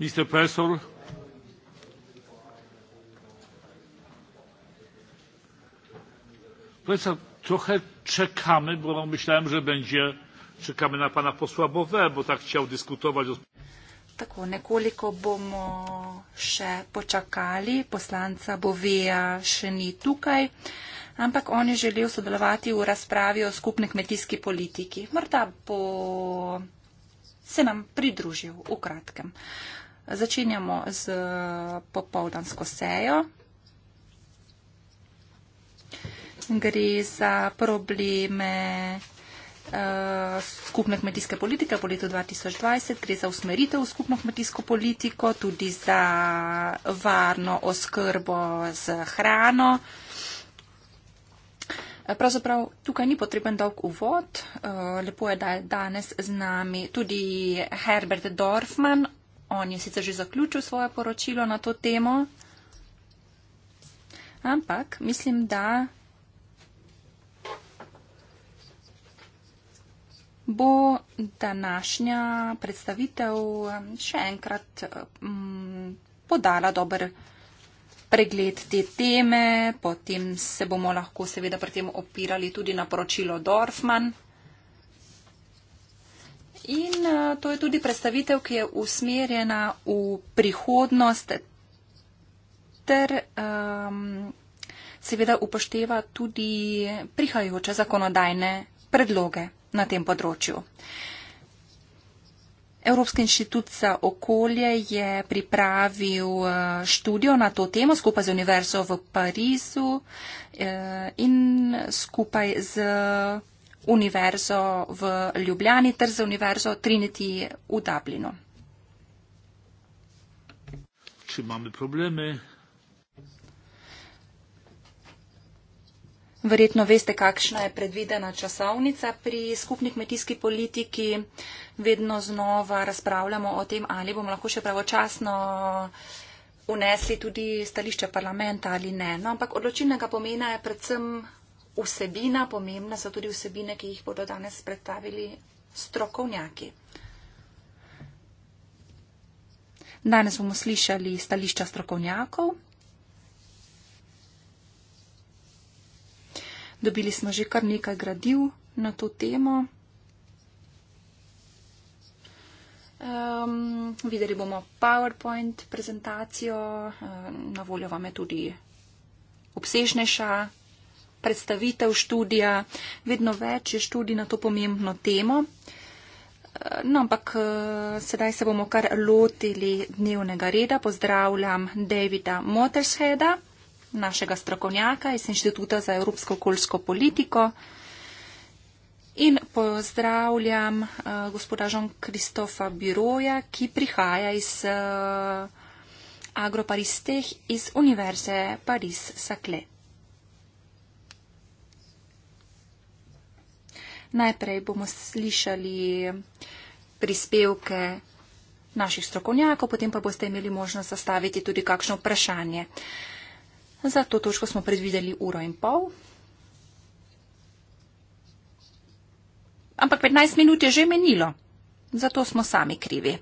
Mr. Pastor. Państwa, trochę czekamy, bo myślałem, że będzie. Czekamy na pana posła Bowe, bo tak chciał dyskutować. Tako, nekoliko bomo še počakali, poslanca Boveja še ni tukaj, ampak on je želel sodelovati v razpravi o skupni kmetijski politiki. Morda bo se nam pridružil v kratkem. Uh, Začenjamo z eh, popovdansko sejo. Gre za probleme uh, skupne kmetijske politike po letu 2020, gre za usmeritev v skupno kmetijsko politiko, tudi za varno oskrbo z hrano. Pravzaprav tukaj ni potreben dolg uvod. Eh, lepo je, da je danes z nami tudi Herbert Dorfman, On je sicer že zaključil svoje poročilo na to temo, ampak mislim, da bo današnja predstavitev um, še enkrat um, podala dober pregled te teme, potem se bomo lahko seveda pri tem opirali tudi na poročilo Dorfman. In uh, to je tudi predstavitev, ki je usmerjena v prihodnost ter um, seveda upošteva tudi prihajajoče zakonodajne predloge na tem področju. Evropski inštitut za okolje je pripravil eh, študijo na to temo skupaj z Univerzo v Parizu eh, in skupaj z Univerzo v Ljubljani ter za Univerzo Trinity v Dublinu. Če imamo probleme. Verjetno veste, kakšna je predvidena časovnica pri skupni kmetijski politiki. Vedno znova razpravljamo o tem, ali bomo lahko še pravočasno unesli tudi stališče parlamenta ali ne. No, ampak odločilnega pomena je predvsem vsebina, pomembna so tudi vsebine, ki jih bodo danes predstavili strokovnjaki. Danes bomo slišali stališča strokovnjakov. Dobili smo že kar nekaj gradiv na to temo. Um, videli bomo PowerPoint prezentacijo, na voljo vam je tudi obsežnejša predstavitev študija, vedno več je študij na to pomembno temo. No, ampak eh, sedaj se bomo kar lotili dnevnega reda. Pozdravljam Davida Mothersheda, našega strokovnjaka iz Inštituta za evropsko okoljsko politiko. In pozdravljam uh, gospoda Jean-Christopha Biroja, ki prihaja iz uh, eh, Agroparisteh iz Univerze Paris-Saclay. Najprej bomo slišali prispevke naših strokovnjakov, potem pa boste imeli možnost zastaviti tudi kakšno vprašanje. Za to točko smo predvideli uro in pol. Ampak 15 minut je že menilo, zato smo sami krivi.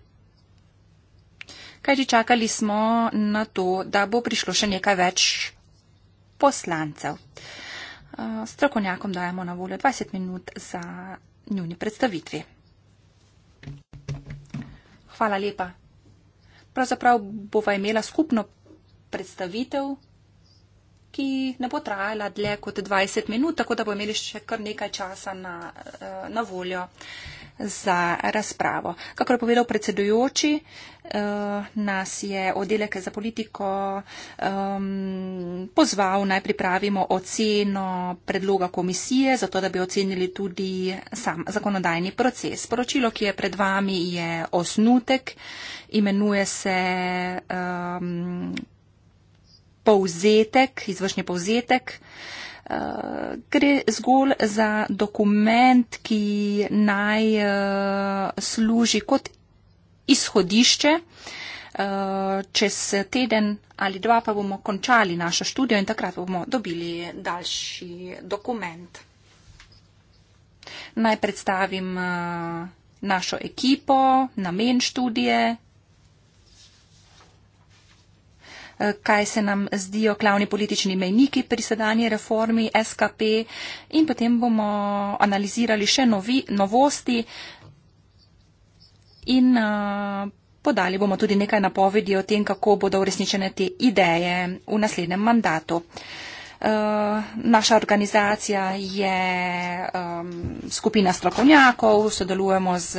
Kajti čakali smo na to, da bo prišlo še nekaj več poslancev strokovnjakom dajemo na voljo 20 minut za njuni predstavitvi. Hvala lepa. Pravzaprav bova imela skupno predstavitev, ki ne bo trajala dlje kot 20 minut, tako da bo imeli še kar nekaj časa na, eh, na voljo. Uh, za razpravo. Kako je povedal predsedujoči, eh, nas je oddelek za politiko um, pozval, naj pripravimo oceno predloga komisije, zato da bi ocenili tudi sam zakonodajni proces. Poročilo, ki je pred vami, je osnutek, imenuje se. Um, povzetek, izvršni povzetek gre zgolj za dokument, ki naj uh, služi kot izhodišče. Eh, čez teden ali dva pa bomo končali našo študijo in takrat bomo dobili daljši dokument. Naj predstavim eh, našo ekipo, namen študije, Eh, kaj se nam zdijo glavni politični mejniki pri sedanji reformi SKP in potem bomo analizirali še novi, novosti in eh, podali bomo tudi nekaj napovedi o tem, kako bodo uresničene te ideje v naslednjem mandatu. Eh, naša organizacija je um, skupina strokovnjakov, sodelujemo z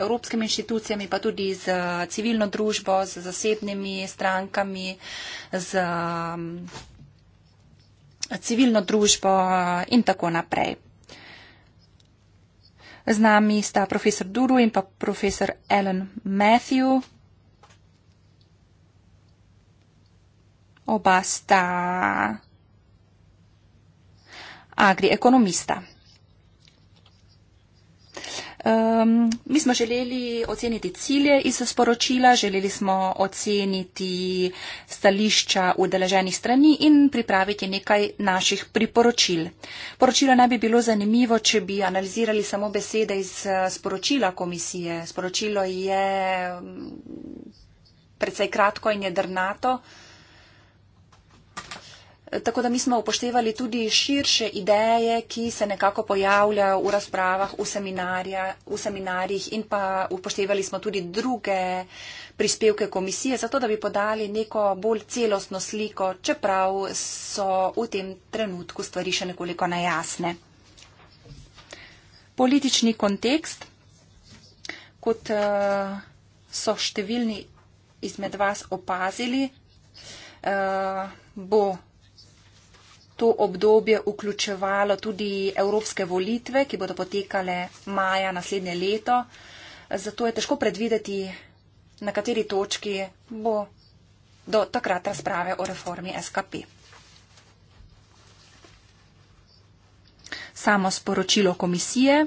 evropskimi inštitucijami, pa tudi z civilno družbo, z zasebnimi strankami, z um, civilno družbo in tako naprej. Z nami sta profesor Duru in pa profesor Ellen Matthew. Oba sta agriekonomista. Um, mi smo želeli oceniti cilje iz sporočila, želeli smo oceniti stališča udeleženih strani in pripraviti nekaj naših priporočil. Poročilo naj bi bilo zanimivo, če bi analizirali samo besede iz eh, sporočila komisije. Sporočilo je mm, precej kratko in jedrnato. Uh, Tako da mi smo upoštevali tudi širše ideje, ki se nekako pojavljajo v razpravah, v, v seminarjih in pa upoštevali smo tudi druge prispevke komisije, zato da bi podali neko bolj celostno sliko, čeprav so v tem trenutku stvari še nekoliko najasne. Politični kontekst. Kot eh, so številni izmed vas opazili, eh, bo to obdobje vključevalo tudi evropske volitve, ki bodo potekale maja naslednje leto. Zato je težko predvideti, na kateri točki bo do takrat razprave o reformi SKP. Samo sporočilo komisije.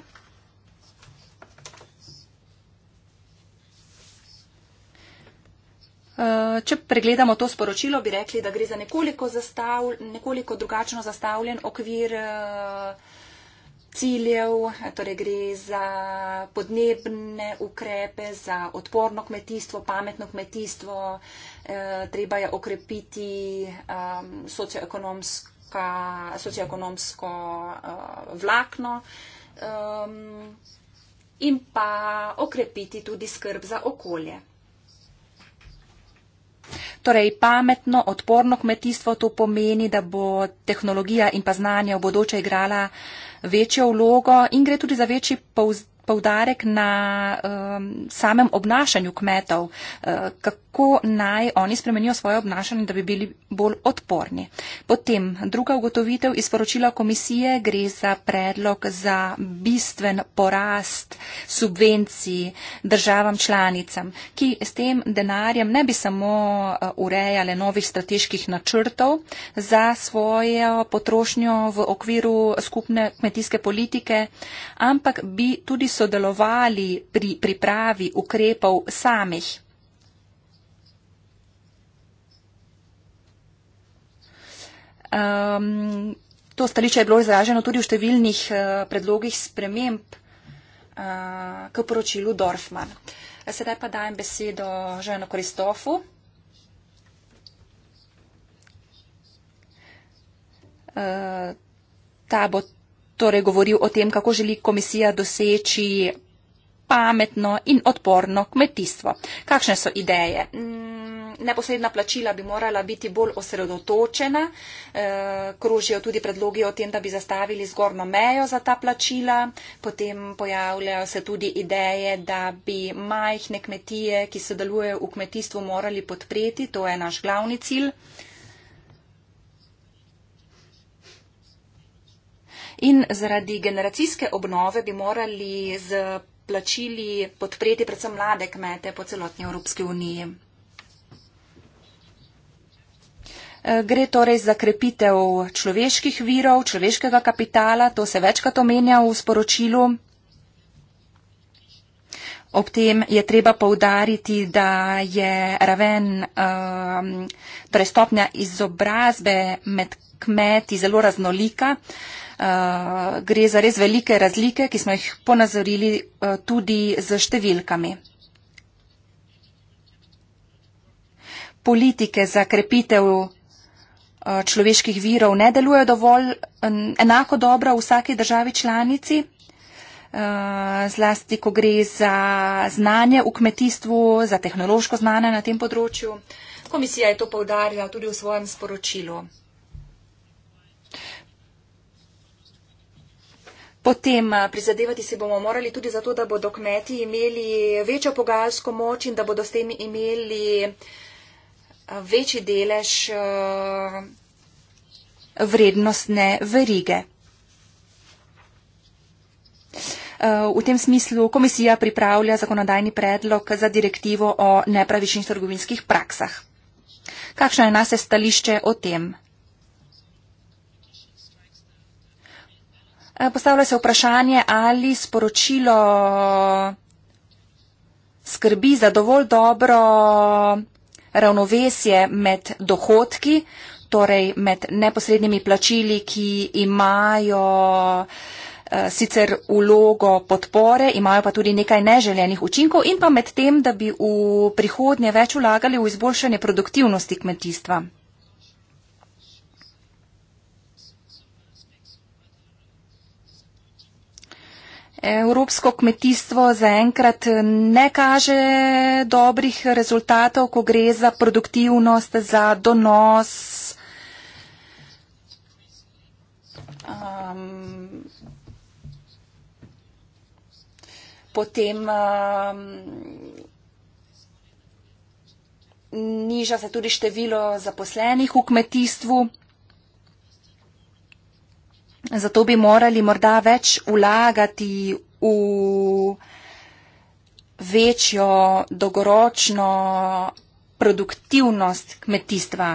Eh, če pregledamo to sporočilo, bi rekli, da gre za nekoliko, zastav, nekoliko drugačno zastavljen okvir eh, ciljev, torej gre za podnebne ukrepe, za odporno kmetijstvo, pametno kmetijstvo, eh, treba je okrepiti socioekonomsko, socioekonomsko vlakno in pa okrepiti tudi skrb za okolje. Torej, pametno, odporno kmetijstvo to pomeni, da bo tehnologija in pa znanje v bodoče igrala večjo vlogo in gre tudi za večji povzdarek na um, samem obnašanju kmetov. Uh, kako naj oni spremenijo svoje obnašanje, da bi bili bolj odporni. Potem druga ugotovitev iz poročila komisije gre za predlog za bistven porast subvencij državam članicam, ki s tem denarjem ne bi samo eh, urejale novih strateških načrtov za svojo potrošnjo v okviru skupne kmetijske politike, ampak bi tudi sodelovali pri pripravi ukrepov samih. Um, to stališče je bilo izraženo tudi v številnih uh, predlogih sprememb uh, k poročilu Dorfman. Eh, sedaj pa dajem besedo ženo Kristofu. Uh, ta bo torej govoril o tem, kako želi komisija doseči pametno in odporno kmetijstvo. Kakšne so ideje? Mm neposredna plačila bi morala biti bolj osredotočena. E, krožijo tudi predlogi o tem, da bi zastavili zgornjo mejo za ta plačila. Potem pojavljajo se tudi ideje, da bi majhne kmetije, ki sodelujejo v kmetijstvu, morali podpreti. To je naš glavni cilj. In zaradi generacijske obnove bi morali z plačili podpreti predvsem mlade kmete po celotni Evropski uniji. Eh, gre torej za krepitev človeških virov, človeškega kapitala, to se večkrat omenja v sporočilu. Ob tem je treba povdariti, da je raven, ehm, torej stopnja izobrazbe med kmeti zelo raznolika. Eh, gre za res velike razlike, ki smo jih ponazorili eh, tudi z številkami. Politike za krepitev Eh, človeških virov ne delujejo dovolj enako dobro v vsaki državi članici, eh, zlasti, ko gre za znanje v kmetijstvu, za tehnološko znanje na tem področju. Komisija je to povdarjala tudi v svojem sporočilu. Potem eh, prizadevati se bomo morali tudi zato, da bodo kmeti imeli večjo pogajalsko moč in da bodo s tem imeli uh, Eh, večji delež eh, vrednostne verige. Eh, v tem smislu komisija pripravlja zakonodajni predlog za direktivo o nepravičnih trgovinskih praksah. Kakšno je nase stališče o tem? Postavlja se vprašanje, ali sporočilo skrbi za dovolj dobro ravnovesje med dohodki, torej med neposrednimi plačili, ki imajo eh, sicer ulogo podpore, imajo pa tudi nekaj neželenih učinkov in pa med tem, da bi v prihodnje več vlagali v izboljšanje produktivnosti kmetijstva. evropsko kmetijstvo zaenkrat ne kaže dobrih rezultatov, ko gre za produktivnost, za donos. Um, potem um, niža se tudi število zaposlenih v kmetijstvu. Zato bi morali morda več vlagati v večjo dolgoročno produktivnost kmetijstva.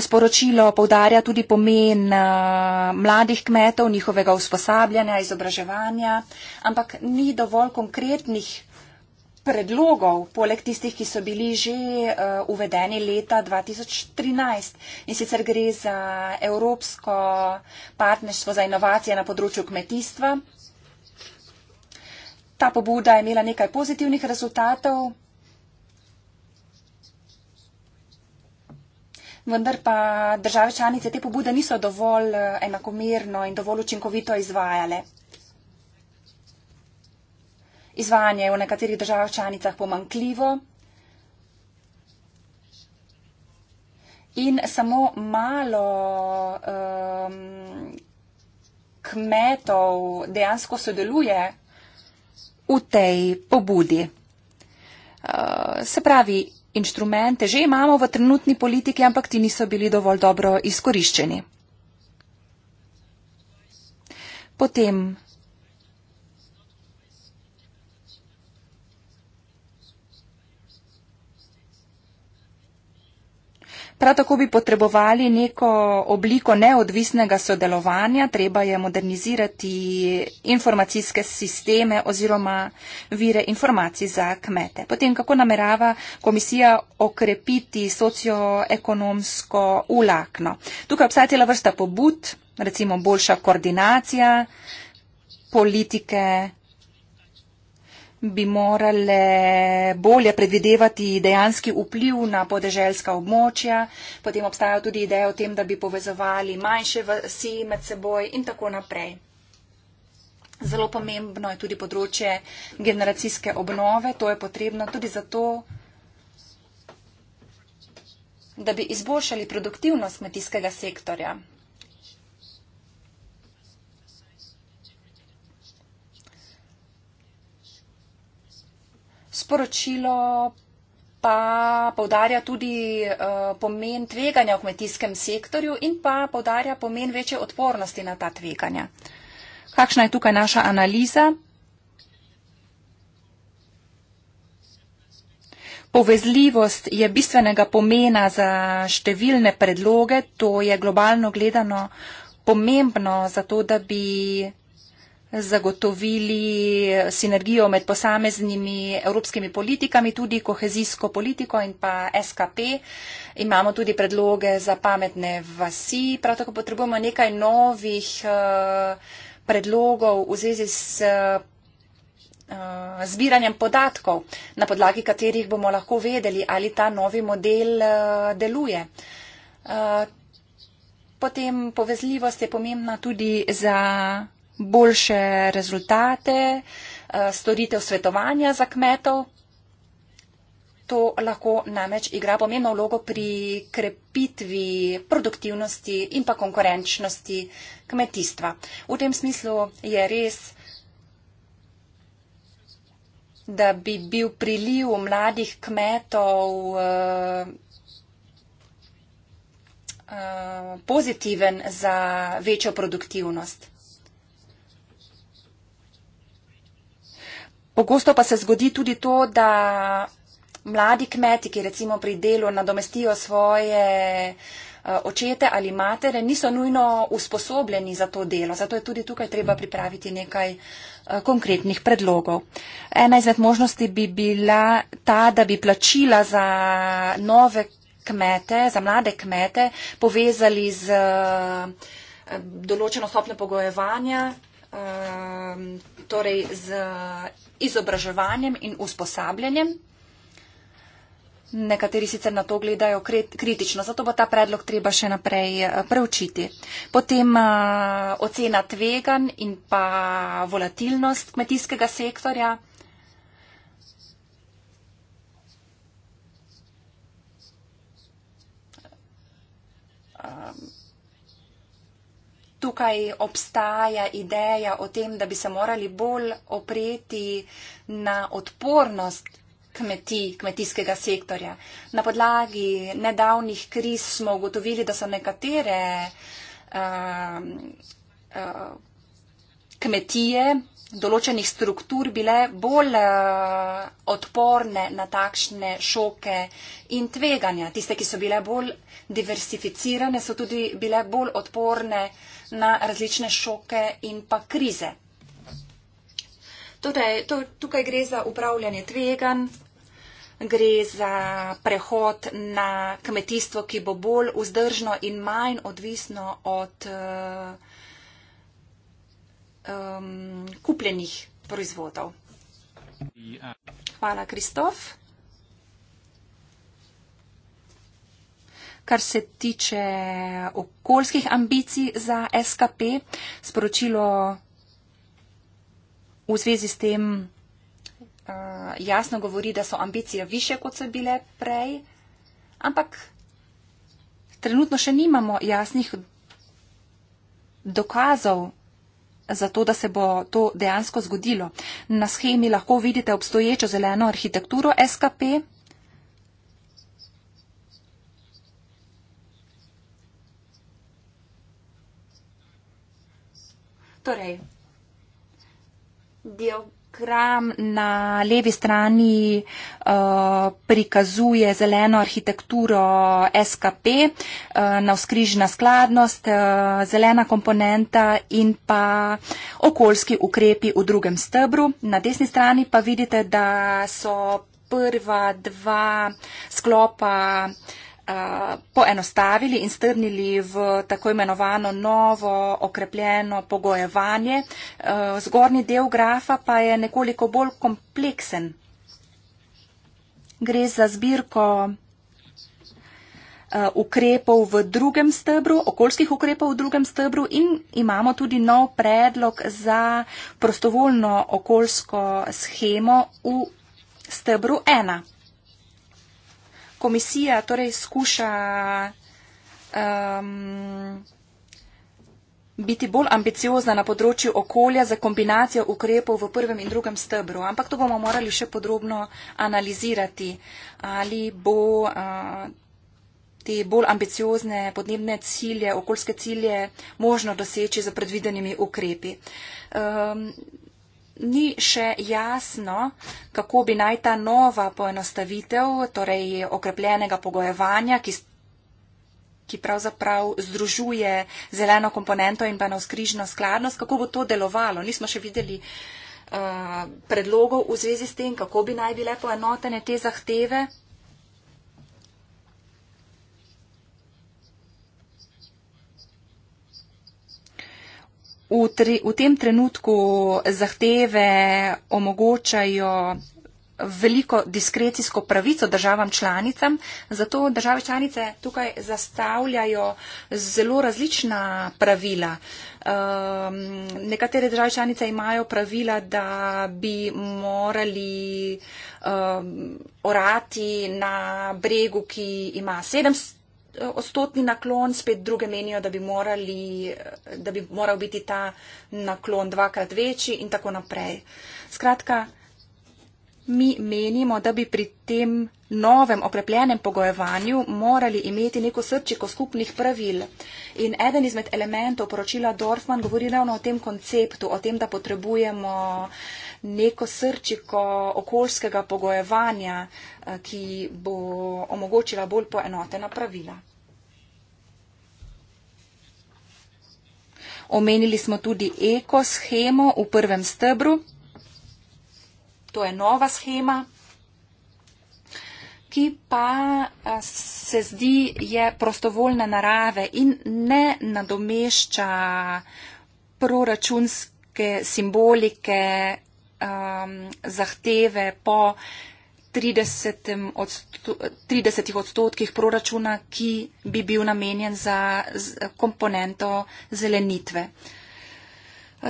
Sporočilo povdarja tudi pomen eh, mladih kmetov, njihovega usposabljanja, izobraževanja, ampak ni dovolj konkretnih predlogov, poleg tistih, ki so bili že uh, uvedeni leta 2013. In sicer gre za Evropsko partnerstvo za inovacije na področju kmetijstva. Ta pobuda je imela nekaj pozitivnih rezultatov, vendar pa države članice te pobude niso dovolj eh, enakomerno in dovolj učinkovito izvajale izvajanje v nekaterih državah članicah pomankljivo in samo malo um, kmetov dejansko sodeluje v tej pobudi. Uh, se pravi, inštrumente že imamo v trenutni politiki, ampak ti niso bili dovolj dobro izkoriščeni. Potem Prav tako bi potrebovali neko obliko neodvisnega sodelovanja, treba je modernizirati informacijske sisteme oziroma vire informacij za kmete. Potem, kako namerava komisija okrepiti socioekonomsko ulakno? Tukaj obstaja cela vrsta pobud, recimo boljša koordinacija politike bi morale bolje predvidevati dejanski vpliv na podeželska območja. Potem obstajajo tudi ideje o tem, da bi povezovali manjše vsi med seboj in tako naprej. Zelo pomembno je tudi področje generacijske obnove. To je potrebno tudi zato, da bi izboljšali produktivnost kmetijskega sektorja. sporočilo pa povdarja tudi uh, pomen tveganja v kmetijskem sektorju in pa povdarja pomen večje odpornosti na ta tveganja. Kakšna je tukaj naša analiza? Povezljivost je bistvenega pomena za številne predloge, to je globalno gledano pomembno, zato da bi zagotovili sinergijo med posameznimi evropskimi politikami, tudi kohezijsko politiko in pa SKP. Imamo tudi predloge za pametne vasi, prav tako potrebujemo nekaj novih eh, predlogov v zvezi s eh, zbiranjem podatkov, na podlagi katerih bomo lahko vedeli, ali ta novi model eh, deluje. Potem povezljivost je pomembna tudi za boljše rezultate, eh, storitev svetovanja za kmetov. To lahko namreč igra pomembno vlogo pri krepitvi produktivnosti in pa konkurenčnosti kmetijstva. V tem smislu je res da bi bil priliv mladih kmetov uh, uh, pozitiven za večjo produktivnost. Pogosto pa se zgodi tudi to, da mladi kmeti, ki recimo pri delu nadomestijo svoje eh, očete ali matere, niso nujno usposobljeni za to delo. Zato je tudi tukaj treba pripraviti nekaj eh, konkretnih predlogov. Ena izmed možnosti bi bila ta, da bi plačila za nove kmete, za mlade kmete, povezali z eh, določeno stopno pogojevanja, torej z izobraževanjem in usposabljanjem. Nekateri sicer na to gledajo kritično, zato bo ta predlog treba še naprej eh, preučiti. Potem eh, ocena tvegan in pa volatilnost kmetijskega sektorja. tukaj obstaja ideja o tem, da bi se morali bolj opreti na odpornost kmetij, kmetijskega sektorja. Na podlagi nedavnih kriz smo ugotovili, da so nekatere uh, uh, kmetije določenih struktur bile bolj uh, odporne na takšne šoke in tveganja. Tiste, ki so bile bolj diversificirane, so tudi bile bolj odporne uh, na različne šoke in pa krize. Torej, to, tukaj gre za upravljanje tvegan, gre za prehod na kmetijstvo, ki bo bolj vzdržno in manj odvisno od uh, um, kupljenih proizvodov. Hvala, Kristof. kar se tiče okoljskih ambicij za SKP. Sporočilo v zvezi s tem eh, jasno govori, da so ambicije više, kot so bile prej, ampak trenutno še nimamo jasnih dokazov za to, da se bo to dejansko zgodilo. Na schemi lahko vidite obstoječo zeleno arhitekturo SKP, Torej, diagram na levi strani uh, prikazuje zeleno arhitekturo SKP, uh, eh, navskrižna skladnost, uh, zelena komponenta in pa okoljski ukrepi v drugem stebru. Na desni strani pa vidite, da so prva dva sklopa uh, Eh, poenostavili in strnili v tako imenovano novo okrepljeno pogojevanje. Eh, zgornji del grafa pa je nekoliko bolj kompleksen. Gre za zbirko eh, ukrepov v drugem stebru, okoljskih ukrepov v drugem stebru in imamo tudi nov predlog za prostovoljno okoljsko schemo v stebru 1 komisija torej skuša um, biti bolj ambiciozna na področju okolja za kombinacijo ukrepov v prvem in drugem stebru. Ampak to bomo morali še podrobno analizirati, ali bo uh, te bolj ambiciozne podnebne cilje, okoljske cilje možno doseči za predvidenimi ukrepi. Um, ni še jasno, kako bi naj ta nova poenostavitev, torej okrepljenega pogojevanja, ki, ki pravzaprav združuje zeleno komponento in pa navskrižno skladnost, kako bo to delovalo. Nismo še videli uh, predlogov v zvezi s tem, kako bi naj bile poenotene te zahteve. v, tri, v tem trenutku zahteve omogočajo veliko diskrecijsko pravico državam članicam, zato države članice tukaj zastavljajo zelo različna pravila. Um, nekatere države članice imajo pravila, da bi morali um, orati na bregu, ki ima 700 odstotni naklon, spet druge menijo, da bi, morali, da bi moral biti ta naklon dvakrat večji in tako naprej. Skratka, mi menimo, da bi pri tem novem okrepljenem pogojevanju morali imeti neko srčiko skupnih pravil. In eden izmed elementov poročila Dorfman govori ravno o tem konceptu, o tem, da potrebujemo neko srčiko okoljskega pogojevanja, eh, ki bo omogočila bolj poenotena pravila. Omenili smo tudi ekoshemo v prvem stebru. To je nova schema, ki pa eh, se zdi je prostovoljne narave in ne nadomešča proračunske simbolike um, zahteve po 30, odsto, 30 odstotkih proračuna, ki bi bil namenjen za z, komponento zelenitve.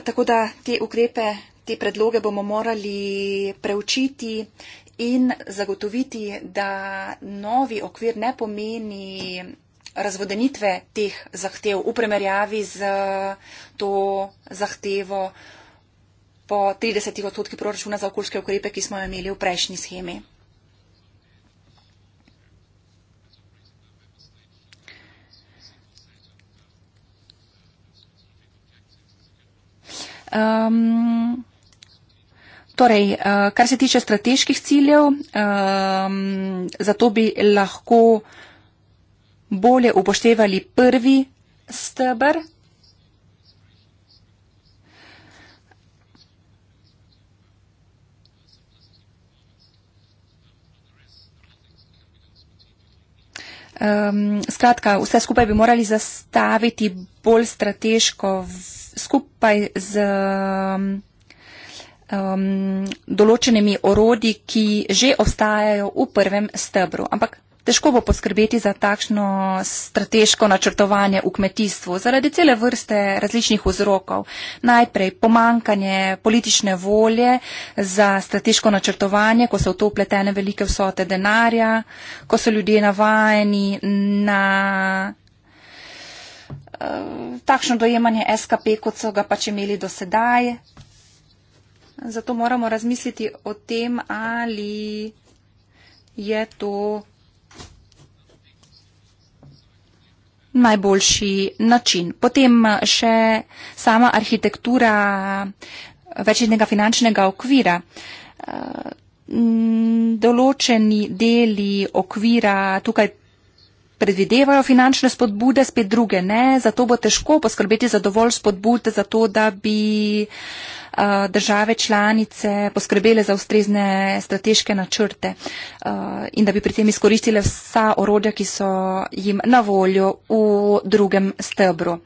Tako da te ukrepe, te predloge bomo morali preučiti in zagotoviti, da novi okvir ne pomeni razvodenitve teh zahtev v primerjavi z to zahtevo po 30 odstotkih proračuna za okoljske ukrepe, ki smo jo imeli v prejšnji schemi. Um, ehm, torej, uh, kar se tiče strateških ciljev, um, zato bi lahko bolje upoštevali prvi stebr, Um, skratka, vse skupaj bi morali zastaviti bolj strateško v, skupaj z um, določenimi orodi, ki že obstajajo v prvem stebru. Ampak težko bo poskrbeti za takšno strateško načrtovanje v kmetijstvu zaradi cele vrste različnih vzrokov. Najprej pomankanje politične volje za strateško načrtovanje, ko so v to upletene velike vsote denarja, ko so ljudje navajeni na eh, takšno dojemanje SKP, kot so ga pač imeli do sedaj. Zato moramo razmisliti o tem, ali je to najboljši način. Potem še sama arhitektura eh, večjega finančnega okvira. Eh, določeni deli okvira tukaj predvidevajo finančne spodbude, spet druge ne, zato bo težko poskrbeti za dovolj spodbud, zato da bi uh, Eh, države članice poskrbele za ustrezne strateške načrte eh, in da bi pri tem izkoristile vsa orodja, ki so jim na voljo v drugem stebru.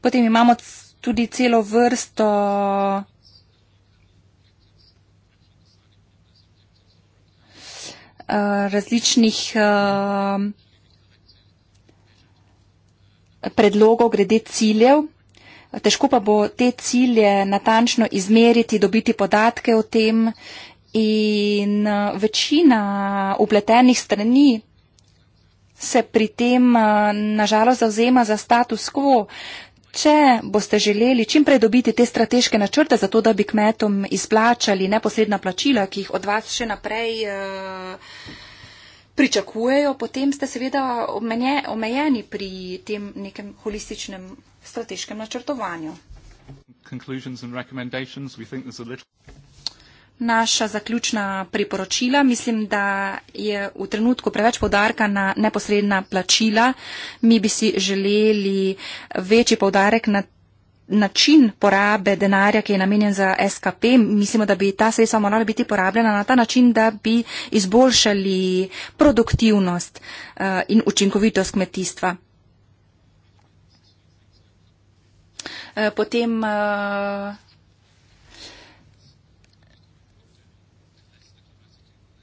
Potem imamo tudi celo vrsto eh, različnih predlogov, grede ciljev težko pa bo te cilje natančno izmeriti, dobiti podatke o tem in eh, večina upletenih strani se pri tem eh, nažalost zauzema za status quo. Če boste želeli čim prej dobiti te strateške načrte za to, da bi kmetom izplačali neposredna plačila, ki jih od vas še naprej eh, pričakujejo, potem ste seveda omejeni pri tem nekem holističnem strateškem načrtovanju. Naša zaključna priporočila. Mislim, da je v trenutku preveč podarka na neposredna plačila. Mi bi si želeli večji podarek na način porabe denarja, ki je namenjen za SKP. Mislimo, da bi ta sredstva morala biti porabljena na ta način, da bi izboljšali produktivnost eh, in učinkovitost kmetijstva. Eh, potem eh,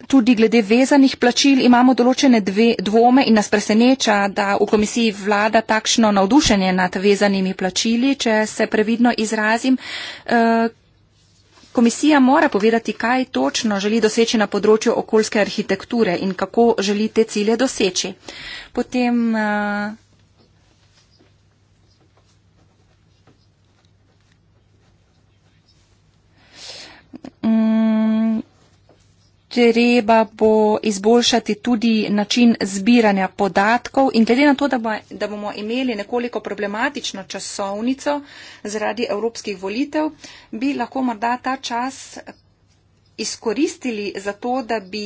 tudi glede vezanih plačil imamo določene dve, dvome in nas preseneča, da v komisiji vlada takšno navdušenje nad vezanimi plačili, če se previdno izrazim. Eh, komisija mora povedati, kaj točno želi doseči na področju okoljske arhitekture in kako želi te cilje doseči. Potem uh, Mm, treba bo izboljšati tudi način zbiranja podatkov in glede na to, da, bo, da bomo imeli nekoliko problematično časovnico zaradi evropskih volitev, bi lahko morda ta čas izkoristili za to, da bi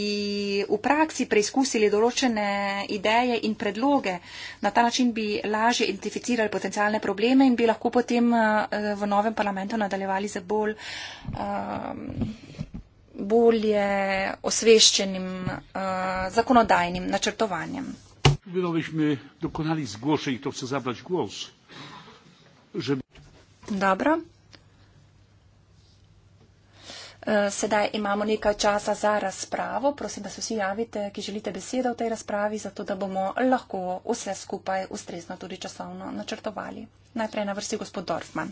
v praksi preizkusili določene ideje in predloge. Na ta način bi lažje identificirali potencijalne probleme in bi lahko potem eh, v novem parlamentu nadaljevali z bolj, ehm, bolje osveščenim eh, zakonodajnim načrtovanjem. Bilo bi mi dokonali zgoršiti, to se zablač glas. Že... Dobro. Eh, sedaj imamo nekaj časa za razpravo. Prosim, da se vsi javite, ki želite besedo v tej razpravi, zato da bomo lahko vse skupaj ustrezno tudi časovno načrtovali. Najprej na vrsti gospod Dorfman.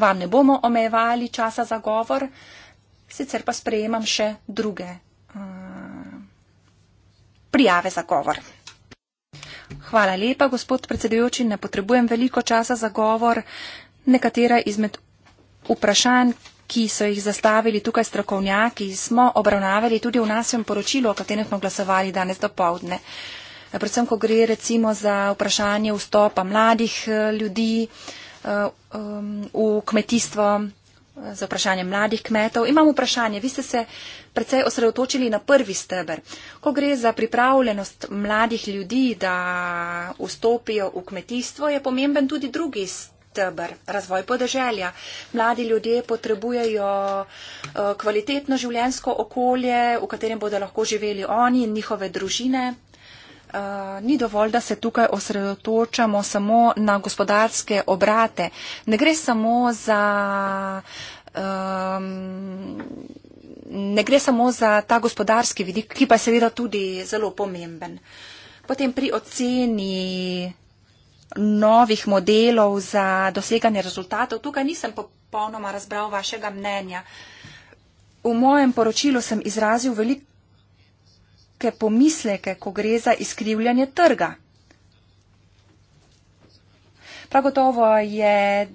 Vam ne bomo omejevali časa za govor, sicer pa sprejemam še druge uh, prijave za govor. Hvala lepa, gospod predsedujoči, ne potrebujem veliko časa za govor. Nekatera izmed vprašanj, ki so jih zastavili tukaj strokovnjaki, smo obravnavali tudi v našem poročilu, o katerem smo glasovali danes do povdne. Predvsem, ko gre recimo za vprašanje vstopa mladih eh, ljudi eh, um, v kmetijstvo, eh, za vprašanje mladih kmetov. Imam vprašanje, vi ste se predvsej osredotočili na prvi steber. Ko gre za pripravljenost mladih ljudi, da vstopijo v kmetijstvo, je pomemben tudi drugi steber steber, razvoj podeželja. Mladi ljudje potrebujejo eh, kvalitetno življensko okolje, v katerem bodo lahko živeli oni in njihove družine. Uh, ni dovolj, da se tukaj osredotočamo samo na gospodarske obrate. Ne gre samo za, um, ne gre samo za ta gospodarski vidik, ki pa je seveda tudi zelo pomemben. Potem pri oceni novih modelov za doseganje rezultatov. Tukaj nisem popolnoma razbral vašega mnenja. V mojem poročilu sem izrazil velike pomisleke, ko gre za izkrivljanje trga. Prav gotovo je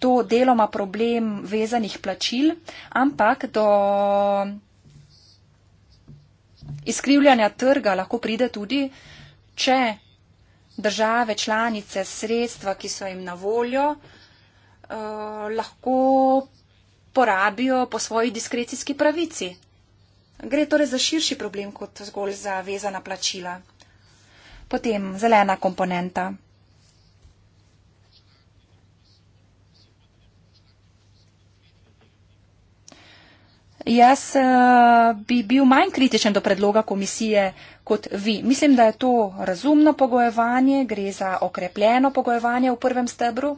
to deloma problem vezanih plačil, ampak do izkrivljanja trga lahko pride tudi, če države članice sredstva, ki so jim na voljo, eh, lahko porabijo po svoji diskrecijski pravici. Gre torej za širši problem kot zgolj za vezana plačila. Potem zelena komponenta. Jaz uh, bi bil manj kritičen do predloga komisije uh, kot vi. Mislim, da je to razumno pogojevanje, gre za okrepljeno pogojevanje v prvem stebru.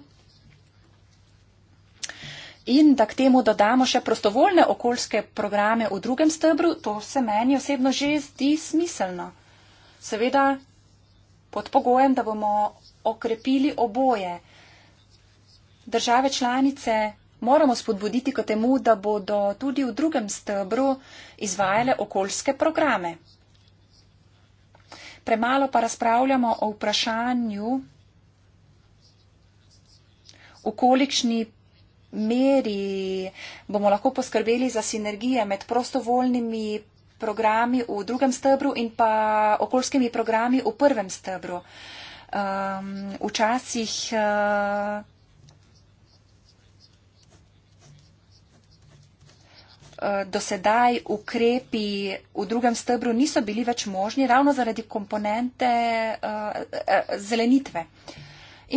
In da k temu dodamo še prostovoljne okoljske programe v drugem stebru, to se meni osebno že zdi smiselno. Seveda pod pogojem, da bomo okrepili oboje. Države članice moramo spodbuditi k temu, da bodo tudi v drugem stebru izvajale okoljske programe premalo pa razpravljamo o vprašanju, v kolikšni meri bomo lahko poskrbeli za sinergije med prostovoljnimi programi v drugem stebru in pa okoljskimi programi v prvem stebru. Um, včasih uh, Eh, dosedaj ukrepi v drugem stebru niso bili več možni, ravno zaradi komponente eh, eh, zelenitve.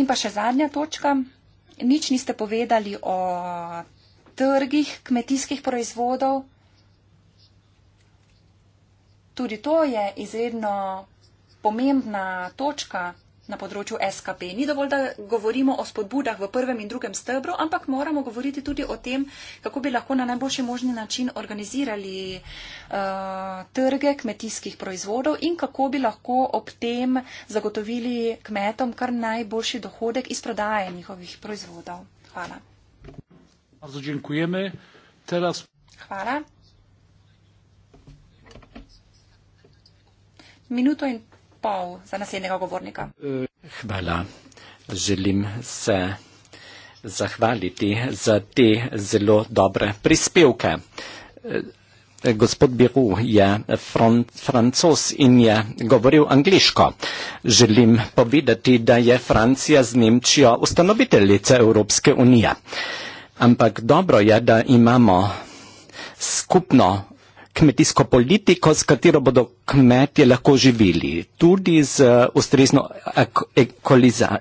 In pa še zadnja točka. Nič niste povedali o trgih kmetijskih proizvodov. Tudi to je izredno pomembna točka na področju SKP. Ni dovolj, da govorimo o spodbudah v prvem in drugem stebru, ampak moramo govoriti tudi o tem, kako bi lahko na najboljši možni način organizirali uh, trge kmetijskih proizvodov in kako bi lahko ob tem zagotovili kmetom kar najboljši dohodek iz prodaje njihovih proizvodov. Hvala. Hvala. Minuto in pol za naslednjega govornika. Hvala. Želim se zahvaliti za te zelo dobre prispevke. Gospod Biru je fran francos in je govoril angliško. Želim povedati, da je Francija z Nemčijo ustanoviteljica Evropske unije. Ampak dobro je, da imamo skupno kmetijsko politiko, s katero bodo kmetje lahko živili, tudi z eh, ustrezno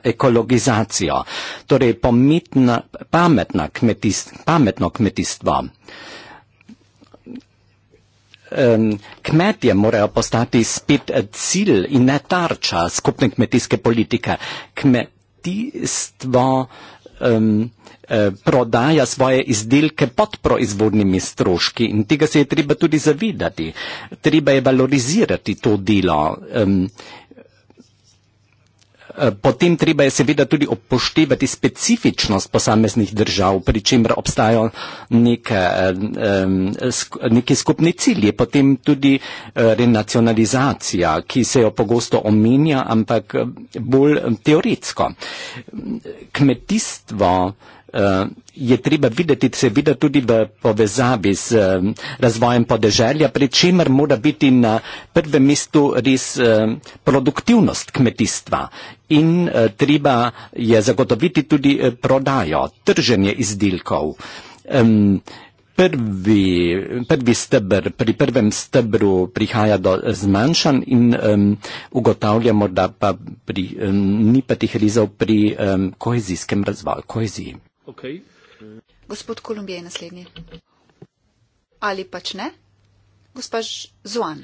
ekologizacijo, torej pomitna, pametna kmetist, pametno kmetijstvo. Kmetje morajo postati spet eh, cilj in ne tarča skupne kmetijske politike. Kmetijstvo um, prodaja svoje izdelke pod proizvodnimi stroški in tega se je treba tudi zavedati. Treba je valorizirati to delo. Um, Eh, potem treba je seveda tudi upoštevati specifičnost posameznih držav, pri čemer obstajajo neke, eh, neke skupne cilje. Potem tudi eh, renacionalizacija, ki se jo pogosto omenja, ampak bolj teoretsko. Kmetijstvo uh, je treba videti seveda tudi v povezavi z uh, razvojem podeželja, pri čemer mora biti na prvem mestu res uh, produktivnost kmetijstva in uh, treba je zagotoviti tudi uh, prodajo, trženje izdelkov. Um, Prvi, prvi stebr, pri prvem stebru prihaja do zmanjšanj in um, ugotavljamo, da pa pri, um, ni pa tih rizov pri um, kohezijskem razvoju, koheziji. Okay. Gospod Kolumbije je naslednji. Ali pač ne? Gospa Zuan.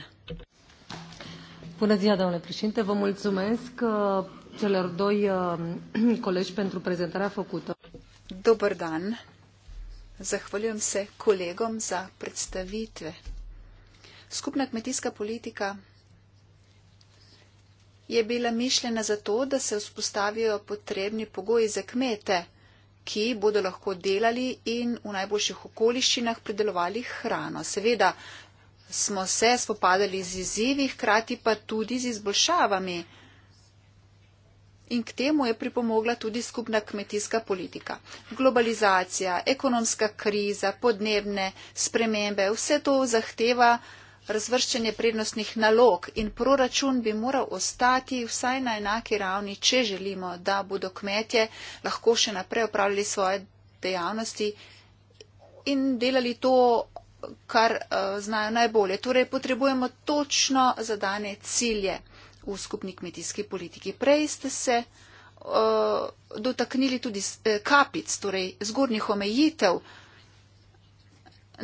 Bună ziua, domnule președinte, vă mulțumesc uh, celor doi uh, colegi pentru prezentarea făcută. Dobar dan. Zahvaljujem se kolegom za predstavitve. Skupna kmetijska politika je bila mišljena za to, da se vzpostavijo potrebni pogoji za kmete – ki bodo lahko delali in v najboljših okoliščinah pridelovali hrano. Seveda smo se spopadali z izzivi, hkrati pa tudi z izboljšavami. In k temu je pripomogla tudi skupna kmetijska politika. Globalizacija, ekonomska kriza, podnebne spremembe, vse to zahteva razvrščanje prednostnih nalog in proračun bi moral ostati vsaj na enaki ravni, če želimo, da bodo kmetje lahko še naprej upravljali svoje dejavnosti in delali to, kar eh, znajo najbolje. Torej potrebujemo točno zadane cilje v skupni kmetijski politiki. Prej ste se uh, dotaknili tudi eh, kapic, torej zgornjih omejitev uh,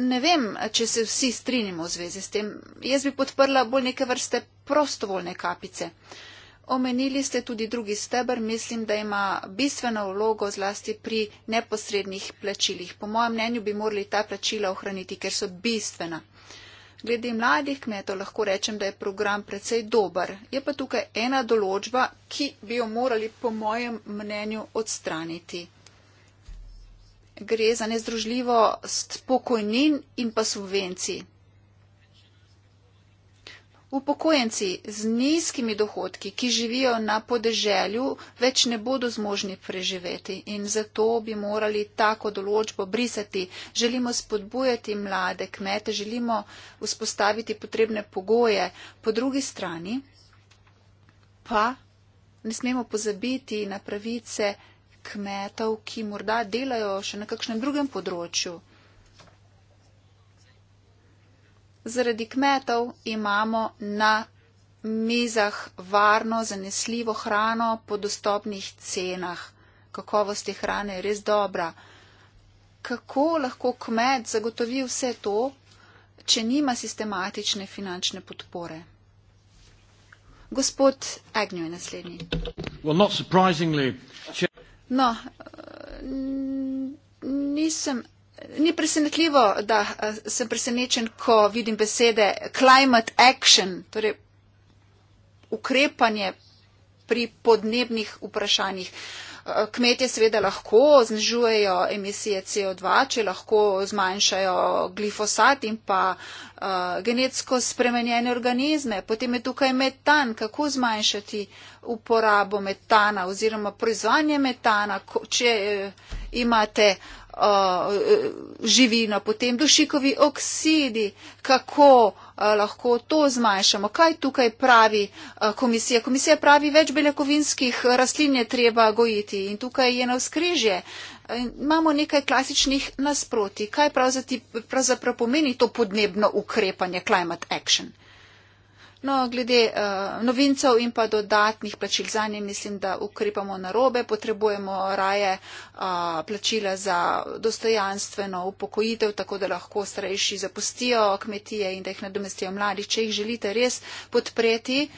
ne vem, če se vsi strinjamo v zvezi s tem. Jaz bi podprla bolj neke vrste prostovoljne kapice. Omenili ste tudi drugi stebr, mislim, da ima bistveno vlogo zlasti pri neposrednih plačilih. Po mojem mnenju bi morali ta plačila ohraniti, ker so bistvena. Glede mladih kmetov lahko rečem, da je program precej dober. Je pa tukaj ena določba, ki bi jo morali po mojem mnenju odstraniti gre za nezdružljivo pokojnin in pa subvencij. Upokojenci z nizkimi dohodki, ki živijo na podeželju, več ne bodo zmožni preživeti in zato bi morali tako določbo brisati. Želimo spodbujati mlade kmete, želimo vzpostaviti potrebne pogoje. Po drugi strani pa ne smemo pozabiti na pravice kmetov, ki morda delajo še na kakšnem drugem področju. Zaradi kmetov imamo na mizah varno, zanesljivo hrano po dostopnih cenah. Kakovost te hrane je res dobra. Kako lahko kmet zagotovi vse to, če nima sistematične finančne podpore? Gospod Agnew je naslednji. Well, No, eh, nisem. Ni presenetljivo, da eh, sem presenečen, ko vidim besede climate action, torej ukrepanje pri podnebnih vprašanjih. Uh, kmetje seveda lahko znižujejo emisije CO2, če lahko zmanjšajo glifosat in pa eh, genetsko spremenjene organizme. Potem je tukaj metan, kako zmanjšati uporabo metana oziroma proizvanje metana, če imate uh, živino, potem dušikovi oksidi, kako uh, lahko to zmanjšamo, kaj tukaj pravi uh, komisija. Komisija pravi, več beljakovinskih rastlin je treba gojiti in tukaj je na skrižje. Imamo nekaj klasičnih nasproti. Kaj pravzaprav pomeni to podnebno ukrepanje, climate action? Uh, No, glede uh, novincev in pa dodatnih plačil za nje, mislim, da ukrepamo na robe, potrebujemo raje uh, plačila za dostojanstveno upokojitev, tako da lahko starejši zapustijo kmetije in da jih nadomestijo mladi. Če jih želite res podpreti,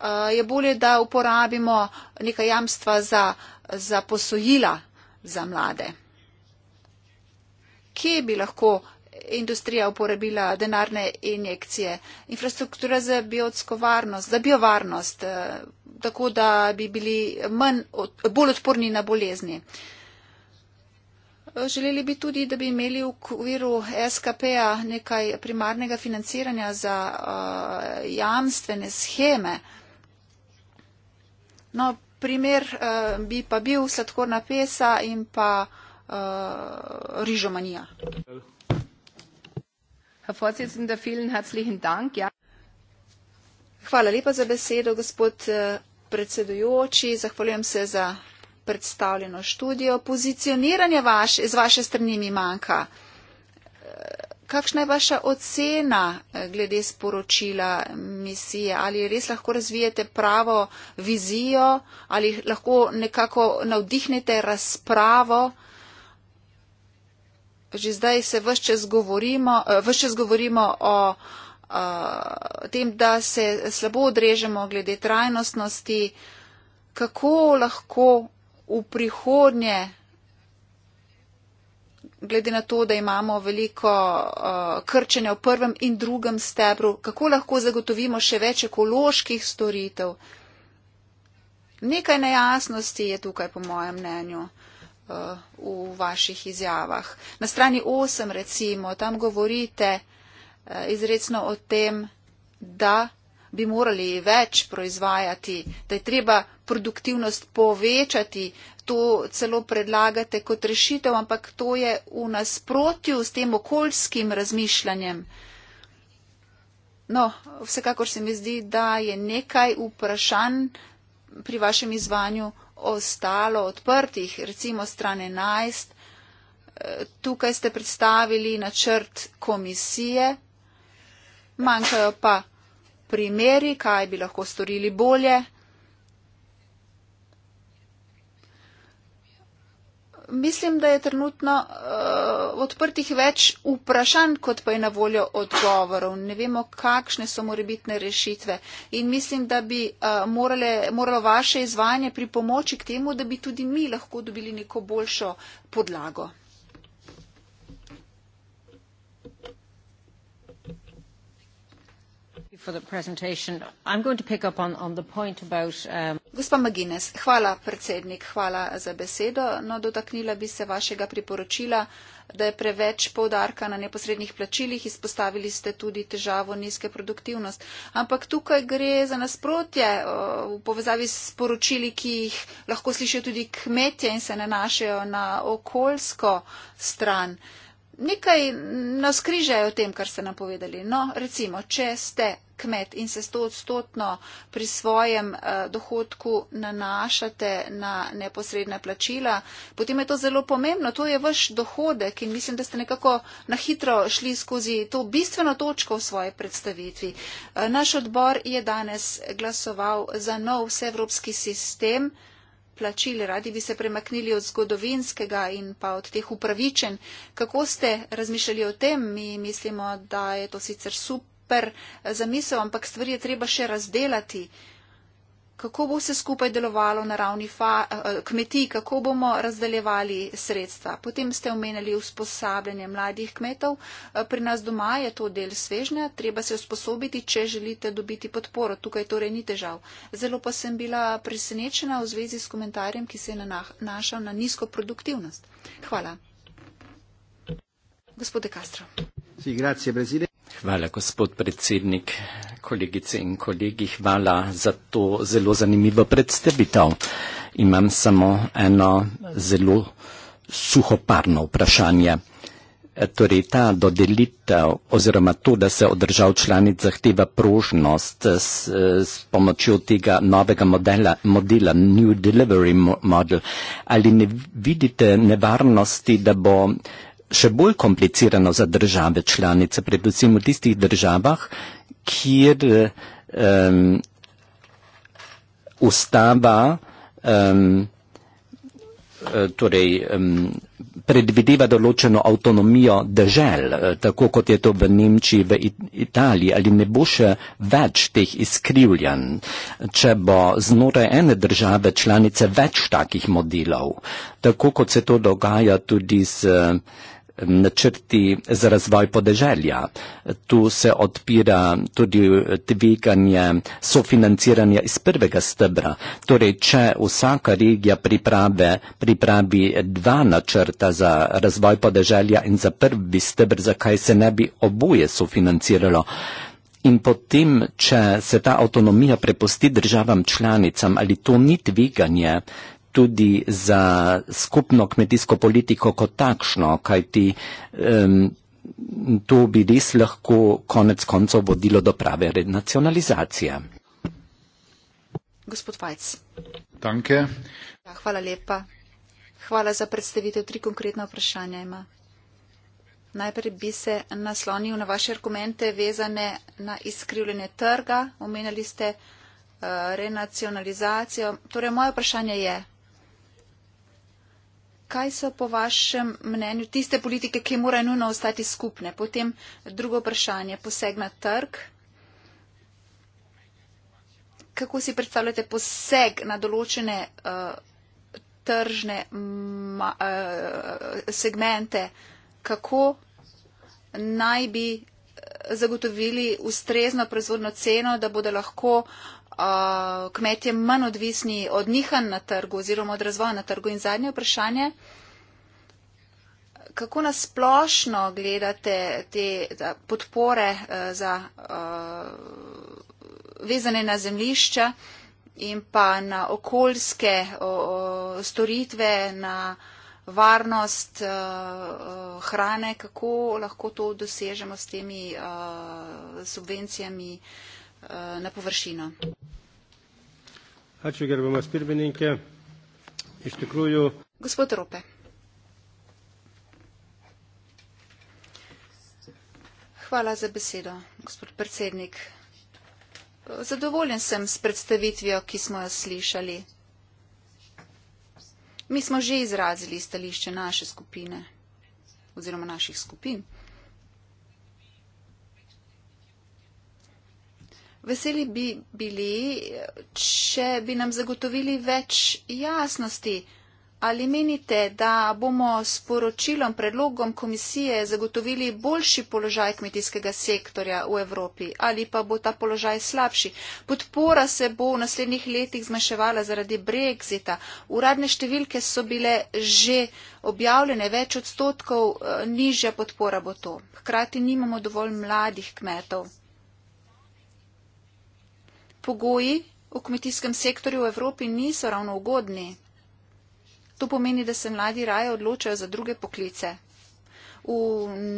uh, je bolje, da uporabimo neka jamstva za, za posojila za mlade. Kje bi lahko industrija uporabila denarne injekcije. Infrastruktura za biotsko varnost, za biovarnost, eh, tako da bi bili manj, bolj odporni na bolezni. Eh, želeli bi tudi, da bi imeli v okviru SKP-a nekaj primarnega financiranja za uh, jamstvene scheme. No, primer uh, bi pa bil sladkorna pesa in pa uh, rižomanija. Hello. Herr Vorsitzender, vielen herzlichen Dank. Ja. Hvala lepa za besedo, gospod eh, predsedujoči. Zahvaljujem se za predstavljeno študijo. Pozicioniranje vaš, z vaše strani mi manjka. Eh, kakšna je vaša ocena eh, glede sporočila misije? Ali res lahko razvijete pravo vizijo? Ali lahko nekako navdihnete razpravo? Uh, že zdaj se vse eh, čas govorimo o eh, tem, da se slabo odrežemo glede trajnostnosti, kako lahko v prihodnje, glede na to, da imamo veliko eh, krčenja v prvem in drugem stebru, kako lahko zagotovimo še več ekoloških storitev. Nekaj nejasnosti je tukaj, po mojem mnenju. Eh, v vaših izjavah. Na strani 8 recimo, tam govorite eh, izredno o tem, da bi morali več proizvajati, da je treba produktivnost povečati, to celo predlagate kot rešitev, ampak to je v nasprotju s tem okoljskim razmišljanjem. No, vsekakor se mi zdi, da je nekaj vprašanj pri vašem izvanju ostalo odprtih, recimo strane 11. Eh, tukaj ste predstavili načrt komisije, manjkajo pa primeri, kaj bi lahko storili bolje, mislim, da je trenutno uh, odprtih več vprašanj, kot pa je na voljo odgovorov. Ne vemo, kakšne so morebitne rešitve. In mislim, da bi uh, morale, moralo vaše izvajanje pri pomoči k temu, da bi tudi mi lahko dobili neko boljšo podlago. Um, Gospa Magines, hvala predsednik, hvala za besedo. No, dotaknila bi se vašega priporočila, da je preveč povdarka na neposrednih plačilih, izpostavili ste tudi težavo nizke produktivnost. Ampak tukaj gre za nasprotje v povezavi s poročili, ki jih lahko slišijo tudi kmetje in se nanašajo na okoljsko stran nekaj naskrižajo o tem, kar ste napovedali. No, recimo, če ste kmet in se stotno pri svojem uh, dohodku nanašate na neposredna plačila, potem je to zelo pomembno. To je vaš dohodek in mislim, da ste nekako nahitro šli skozi to bistveno točko v svoji predstavitvi. Uh, naš odbor je danes glasoval za nov vseevropski sistem uh, plačil, radi bi se premaknili od zgodovinskega in pa od teh upravičen. Kako ste razmišljali o tem? Mi mislimo, da je to sicer super zamisel, ampak stvari je treba še razdelati. Uh, kako bo se skupaj delovalo na ravni eh, kmetij, kako bomo razdeljevali sredstva. Potem ste omenili usposabljanje mladih kmetov. Eh, pri nas doma je to del svežnja, treba se usposobiti, če želite dobiti podporo. Tukaj torej ni težav. Zelo pa sem bila presenečena v zvezi s komentarjem, ki se je nanašal na nizko produktivnost. Hvala. Gospode Castro. Sì, grazie, Hvala, gospod predsednik, kolegice in kolegi. Hvala za to zelo zanimivo predstavitev. Imam samo eno zelo suhoparno vprašanje. Torej ta dodelitev oziroma to, da se od držav članic zahteva prožnost s, s pomočjo tega novega modela, modela, New Delivery Model, ali ne vidite nevarnosti, da bo še bolj komplicirano za države članice, predvsem v tistih državah, kjer um, ustava um, torej, um, predvideva določeno avtonomijo držav, e, tako kot je to v Nemčiji, v Italiji, ali ne bo še več teh izkrivljanj, če bo znotraj ene države članice več takih modelov, tako kot se to dogaja tudi z. Um, načrti za razvoj podeželja. Tu se odpira tudi tveganje sofinanciranja iz prvega stebra. Torej, če vsaka regija priprave, pripravi dva načrta za razvoj podeželja in za prvi stebr, zakaj se ne bi oboje sofinanciralo? In potem, če se ta avtonomija prepusti državam članicam, ali to ni tveganje, tudi za skupno kmetijsko politiko kot takšno, kajti um, to bi res lahko konec koncev vodilo do prave renacionalizacije. Gospod Fajc. Danke. Ja, hvala lepa. Hvala za predstavitev. Tri konkretna vprašanja ima. Najprej bi se naslonil na vaše argumente vezane na izkrivljene trga. Omenjali ste uh, renacionalizacijo. Torej, moje vprašanje je, kaj so po vašem mnenju tiste politike, ki morajo nujno ostati skupne? Potem drugo vprašanje, poseg na trg. Kako si predstavljate poseg na določene uh, tržne ma, uh, segmente? Kako naj bi eh, zagotovili ustrezno proizvodno ceno, da bodo lahko uh, uh, kmetje manj odvisni od nihanj na trgu oziroma od razvoja na trgu. In zadnje vprašanje, kako nasplošno gledate te da, podpore uh, za, uh, vezane na zemlišča in pa na okoljske uh, storitve, na varnost uh, hrane, kako lahko to dosežemo s temi uh, subvencijami uh, Eh, na površino. Ačiū gerbiamas pirmininkė. Iš tikrųjų. Gospod Rupė. Hvala za besedo, gospod predsednik. Zadovoljen sem s predstavitvijo, ki smo jo slišali. Mi smo že izrazili stališče naše skupine oziroma naših skupin. Veseli bi bili, če bi nam zagotovili več jasnosti. Ali menite, da bomo s poročilom, predlogom komisije zagotovili boljši položaj kmetijskega sektorja v Evropi ali pa bo ta položaj slabši? Podpora se bo v naslednjih letih zmanjševala zaradi brexita. Uradne številke so bile že objavljene, več odstotkov eh, nižja podpora bo to. Hkrati nimamo dovolj mladih kmetov pogoji v kmetijskem sektorju v Evropi niso ravno ugodni. To pomeni, da se mladi raje odločajo za druge poklice. V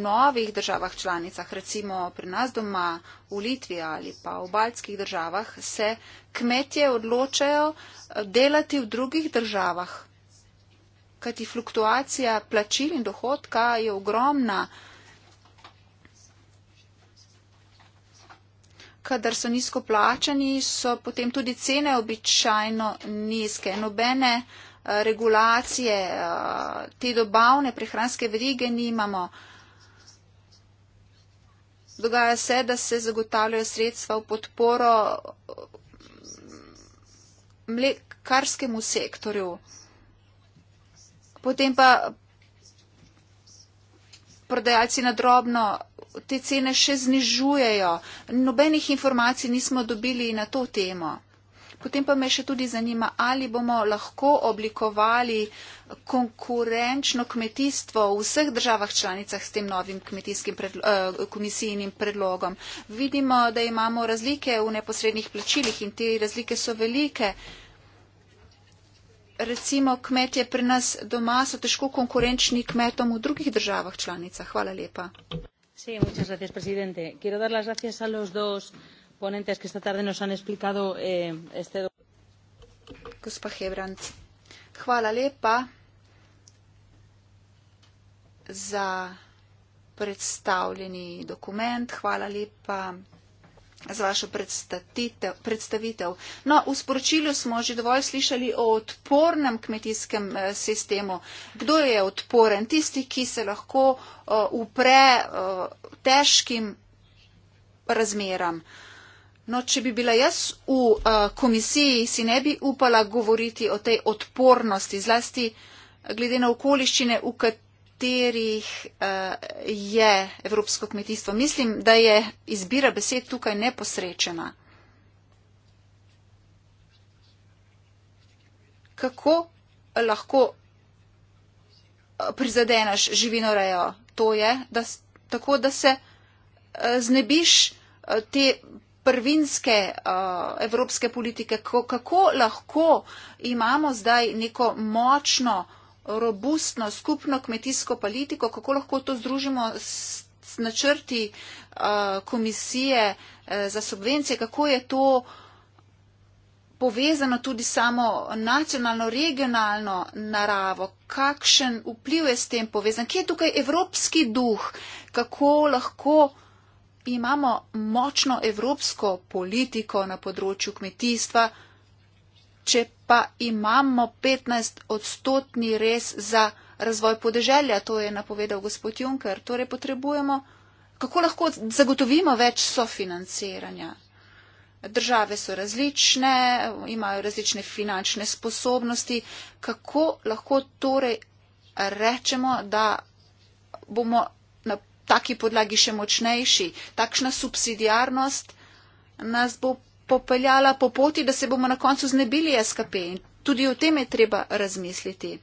novih državah članicah, recimo pri nas doma, v Litvi ali pa v baltskih državah, se kmetje odločajo eh, delati v drugih državah. Kajti fluktuacija plačil in dohodka je ogromna. kadar so nizko plačani, so potem tudi cene običajno nizke. Nobene eh, regulacije eh, te dobavne prehranske verige nimamo. Dogaja se, da se zagotavljajo sredstva v podporo eh, mlekarskemu sektorju. Potem pa prodajalci na drobno te cene še znižujejo. Nobenih informacij nismo dobili na to temo. Potem pa me še tudi zanima, ali bomo lahko oblikovali konkurenčno kmetijstvo v vseh državah članicah s tem novim kmetijskim predlo eh, komisijnim predlogom. Vidimo, da imamo razlike v neposrednih plačilih in te razlike so velike recimo kmetje pri nas doma so težko konkurenčni kmetom v drugih državah članicah. Hvala lepa. Eh, Gospa Hebrand, hvala lepa za predstavljeni dokument. Hvala lepa z vašo predstavitev. No, v sporočilu smo že dovolj slišali o odpornem kmetijskem eh, sistemu. Kdo je odporen? Tisti, ki se lahko eh, upre eh, težkim razmeram. No, če bi bila jaz v komisiji, si ne bi upala govoriti o tej odpornosti, zlasti glede na okoliščine, v katerih katerih uh, je evropsko kmetijstvo. Mislim, da je izbira besed tukaj neposrečena. Kako lahko eh, prizadeneš živinorejo? To je, da, tako da se uh, znebiš uh, te prvinske uh, evropske politike. Kako, kako lahko imamo zdaj neko močno robustno skupno kmetijsko politiko, kako lahko to združimo s, s načrti uh, komisije uh, za subvencije, kako je to povezano tudi samo nacionalno, regionalno naravo, kakšen vpliv je s tem povezan, kje je tukaj evropski duh, kako lahko imamo močno evropsko politiko na področju kmetijstva, če pa imamo 15 odstotni res za razvoj podeželja, to je napovedal gospod Juncker, torej potrebujemo, kako lahko zagotovimo več sofinanciranja. Države so različne, imajo različne finančne sposobnosti. Kako lahko torej rečemo, da bomo na taki podlagi še močnejši? Takšna subsidijarnost nas bo popeljala po poti, da se bomo na koncu znebili SKP. In tudi o tem je treba razmisliti.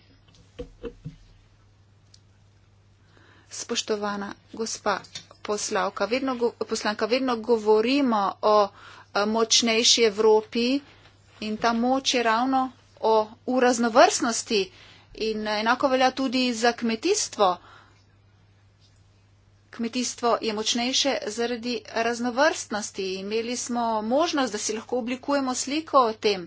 Spoštovana gospa poslavka, vedno go, poslanka, vedno govorimo o eh, močnejši Evropi in ta moč je ravno o, v raznovrstnosti. In eh, enako velja tudi za kmetijstvo kmetijstvo je močnejše zaradi raznovrstnosti. Imeli smo možnost, da si lahko oblikujemo sliko o tem.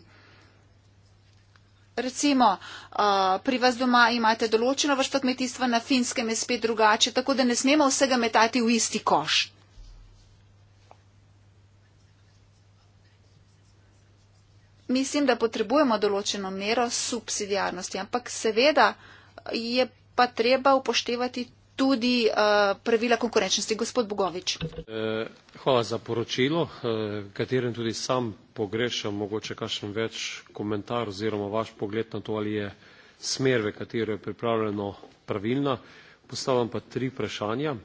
Recimo, uh, pri vas doma imate določeno vrsto kmetijstva, na finskem je spet drugače, tako da ne smemo vsega metati v isti koš. Mislim, da potrebujemo določeno mero subsidijarnosti, ampak seveda je pa treba upoštevati tudi eh, pravila konkurenčnosti. Gospod Bogovič. Eh, hvala za poročilo, eh, katerem tudi sam pogrešam mogoče kakšen več komentar oziroma vaš pogled na to, ali je smer, v katero je pripravljeno, pravilna. Postavljam pa tri vprašanja.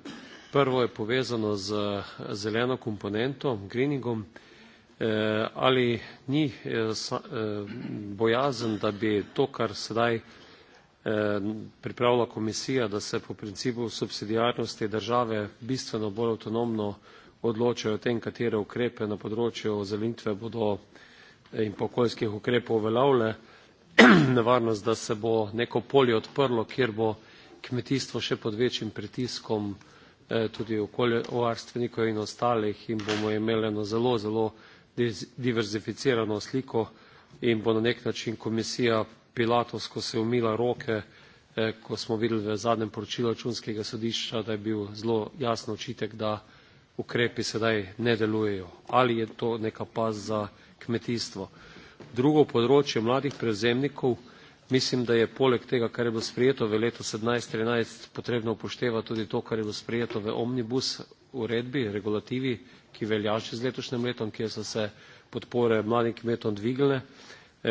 Prvo je povezano z zeleno komponento, greeningom. Ali ni bojazen, da bi to, kar sedaj Eh, pripravila komisija, da se po principu subsidijarnosti države bistveno bolj avtonomno odločajo o tem, katere ukrepe na področju zelenitve bodo eh, in po okoljskih ukrepov uveljavile, nevarnost, da se bo neko polje odprlo, kjer bo kmetijstvo še pod večjim pritiskom eh, tudi okoljevarstvenikov in ostalih in bomo imeli eno zelo, zelo diverzificirano sliko in bo na nek način komisija Pilatus, ko se je umila roke, eh, ko smo videli v zadnjem poročilu računskega sodišča, da je bil zelo jasno očitek, da ukrepi sedaj ne delujejo. Ali je to neka pas za kmetijstvo? Drugo področje mladih prevzemnikov, mislim, da je poleg tega, kar je bilo sprejeto v letu 17-13, potrebno upoštevati tudi to, kar je bilo sprejeto v omnibus uredbi, regulativi, ki velja še z letošnjim letom, kjer so se podpore mladim kmetom dvigle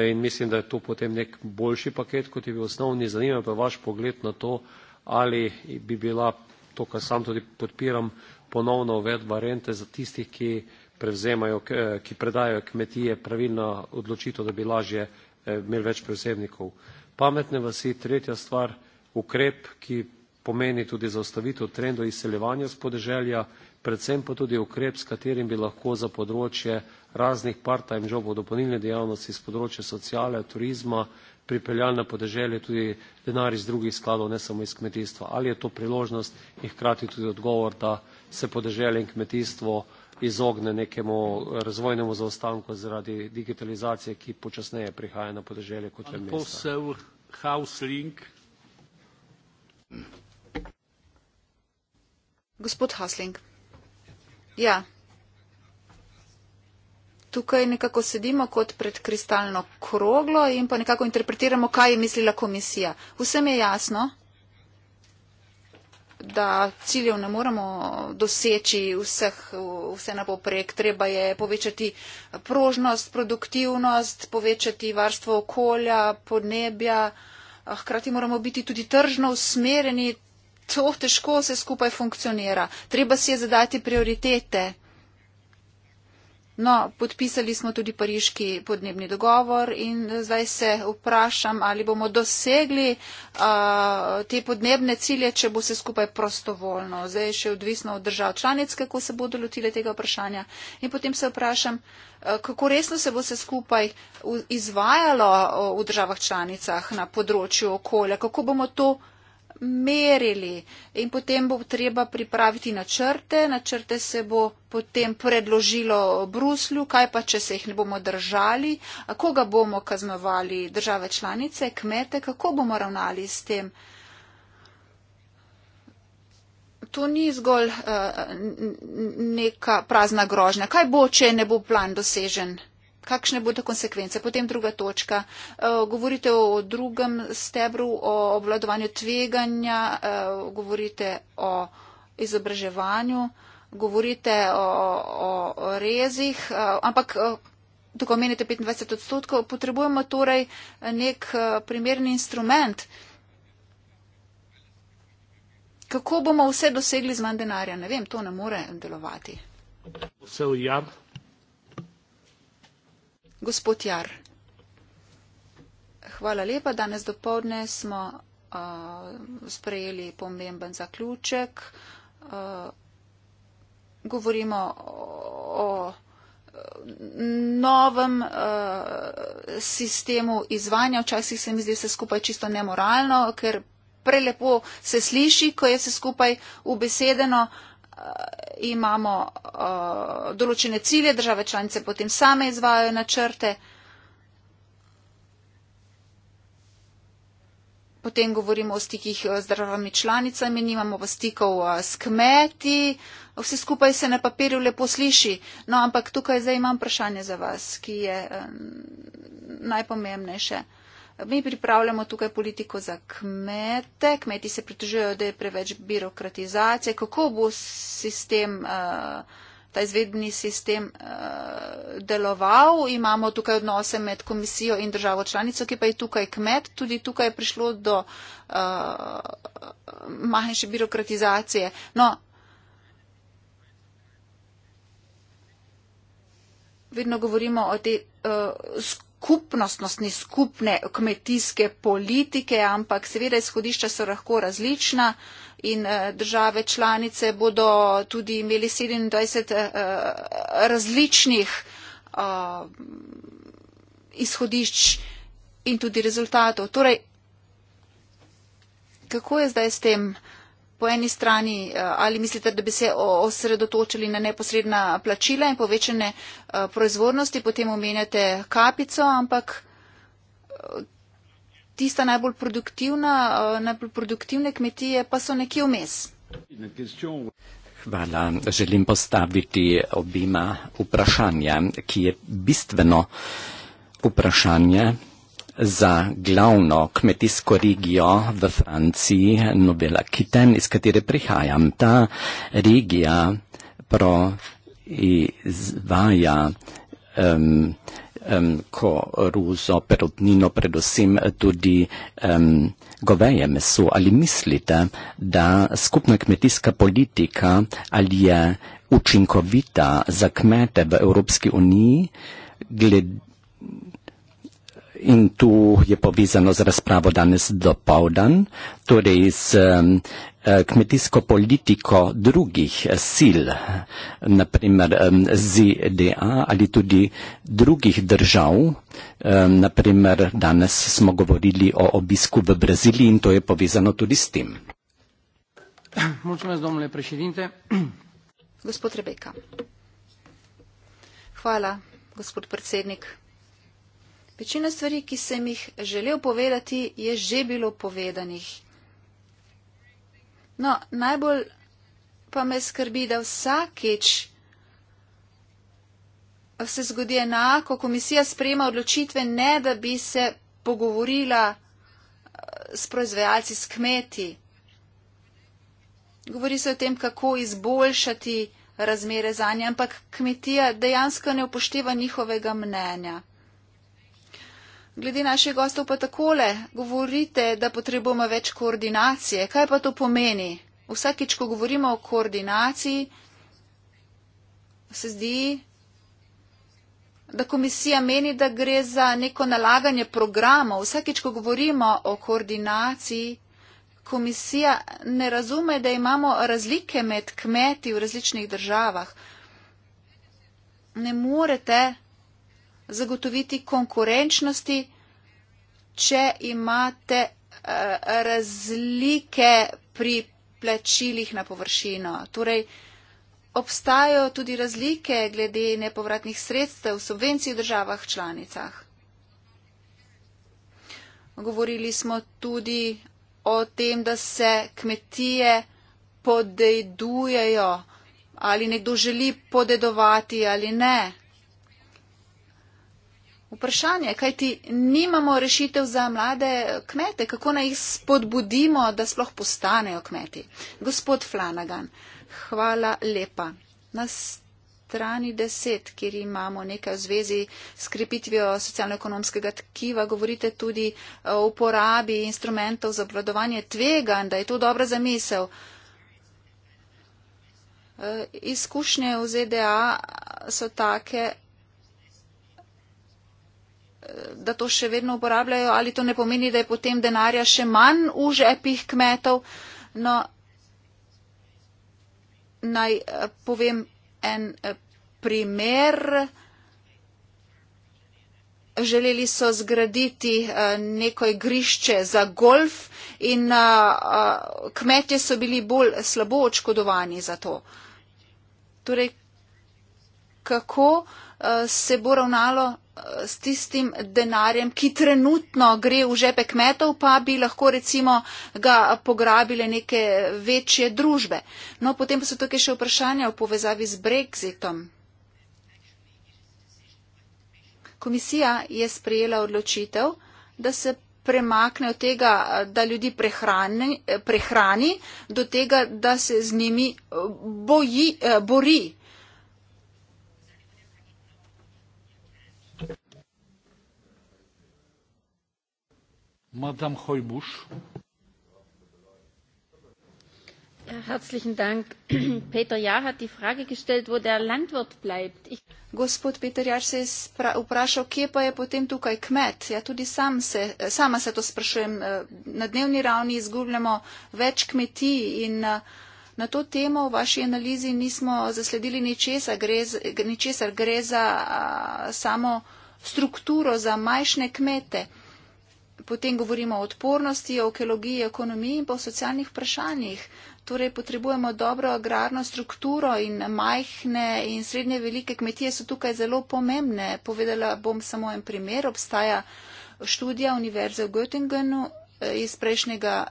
in mislim, da je to potem nek boljši paket, kot je bil osnovni. Zanima pa vaš pogled na to, ali bi bila to, kar sam tudi podpiram, ponovna uvedba rente za tistih, ki prevzemajo, eh, ki predajo kmetije pravilno odločitev, da bi lažje eh, imeli več prevzemnikov. Pametne vasi, tretja stvar, ukrep, ki pomeni tudi zaustavitev trendov izseljevanja z podeželja, predvsem pa tudi ukrep, s katerim bi lahko za področje raznih part-time jobov, dopolnilne dejavnosti z področja sociale, turizma, pripeljali na podeželje tudi denar iz drugih skladov, ne samo iz kmetijstva. Ali je to priložnost in hkrati tudi odgovor, da se podeželje in kmetijstvo izogne nekemu razvojnemu zaostanku zaradi digitalizacije, ki počasneje prihaja na podeželje kot le mesta. Gospod Hasling. Ja. Tukaj nekako sedimo kot pred kristalno kroglo in pa nekako interpretiramo, kaj je mislila komisija. Vsem je jasno, da ciljev ne moremo doseči vseh, vse na poprek. Treba je povečati prožnost, produktivnost, povečati varstvo okolja, podnebja. Hkrati moramo biti tudi tržno usmereni, to težko vse skupaj funkcionira. Treba si je zadati prioritete. No, podpisali smo tudi pariški podnebni dogovor in zdaj se vprašam, ali bomo dosegli uh, te podnebne cilje, če bo se skupaj prostovoljno. Zdaj je še odvisno od držav članic, kako se bodo lotile tega vprašanja. In potem se vprašam, uh, kako resno se bo se skupaj izvajalo uh, v državah članicah na področju okolja, kako bomo to merili in potem bo treba pripraviti načrte. Načrte se bo potem predložilo Bruslju, kaj pa, če se jih ne bomo držali, koga bomo kaznovali, države članice, kmete, kako bomo ravnali s tem. To ni zgolj uh, neka prazna grožnja. Kaj bo, če ne bo plan dosežen? kakšne bodo konsekvence. Potem druga točka. Eh, govorite o drugem stebru, o obvladovanju tveganja, eh, govorite o izobraževanju, govorite o, o, o rezih, eh, ampak. Tukaj omenite 25 odstotkov, potrebujemo torej nek primerni instrument. Kako bomo vse dosegli z manj denarja? Ne vem, to ne more delovati. Vse ujam, Gospod Jar. Hvala lepa. Danes dopovdne smo uh, sprejeli pomemben zaključek. Uh, govorimo o, o novem uh, sistemu izvanja. Včasih se mi zdi vse skupaj čisto nemoralno, ker prelepo se sliši, ko je vse skupaj ubesedeno. Uh, Eh, imamo eh, določene cilje, države članice potem same izvajajo načrte. Potem govorimo o stikih eh, z državami članicami, nimamo pa stikov s kmeti, vse skupaj se na papirju lepo sliši. No, ampak tukaj zdaj imam vprašanje za vas, ki je najpomembnejše. Mi pripravljamo tukaj politiko za kmete, kmeti se pritožujejo, da je preveč birokratizacije, kako bo sistem, eh, ta izvedni sistem eh, deloval. Imamo tukaj odnose med komisijo in državo članico, ki pa je tukaj kmet. Tudi tukaj je prišlo do eh, manjše birokratizacije. No, vedno govorimo o te uh, skupnostnostni skupne kmetijske politike, ampak seveda izhodišča so lahko različna in eh, države članice bodo tudi imeli 27 eh, različnih eh, izhodišč in tudi rezultatov. Torej, kako je zdaj s tem? po eni strani, eh, ali mislite, da bi se osredotočili na neposredna plačila in povečene eh, proizvodnosti, potem omenjate kapico, ampak eh, tista najbolj produktivna, najbolj produktivne kmetije pa so nekje vmes. Hvala. Želim postaviti obima vprašanja, ki je bistveno vprašanje za glavno kmetijsko regijo v Franciji, Nobela Kiten, iz katere prihajam. Ta regija proizvaja um, um, koruzo, perutnino, predvsem tudi um, goveje meso. Ali mislite, da skupna kmetijska politika ali je učinkovita za kmete v Evropski uniji? Glede In tu je povezano z razpravo danes do povdan, torej z um, eh, kmetijsko politiko drugih eh, sil, naprimer um, ZDA ali tudi drugih držav. Um, naprimer danes smo govorili o obisku v Braziliji in to je povezano tudi s tem. Gospod Rebeka. Hvala, gospod predsednik. Večina stvari, ki sem jih želel povedati, je že bilo povedanih. No, najbolj pa me skrbi, da vsakeč se zgodi enako, komisija sprejema odločitve, ne da bi se pogovorila eh, s proizvajalci, s kmeti. Govori se o tem, kako izboljšati razmere za nje, ampak kmetija dejansko ne upošteva njihovega mnenja. Glede naših gostov pa takole, govorite, da potrebujemo več koordinacije. Kaj pa to pomeni? Vsakič, ko govorimo o koordinaciji, se zdi, da komisija meni, da gre za neko nalaganje programov. Vsakič, ko govorimo o koordinaciji, komisija ne razume, da imamo razlike med kmeti v različnih državah. Ne morete zagotoviti konkurenčnosti, če imate eh, razlike pri plačilih na površino. Torej, obstajajo tudi razlike glede nepovratnih sredstev v subvenciji v državah članicah. Govorili smo tudi o tem, da se kmetije podedujejo ali nekdo želi podedovati ali ne vprašanje, kaj ti nimamo rešitev za mlade kmete, kako naj jih spodbudimo, da sploh postanejo kmeti. Gospod Flanagan, hvala lepa. Na strani deset, kjer imamo nekaj v zvezi s krepitvijo socialno-ekonomskega tkiva, govorite tudi o uporabi instrumentov za obvladovanje tvega, da je to dobra zamisel. E, izkušnje v ZDA so take, da to še vedno uporabljajo, ali to ne pomeni, da je potem denarja še manj v žepih kmetov. No, naj eh, povem en eh, primer. Želeli so zgraditi eh, neko igrišče za golf in kmetje so bili bolj slabo očkodovani za to. Torej, kako uh, Eh, se bo ravnalo eh, s tistim denarjem, ki trenutno gre v žepe kmetov, pa bi lahko recimo ga pograbile neke večje družbe. No, potem pa so tukaj še vprašanja v povezavi z Brexitom. Komisija je sprejela odločitev, da se premakne od tega, da ljudi prehrani, prehrani do tega, da se z njimi eh, boji, bori. Ja, Peter Jahr hat die Frage gestellt, wo der Landwirt bleibt. Ich Gospod Peter Jahr se je vprašal, kje pa je potem tukaj kmet. Ja, tudi sam se, sama se to sprašujem. Eh, na dnevni ravni izgubljamo več kmetij in eh, na to temo v vaši analizi nismo zasledili ničesar. Gre za samo strukturo za majšne kmete potem govorimo o odpornosti, o ekologiji, ekonomiji in pa o socialnih vprašanjih. Torej potrebujemo dobro agrarno strukturo in majhne in srednje velike kmetije so tukaj zelo pomembne. Povedala bom samo en primer. Obstaja študija Univerze v Göttingenu eh, iz,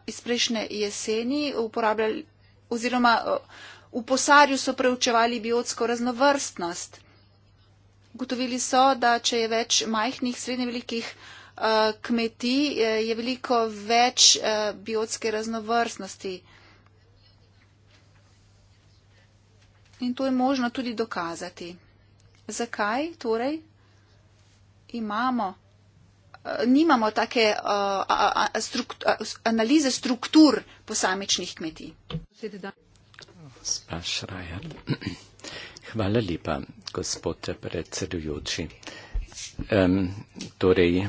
iz prejšnje jeseni. Uporabljali oziroma eh, v posarju so preučevali biotsko raznovrstnost. Gotovili so, da če je več majhnih, srednje velikih kmetij, Eh, kmetij eh, je veliko več eh, biotske raznovrstnosti. In to je možno tudi dokazati. Zakaj torej imamo, nimamo take struktur, analize struktur posamičnih kmetij? Sprašraja. Hvala lepa, gospod predsedujoči. Um, torej,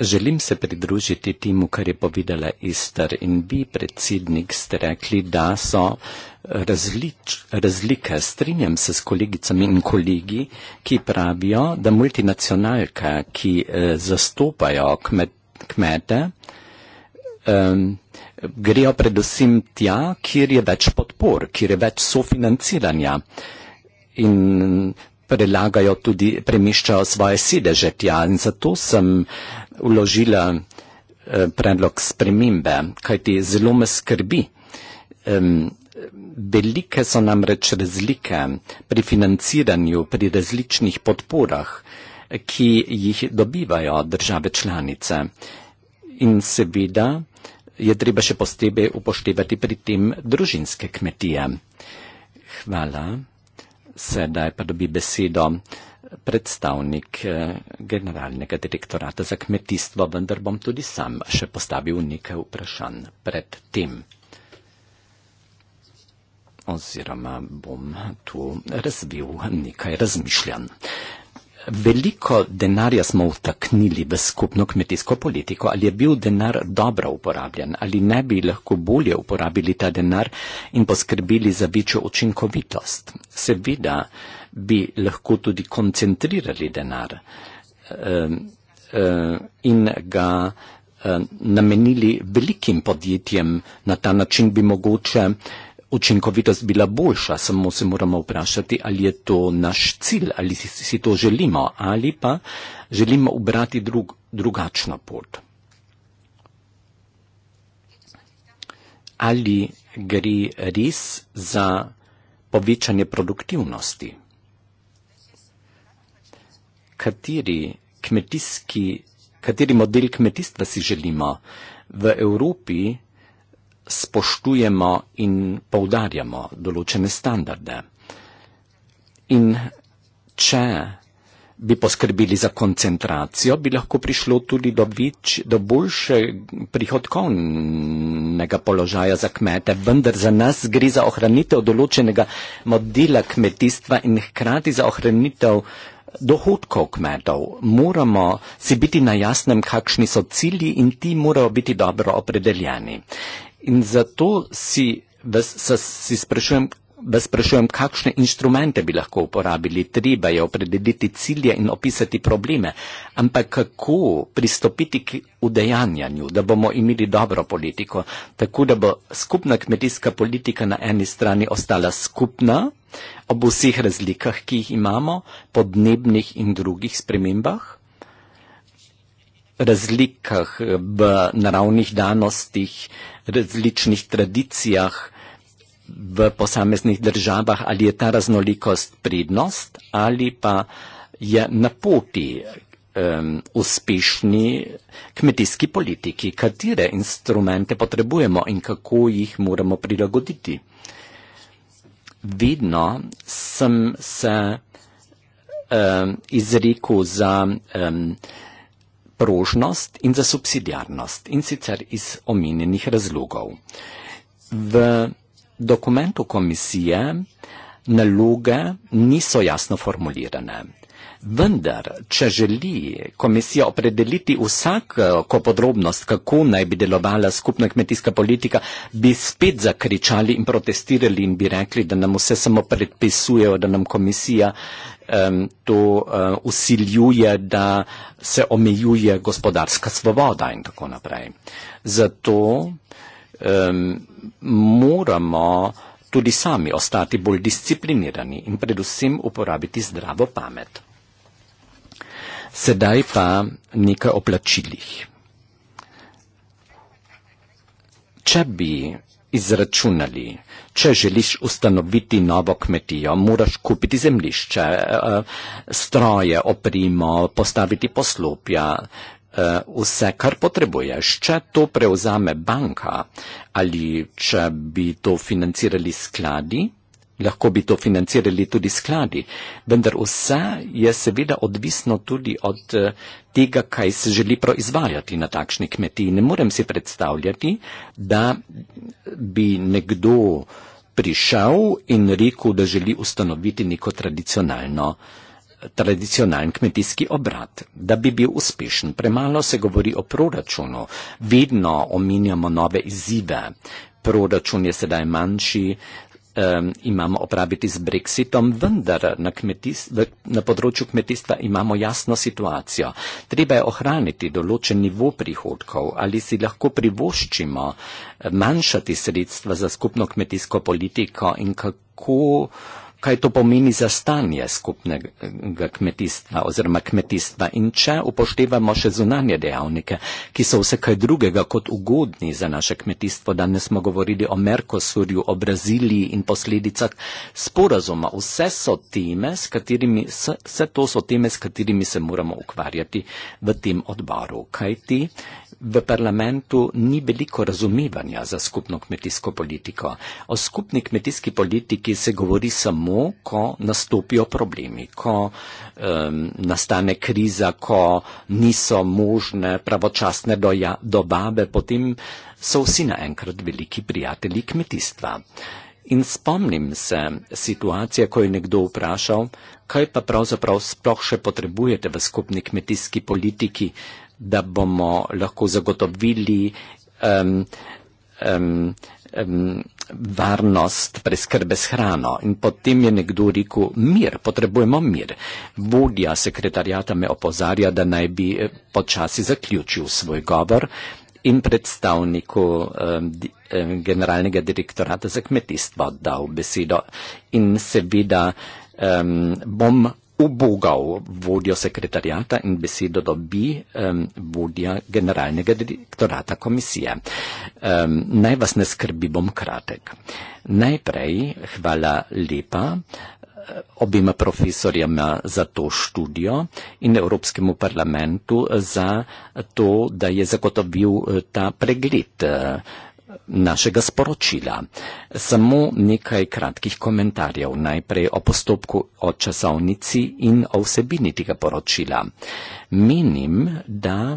želim se pridružiti temu, kar je povedala Istar in vi, predsednik, ste rekli, da so različ, razlike. Strinjam se s kolegicami in kolegi, ki pravijo, da multinacionalke, ki uh, zastopajo kmet, kmete, um, grejo predvsem tja, kjer je več podpor, kjer je več sofinanciranja. In prelagajo, tudi premiščajo svoje sedeže tja in zato sem uložila eh, predlog spremembe, kajti zelo me skrbi. Velike so namreč razlike pri financiranju, pri različnih podporah, ki jih dobivajo države članice. In seveda je treba še posebej upoštevati pri tem družinske kmetije. Hvala. Sedaj pa dobi besedo predstavnik eh, generalnega direktorata za kmetijstvo, vendar bom tudi sam še postavil nekaj vprašanj pred tem. Oziroma bom tu razvil nekaj razmišljanj. Veliko denarja smo vtaknili v skupno kmetijsko politiko. Ali je bil denar dobro uporabljen? Ali ne bi lahko bolje uporabili ta denar in poskrbili za večjo učinkovitost? Seveda bi lahko tudi koncentrirali denar eh, eh, in ga eh, namenili velikim podjetjem. Na ta način bi mogoče. Eh, učinkovitost bila boljša, samo se moramo vprašati, ali je to naš cilj, ali si, si to želimo, ali pa želimo ubrati drug, drugačno pot. Ali gre res za povečanje produktivnosti? Kateri, kmetijski, kateri model kmetijstva si želimo? V Evropi spoštujemo in poudarjamo določene standarde. In če bi poskrbili za koncentracijo, bi lahko prišlo tudi do, več, do boljše prihodkovnega položaja za kmete, vendar za nas gre za ohranitev določenega modela kmetijstva in hkrati za ohranitev dohodkov kmetov. Moramo si biti na jasnem, kakšni so cilji in ti morajo biti dobro opredeljeni. In zato si, si sprašujem, vas sprašujem, kakšne inštrumente bi lahko uporabili. Treba je opredeliti cilje in opisati probleme, ampak kako pristopiti k udejanjanju, da bomo imeli dobro politiko, tako da bo skupna kmetijska politika na eni strani ostala skupna ob vseh razlikah, ki jih imamo, podnebnih in drugih spremembah razlikah v naravnih danostih, različnih tradicijah v posameznih državah, ali je ta raznolikost prednost ali pa je na poti um, uspešni kmetijski politiki, katere instrumente potrebujemo in kako jih moramo prilagoditi. Vedno sem se um, izrekel za um, prožnost in za subsidiarnost in sicer iz omenjenih razlogov. V dokumentu komisije naloge niso jasno formulirane. Vendar, če želi komisija opredeliti vsako podrobnost, kako naj bi delovala skupna kmetijska politika, bi spet zakričali in protestirali in bi rekli, da nam vse samo predpisujejo, da nam komisija uh, um, to um, usiljuje, da se omejuje gospodarska svoboda in tako naprej. Zato um, moramo tudi sami ostati bolj disciplinirani in predvsem uporabiti zdravo pamet. Sedaj pa nekaj o plačilih. Če bi izračunali, če želiš ustanoviti novo kmetijo, moraš kupiti zemlišče, eh, stroje, oprimo, postaviti poslopja, eh, vse, kar potrebuješ. Če to prevzame banka ali če bi to financirali skladi, Lahko bi to financirali tudi skladi, vendar vse je seveda odvisno tudi od eh, tega, kaj se želi proizvajati na takšni kmetiji. Ne morem si predstavljati, da bi nekdo prišel in rekel, da želi ustanoviti neko tradicionalno tradicionalen kmetijski obrat, da bi bil uspešen. Premalo se govori o proračunu, vedno omenjamo nove izzive. Proračun je sedaj manjši, um, imamo opraviti z brexitom, vendar na, kmetis, v, na področju kmetijstva imamo jasno situacijo. Treba je ohraniti določen nivo prihodkov ali si lahko privoščimo eh, manjšati sredstva za skupno kmetijsko politiko in kako kaj to pomeni za stanje skupnega kmetijstva oziroma kmetijstva in če upoštevamo še zunanje dejavnike, ki so vse kaj drugega kot ugodni za naše kmetijstvo. Danes smo govorili o Merkosurju, o Braziliji in posledicah sporazuma. Vse so teme, s katerimi, vse to so teme, s katerimi se moramo ukvarjati v tem odboru. Kaj ti? V parlamentu ni veliko razumevanja za skupno kmetijsko politiko. O skupni kmetijski politiki se govori samo samo, ko nastopijo problemi, ko um, nastane kriza, ko niso možne pravočasne doja, dobave, potem so vsi naenkrat veliki prijatelji kmetijstva. In spomnim se situacije, ko je nekdo vprašal, kaj pa pravzaprav sploh še potrebujete v skupni kmetijski politiki, da bomo lahko zagotovili um, um, varnost preskrbe s hrano. In potem je nekdo rekel, mir, potrebujemo mir. Vodja sekretarjata me opozarja, da naj bi eh, počasi zaključil svoj govor in predstavniku eh, generalnega direktorata za kmetijstvo dal besedo. In seveda eh, bom ubogal vodjo sekretarjata in besedo dobi um, vodja generalnega direktorata komisije. Um, naj vas ne skrbi, bom kratek. Najprej hvala lepa eh, obima profesorjama za to študijo in Evropskemu parlamentu za to, da je zagotovil eh, ta pregled. Uh, našega sporočila. Samo nekaj kratkih komentarjev najprej o postopku, o časovnici in o vsebini tega poročila. Menim, da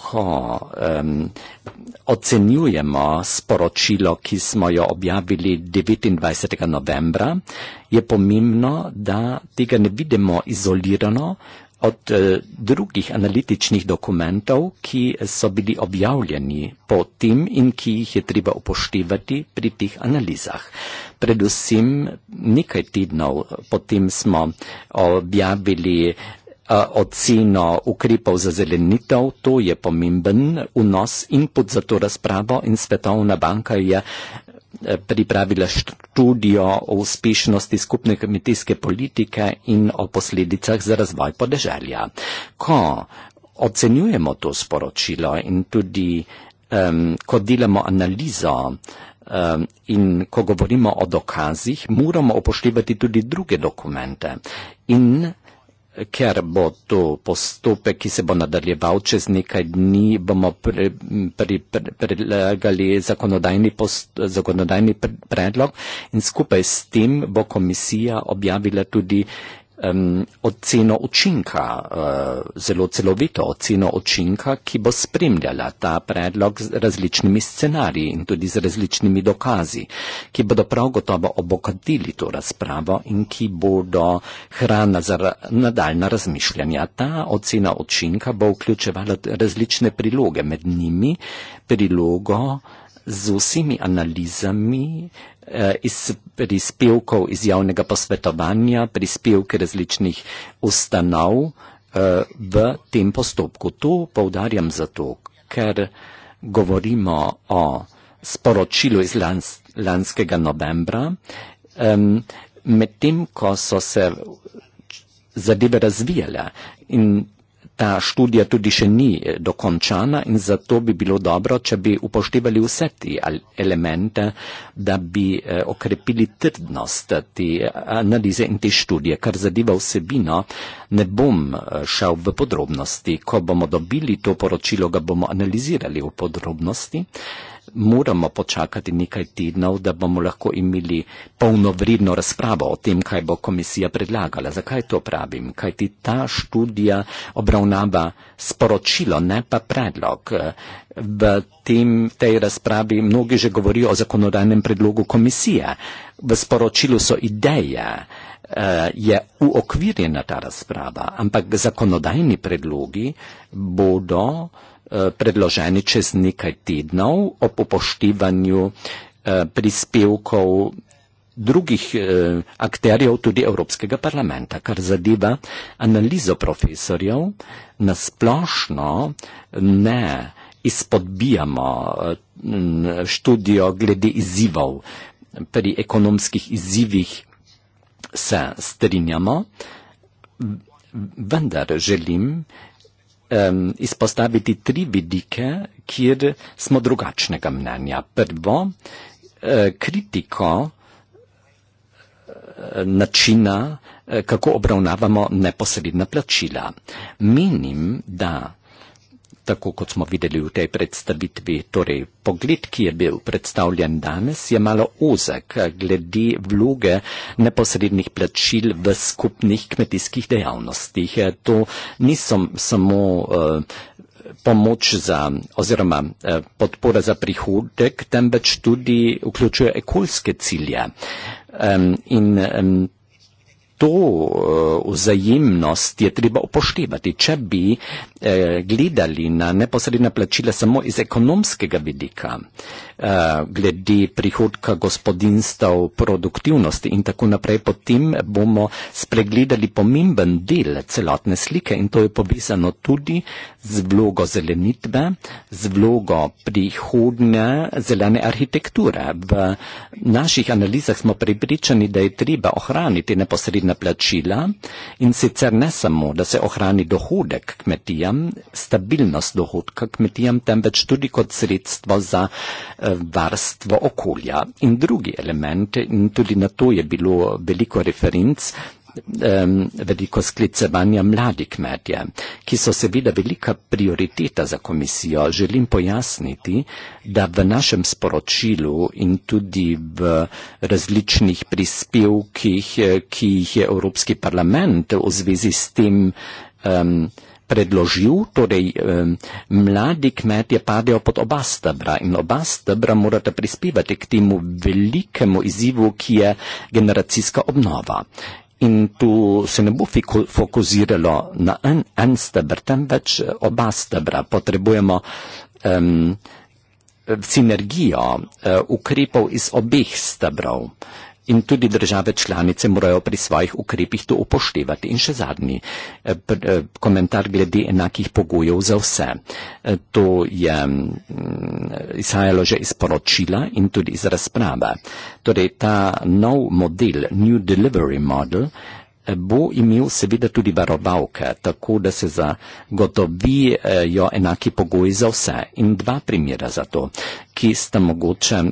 ko um, ocenjujemo sporočilo, ki smo jo objavili 29. novembra, je pomembno, da tega ne vidimo izolirano, od eh, drugih analitičnih dokumentov, ki so bili objavljeni po tem in ki jih je treba upoštevati pri teh analizah. Predvsem nekaj tednov eh, potem smo objavili eh, oceno ukrepov za zelenitev, to je pomemben vnos in pod za to razpravo in Svetovna banka je Eh, pripravila študijo o uspešnosti skupne kmetijske politike in o posledicah za razvoj podeželja. Ko ocenjujemo to sporočilo in tudi, um, ko delamo analizo um, in ko govorimo o dokazih, moramo upoštevati tudi druge dokumente. In ker bo to postopek, ki se bo nadaljeval čez nekaj dni, bomo prilagali pri, pri, zakonodajni, zakonodajni predlog in skupaj s tem bo komisija objavila tudi eh, um, oceno učinka, uh, zelo celovito oceno učinka, ki bo spremljala ta predlog z različnimi scenariji in tudi z različnimi dokazi, ki bodo prav gotovo obogatili to razpravo in ki bodo hrana za nadaljna razmišljanja. Ta ocena učinka bo vključevala različne priloge, med njimi prilogo z vsemi analizami, Eh, iz prispevkov iz javnega posvetovanja, prispevke različnih ustanov eh, v tem postopku. To povdarjam zato, ker govorimo o sporočilu iz lans, lanskega novembra, medtem ko so se zadeve razvijale in Ta študija tudi še ni eh, dokončana in zato bi bilo dobro, če bi upoštevali vse ti elemente, da bi eh, okrepili trdnost te eh, analize in te študije. Kar zadeva vsebino, ne bom šel v podrobnosti. Ko bomo dobili to poročilo, ga bomo analizirali v podrobnosti moramo počakati nekaj tednov, da bomo lahko imeli polnovredno razpravo o tem, kaj bo komisija predlagala. Zakaj to pravim? Kaj ti ta študija obravnava sporočilo, ne pa predlog. V tem, tej razpravi mnogi že govorijo o zakonodajnem predlogu komisije. V sporočilu so ideje, eh, je uokvirjena ta razprava, ampak zakonodajni predlogi bodo Eh, predloženi čez nekaj tednov ob upoštevanju eh, prispevkov drugih eh, akterjev tudi Evropskega parlamenta, kar zadeva analizo profesorjev, nasplošno ne izpodbijamo študijo glede izzivov. Pri ekonomskih izzivih se strinjamo, vendar želim um, izpostaviti tri vidike, kjer smo drugačnega mnenja. Prvo, eh, kritiko eh, načina, eh, kako obravnavamo neposredna plačila. Menim, da tako kot smo videli v tej predstavitvi, torej pogled, ki je bil predstavljen danes, je malo ozek glede vloge neposrednih plačil v skupnih kmetijskih dejavnostih. To niso samo eh, pomoč za oziroma eh, podpora za prihodek, temveč tudi vključuje ekolske cilje. In to eh, vzajemnost je treba upoštevati. Če bi eh, gledali na neposredna plačila samo iz ekonomskega vidika, Eh, glede prihodka gospodinstv, produktivnosti in tako naprej. Potem bomo spregledali pomemben del celotne slike in to je povezano tudi z vlogo zelenitve, z vlogo prihodne zelene arhitekture. V naših analizah smo pripričani, da je treba ohraniti neposredna plačila in sicer ne samo, da se ohrani dohodek kmetijam, stabilnost dohodka kmetijam, temveč tudi kot sredstvo za uh, varstvo okolja in drugi elementi in tudi na to je bilo veliko referenc, um, veliko sklicevanja mladi kmetje, ki so seveda velika prioriteta za komisijo. Želim pojasniti, da v našem sporočilu in tudi v različnih prispevkih, ki jih je Evropski parlament v zvezi s tem um, predložil, torej mladi kmet je padel pod oba stebra in oba stebra morata prispevati k temu velikemu izzivu, ki je generacijska obnova. In tu se ne bo fokusiralo na en, en stebr, temveč oba stebra. Potrebujemo um, sinergijo uh, ukrepov iz obeh stebrov in tudi države članice morajo pri svojih ukrepih to upoštevati. In še zadnji eh, eh, komentar glede enakih pogojev za vse. Eh, to je mm, izhajalo že iz poročila in tudi iz razprave. Torej, ta nov model, New Delivery Model, Eh, bo imel seveda tudi varovalke, tako da se zagotovijo eh, enaki pogoji za vse. In dva primera za to, ki sta mogoče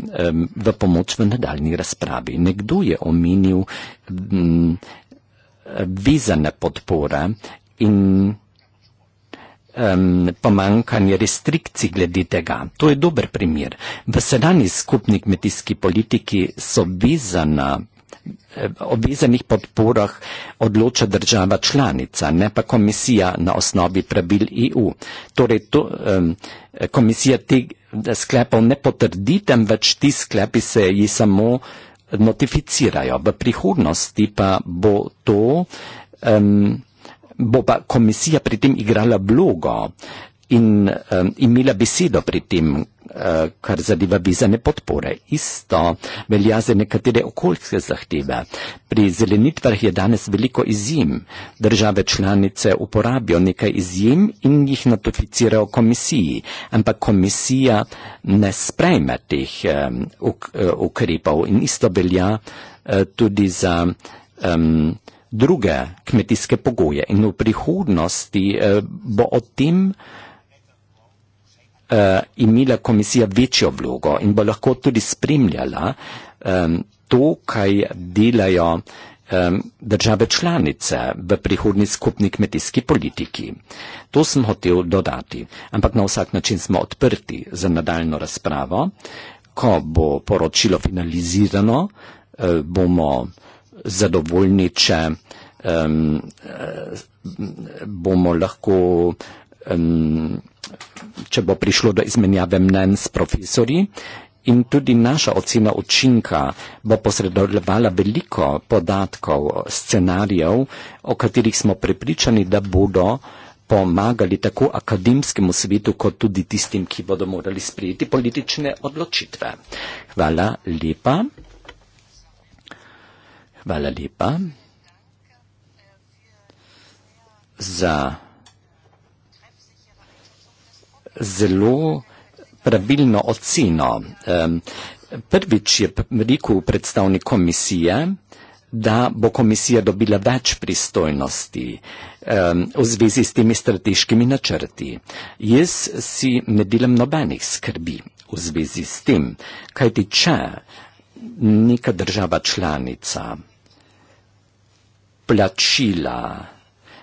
v pomoč v nadaljni razpravi. Nekdo je omenil mm, vizane podpore in pomankanje restrikcij glede tega. To je dober primer. V sedanji skupni kmetijski politiki so vizana Eh, obvezanih podporah odloča država članica, ne pa komisija na osnovi pravil EU. Torej, to, komisija teh eh, sklepov ne potrdi, temveč ti sklepi se ji samo notificirajo. V prihodnosti pa bo to. Um, bo pa komisija pri tem igrala vlogo, uh, in um, imela besedo pri tem, uh, kar zadeva vizane podpore. Isto velja za nekatere okoljske zahteve. Pri zelenitvah je danes veliko izjem. Države članice uporabijo nekaj izjem in jih notificirajo komisiji, ampak komisija ne sprejme teh um, uk, eh, ukrepov in isto velja uh, tudi za. Um, druge kmetijske pogoje in v prihodnosti eh, bo o tem eh, uh, imela komisija večjo vlogo in bo lahko tudi spremljala um, to, kaj delajo um, države članice v prihodni skupni kmetijski politiki. To sem hotel dodati, ampak na vsak način smo odprti za nadaljno razpravo. Ko bo poročilo finalizirano, uh, bomo zadovoljni, če um, uh, bomo lahko um, če bo prišlo do izmenjave mnen s profesori. In tudi naša ocena učinka bo posredovala veliko podatkov, scenarijev, o katerih smo prepričani, da bodo pomagali tako akademskemu svetu, kot tudi tistim, ki bodo morali sprejeti politične odločitve. Hvala lepa. Hvala lepa za zelo pravilno oceno. Prvič je rekel predstavnik komisije, da bo komisija dobila več pristojnosti v zvezi s temi strateškimi načrti. Jaz si ne delam nobenih skrbi v zvezi s tem, kajti če neka država članica plačila,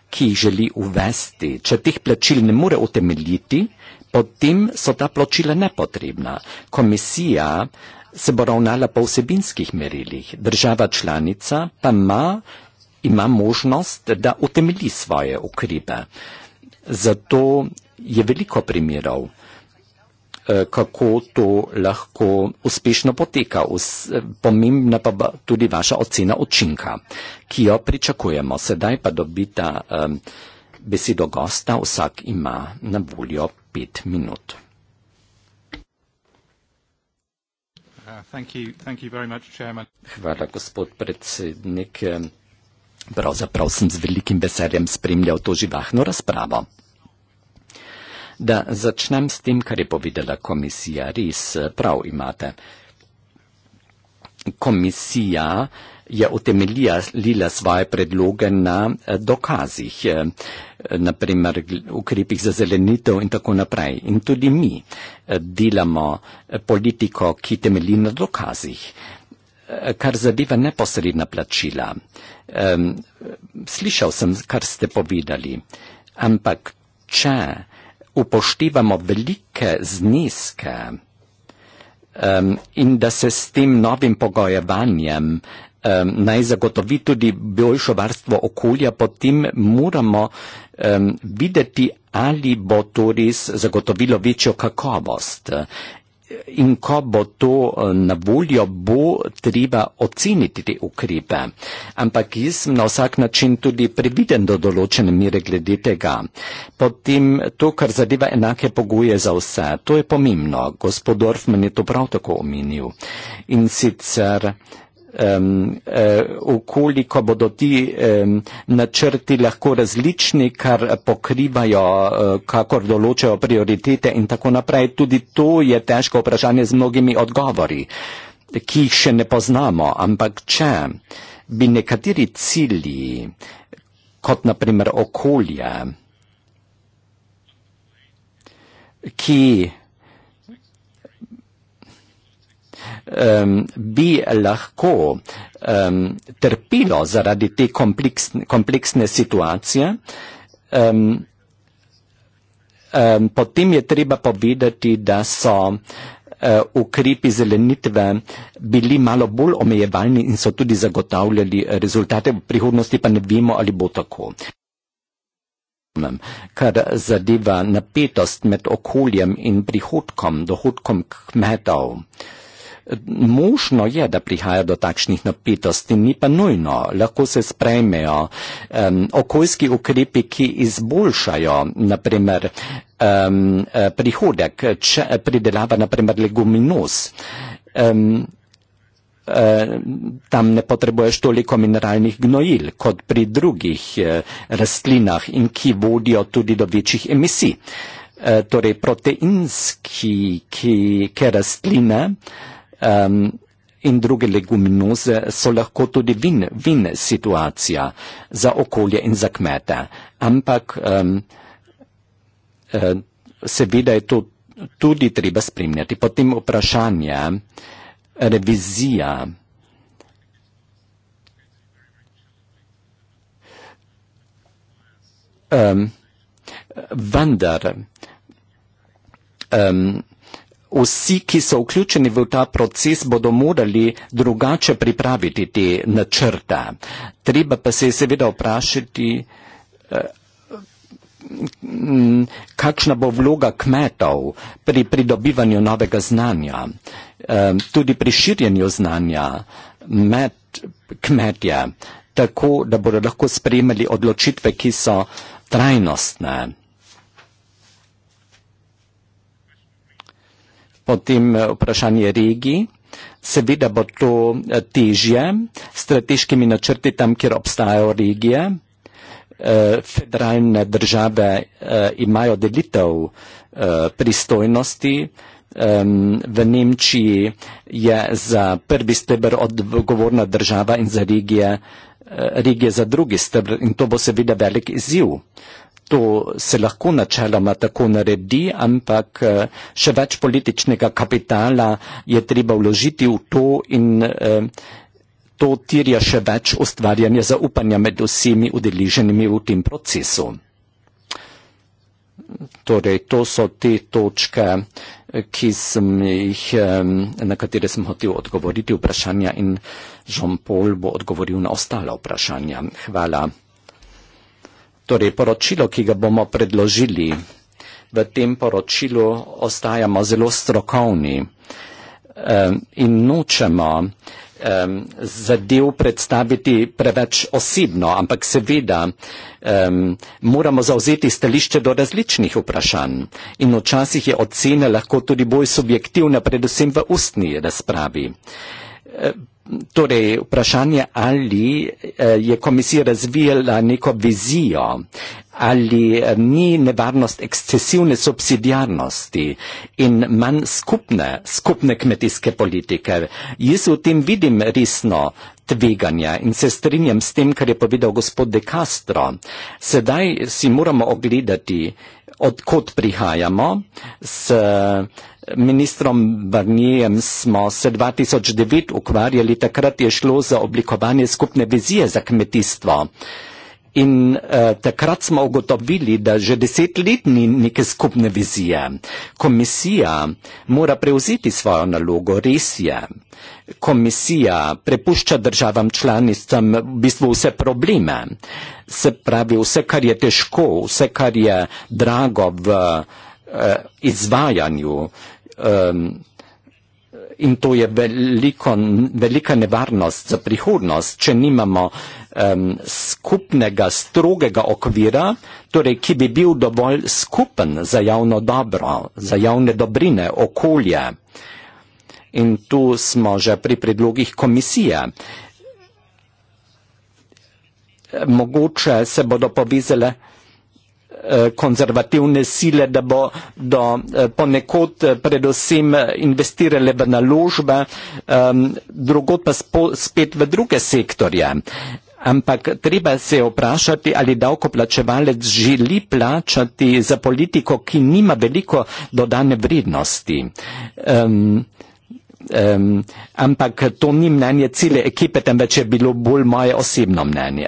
ki jih želi uvesti, če teh plačil ne more utemeljiti, Potem so ta pločila nepotrebna. Komisija se bo ravnala po vsebinskih merilih, država članica pa ma, ima možnost, da utemeli svoje ukrepe. Zato je veliko primerov, eh, kako to lahko uspešno poteka. Pomembna pa bo tudi vaša ocena učinka, ki jo pričakujemo. Sedaj pa dobita eh, besedo gosta, vsak ima na voljo pet minut. Uh, Hvala, gospod predsednik. Pravzaprav sem z velikim veseljem spremljal to živahno razpravo. Da začnem s tem, kar je povedala komisija. Res prav imate. Komisija je utemeljila svoje predloge na dokazih naprimer ukrepih za zelenitev in tako naprej. In tudi mi eh, delamo eh, politiko, ki temelji na dokazih, eh, kar zadeva neposredna plačila. Slišal sem, kar ste povedali, ampak če upoštevamo velike zneske, Um, in da se s tem novim pogojevanjem um, naj zagotovi tudi boljšo varstvo okolja, potem moramo um, videti, ali bo to res zagotovilo večjo kakovost. In ko bo to eh, na voljo, bo treba oceniti te ukrepe. Ampak jaz sem na vsak način tudi previden do določene mere glede tega. Potem to, kar zadeva enake pogoje za vse, to je pomembno. Gospod Dorfman je to prav tako omenil. In sicer um, uh, okoliko bodo ti um, načrti lahko različni, kar pokrivajo, uh, kakor določajo prioritete in tako naprej. Tudi to je težko vprašanje z mnogimi odgovori, ki jih še ne poznamo, ampak če bi nekateri cilji, kot naprimer okolje, ki um, bi lahko um, trpilo zaradi te kompleksne, kompleksne situacije, um, um, potem je treba povedati, da so eh, ukrepi zelenitve bili malo bolj omejevalni in so tudi zagotavljali rezultate, v prihodnosti pa ne vemo, ali bo tako. Kar zadeva napetost med okoljem in prihodkom, dohodkom kmetov možno je, da prihaja do takšnih napetosti, ni pa nujno, lahko se sprejmejo um, okoljski ukrepi, ki izboljšajo, naprimer, um, eh, prihodek, če pridelava, naprimer, leguminos. Um, eh, tam ne potrebuješ toliko mineralnih gnojil kot pri drugih eh, rastlinah in ki vodijo tudi do večjih emisij. Torej proteinski, ki, ki rastline um, in druge leguminoze so lahko tudi vin situacija za okolje in za kmete. Ampak um, seveda je to tudi treba spremljati. Potem vprašanje, revizija. Um, vendar um, vsi, ki so vključeni v ta proces, bodo morali drugače pripraviti te načrta. Treba pa se je seveda vprašati, eh, kakšna bo vloga kmetov pri pridobivanju novega znanja, eh, tudi pri širjenju znanja med kmetje, tako da bodo lahko sprejemali odločitve, ki so trajnostne. potem eh, vprašanje regij. Seveda bo to eh, težje s strateškimi načrti tam, kjer obstajajo regije. Eh, federalne države imajo delitev pristojnosti. V Nemčiji je za prvi stebr odgovorna država in za regije, regije za drugi stebr in to bo seveda velik izziv to se lahko načeloma tako naredi, ampak eh, še več političnega kapitala je treba vložiti v to in eh, to tirja še več ustvarjanja zaupanja med vsemi udeleženimi v tem procesu. Torej, to so te točke, eh, jih, na katere sem hotel odgovoriti vprašanja in Jean-Paul bo odgovoril na ostala vprašanja. Hvala. Torej, poročilo, ki ga bomo predložili, v tem poročilu ostajamo zelo strokovni eh, in nočemo eh, zadev predstaviti preveč osebno, ampak seveda um, moramo zauzeti stališče do različnih vprašanj in včasih je ocena lahko tudi bolj subjektivna, predvsem v ustni razpravi torej vprašanje, ali eh, je komisija razvijala neko vizijo, ali eh, ni nevarnost ekscesivne subsidijarnosti in manj skupne, skupne kmetijske politike. Jaz v tem vidim resno tveganja in se strinjam s tem, kar je povedal gospod De Castro. Sedaj si moramo ogledati, odkot prihajamo. S eh, ministrom Barnijem smo se 2009 ukvarjali, takrat je šlo za oblikovanje skupne vizije za kmetijstvo. In uh, takrat smo ugotovili, da že deset let ni neke skupne vizije. Komisija mora prevzeti svojo nalogo, res je. Komisija prepušča državam članicam v bistvu vse probleme. Se pravi, vse, kar je težko, vse, kar je drago v uh, izvajanju. Um, in to je veliko, velika nevarnost za prihodnost, če nimamo um, skupnega, strogega okvira, torej, ki bi bil dovolj skupen za javno dobro, za javne dobrine, okolje. In tu smo že pri predlogih komisije. Mogoče se bodo povezale. Eh, konzervativne sile, da bo do eh, ponekod eh, predvsem investirale v naložbe, ehm, drugot pa spet v druge sektorje. Ampak treba se vprašati, ali davkoplačevalec želi plačati za politiko, ki nima veliko dodane vrednosti. Um, Um, ampak to ni mnenje cele ekipe, temveč je bilo bolj moje osebno mnenje.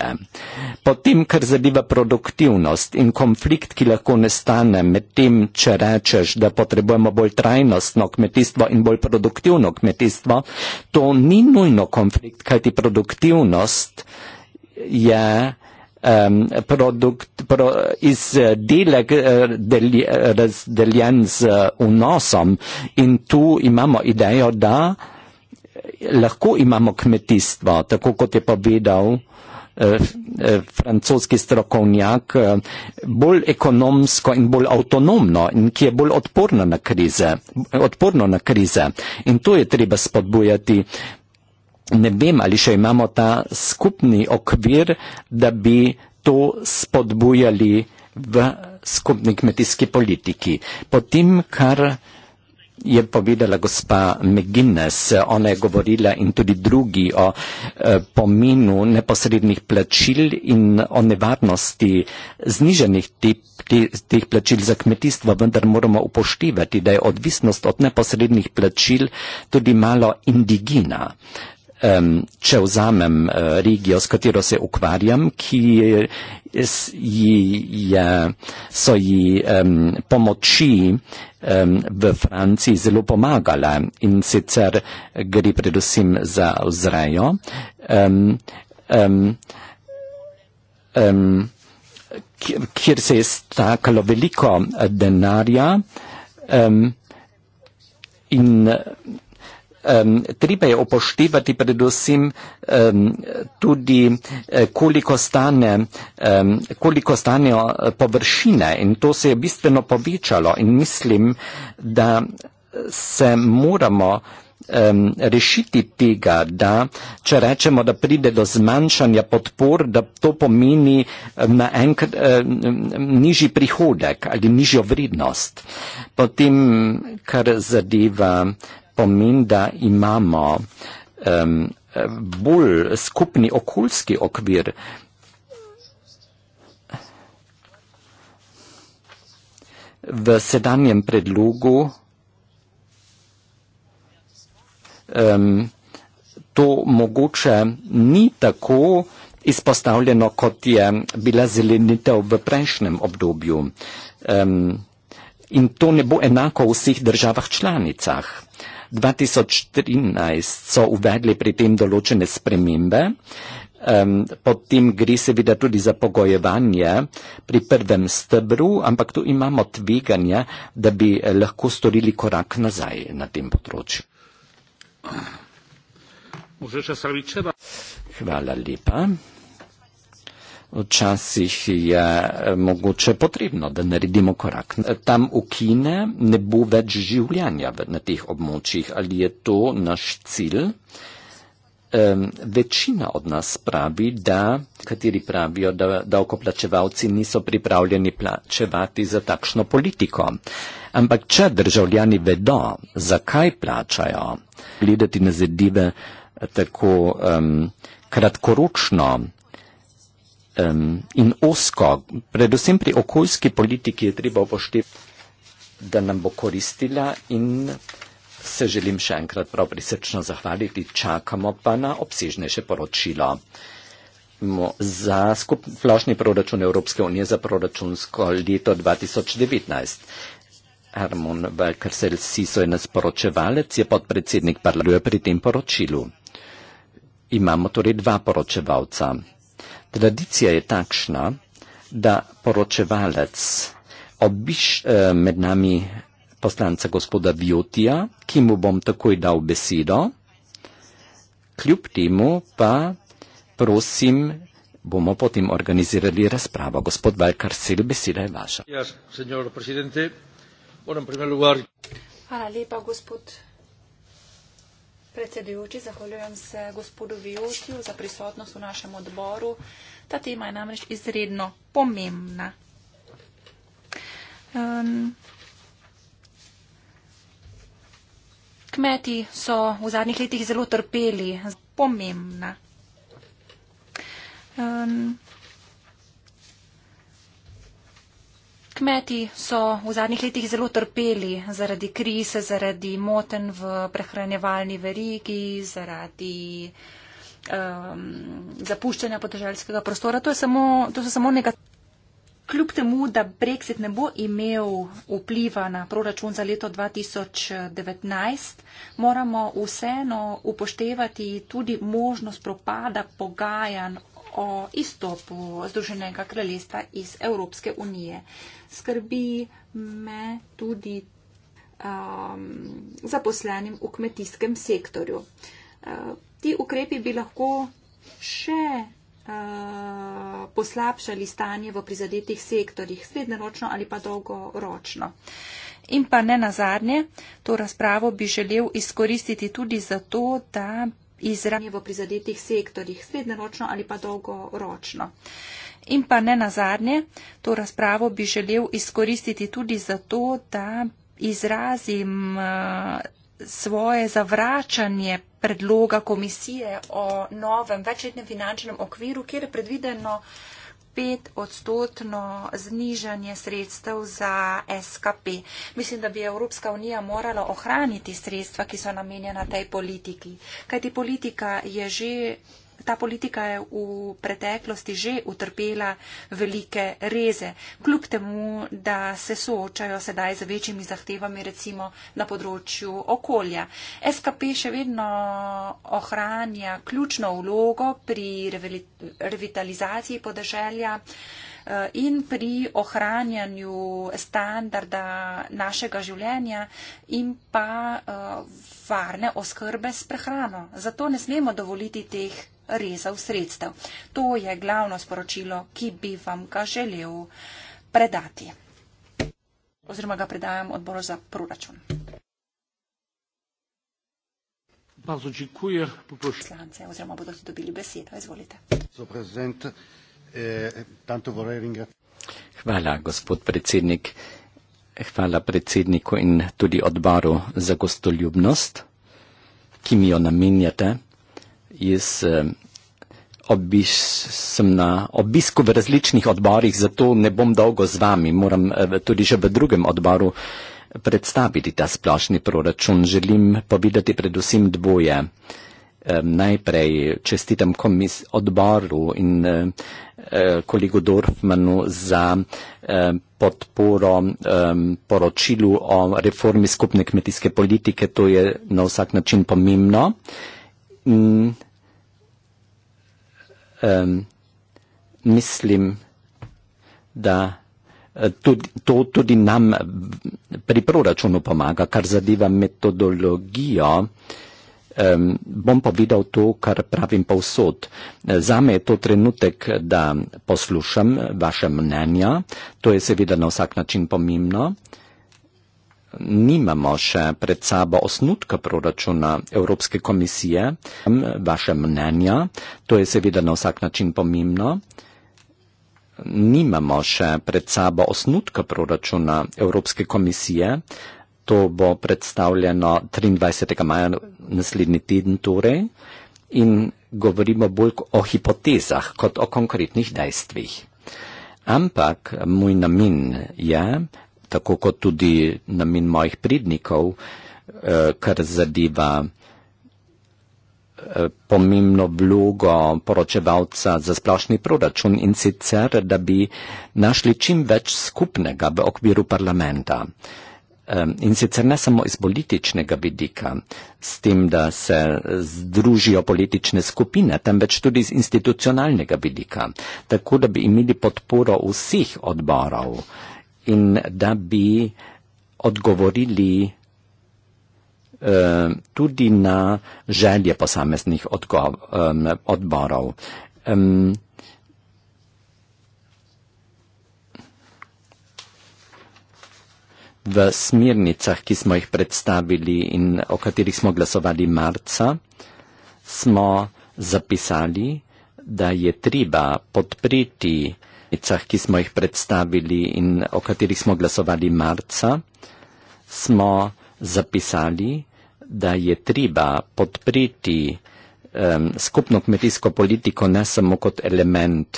Potem, kar zadeva produktivnost in konflikt, ki lahko nastane med tem, če rečeš, da potrebujemo bolj trajnostno kmetijstvo in bolj produktivno kmetijstvo, to ni nujno konflikt, kajti produktivnost je um, produkt, pro, izdelek uh, deli, razdeljen z vnosom in tu imamo idejo, da lahko imamo kmetijstvo, tako kot je povedal uh, uh, francoski strokovnjak uh, bolj ekonomsko in bolj avtonomno in ki je bolj odporno na krize. Odporno na krize. In to je treba spodbujati ne vem, ali še imamo ta skupni okvir, da bi to spodbujali v skupni kmetijski politiki. Potem, kar je povedala gospa McGuinness, ona je govorila in tudi drugi o eh, pomenu neposrednih plačil in o nevarnosti zniženih tip teh plačil za kmetijstvo, vendar moramo upoštevati, da je odvisnost od neposrednih plačil tudi malo indigina. Uh, um, če vzamem uh, regijo, s katero se ukvarjam, ki ji, je, so ji um, pomoči um, v Franciji zelo pomagale in sicer gre predvsem za vzrejo. Um, um, um, kjer se je stakalo veliko denarja um, in um, treba je upoštevati predvsem um, tudi, eh, koliko, stane, um, koliko stanejo eh, površine in to se je bistveno povečalo in mislim, da se moramo um, rešiti tega, da če rečemo, da pride do zmanjšanja podpor, da to pomeni eh, na enkrat um, nižji prihodek ali nižjo vrednost. Potem, kar zadeva pomeni, da imamo um, bolj skupni okoljski okvir. V sedanjem predlogu um, to mogoče ni tako izpostavljeno, kot je bila zelenitev v prejšnjem obdobju. Um, in to ne bo enako v vseh državah članicah. 2013 so uvedli pri tem določene spremembe. Um, potem gre seveda tudi za pogojevanje pri prvem stebru, ampak tu imamo tveganje, da bi eh, lahko storili korak nazaj na tem področju. Hvala lepa včasih je eh, mogoče potrebno, da naredimo korak. Tam v Kine ne bo več življenja na teh območjih. Ali je to naš cilj? Um, večina od nas pravi, da, kateri pravijo, da davkoplačevalci niso pripravljeni plačevati za takšno politiko. Ampak če državljani vedo, zakaj plačajo, gledati na zadive tako um, kratkoročno, um, in osko, predvsem pri okoljski politiki je treba upoštevati, da nam bo koristila in se želim še enkrat prav prisrčno zahvaliti, čakamo pa na obsežnejše poročilo. Za splošni proračun Evropske unije za proračunsko leto 2019. Armon Valkersel Siso je nasporočevalec, je podpredsednik parlamentu pri tem poročilu. Imamo torej dva poročevalca. Tradicija je takšna, da poročevalec obiš eh, med nami poslanca gospoda Vjotija, ki mu bom takoj dal besedo, kljub temu pa prosim, bomo potem organizirali razpravo. Gospod Valkar, sel beseda je vaša. Hvala lepa, gospod Predsedujoči, zahvaljujem se gospodu Vijotju za prisotnost v našem odboru. Ta tema je namreč izredno pomembna. Um, kmeti so v zadnjih letih zelo trpeli. Pomembna. Um, Kmeti so v zadnjih letih zelo trpeli zaradi krize, zaradi moten v prehranjevalni verigi, zaradi um, zapuščanja podeželjskega prostora. To, samo, to so samo nekaj. Kljub temu, da Brexit ne bo imel vpliva na proračun za leto 2019, moramo vseeno upoštevati tudi možnost propada pogajanj o izstopu Združenega kraljestva iz Evropske unije. Skrbi me tudi um, zaposlenim v kmetijskem sektorju. Uh, ti ukrepi bi lahko še uh, poslabšali stanje v prizadetih sektorjih, srednjeročno ali pa dolgoročno. In pa ne nazadnje, to razpravo bi želel izkoristiti tudi zato, da izravnanje v prizadetih sektorjih, srednjeročno ali pa dolgoročno. In pa ne nazadnje, to razpravo bi želel izkoristiti tudi zato, da izrazim eh, svoje zavračanje predloga komisije o novem večletnem finančnem okviru, kjer je predvideno 5 odstotno znižanje sredstev za SKP. Mislim, da bi Evropska unija morala ohraniti sredstva, ki so namenjena tej politiki. Kajti politika je že ta politika je v preteklosti že utrpela velike reze, kljub temu, da se soočajo sedaj z večjimi zahtevami, recimo na področju okolja. SKP še vedno ohranja ključno vlogo pri revitalizaciji podeželja eh, in pri ohranjanju standarda našega življenja in pa eh, varne oskrbe s prehrano. Zato ne smemo dovoliti teh rezal sredstev. To je glavno sporočilo, ki bi vam ga želel predati. Oziroma ga predajam odboru za proračun. Bardzo dziękuję. Poproszę. Oziroma bodo tu dobili besedo. Izvolite. Eh, Hvala, gospod predsednik. Hvala predsedniku in tudi odboru za gostoljubnost, ki mi jo namenjate jaz eh, obiš, sem na obisku v različnih odborih, zato ne bom dolgo z vami. Moram eh, tudi že v drugem odboru predstaviti ta splošni proračun. Želim povedati predvsem dvoje. Eh, najprej čestitam komis odboru in kolegu Dorfmanu za podporo poročilu o reformi skupne kmetijske politike. To je na vsak način pomembno mm, um, mislim, da eh, tudi, to tudi nam mm, pri proračunu pomaga, kar zadeva metodologijo. Um, bom povedal to, kar pravim povsod. Eh, zame je to trenutek, da poslušam vaše mnenja. To je seveda na vsak način pomembno nimamo še pred sabo osnutka proračuna Evropske komisije, vaše mnenja, to je seveda na vsak način pomembno. Nimamo še pred sabo osnutka proračuna Evropske komisije, to bo predstavljeno 23. maja naslednji teden torej in govorimo bolj o hipotezah kot o konkretnih dejstvih. Ampak moj namen je, tako kot tudi namen mojih prednikov, eh, kar zadeva eh, pomembno vlogo poročevalca za splošni proračun in sicer, da bi našli čim več skupnega v okviru parlamenta. In sicer ne samo iz političnega vidika, s tem, da se združijo politične skupine, temveč tudi iz institucionalnega vidika, tako da bi imeli podporo vseh odborov in da bi odgovorili eh, tudi na želje posameznih odborov. V smirnicah, ki smo jih predstavili in o katerih smo glasovali marca, smo zapisali, da je treba podpreti vecah, ki smo jih predstavili in o katerih smo glasovali marca, smo zapisali, da je treba podpreti um, skupno kmetijsko politiko ne samo kot element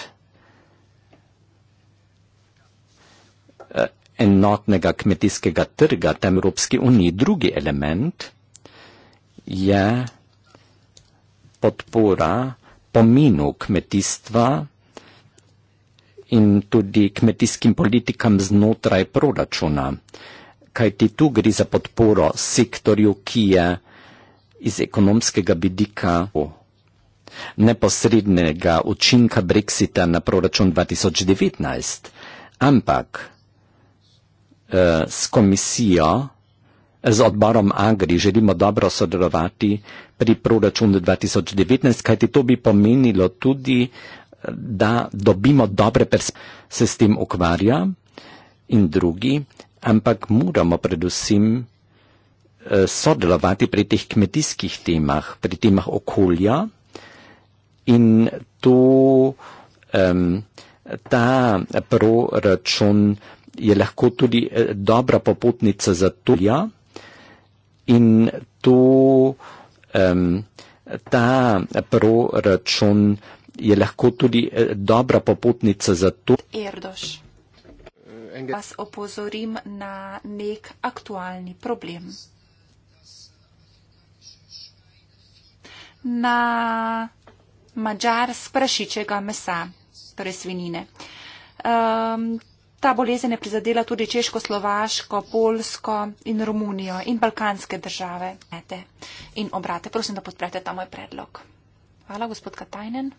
uh, enotnega kmetijskega trga, tem Evropski uniji. Drugi element je podpora pominu kmetijstva, in tudi kmetijskim politikam znotraj proračuna. Kaj ti tu gre za podporo sektorju, ki je iz ekonomskega vidika neposrednega učinka Brexita na proračun 2019, ampak eh, s komisijo, z odborom Agri želimo dobro sodelovati pri proračunu 2019, kaj ti to bi pomenilo tudi da dobimo dobre perspektive, se s tem ukvarja in drugi, ampak moramo predvsem eh, sodelovati pri teh kmetijskih temah, pri temah okolja in to, um, ta proračun je lahko tudi eh, dobra popotnica za to, ja, in to, um, ta proračun je lahko tudi eh, dobra popotnica za to. Erdoš, vas opozorim na nek aktualni problem. Na mačar sprašičega mesa, torej svinine. Um, ehm, ta bolezen je prizadela tudi Češko, Slovaško, Polsko in Romunijo in Balkanske države. In obrate, prosim, da podprete ta moj predlog. Hvala, gospod Katajnen.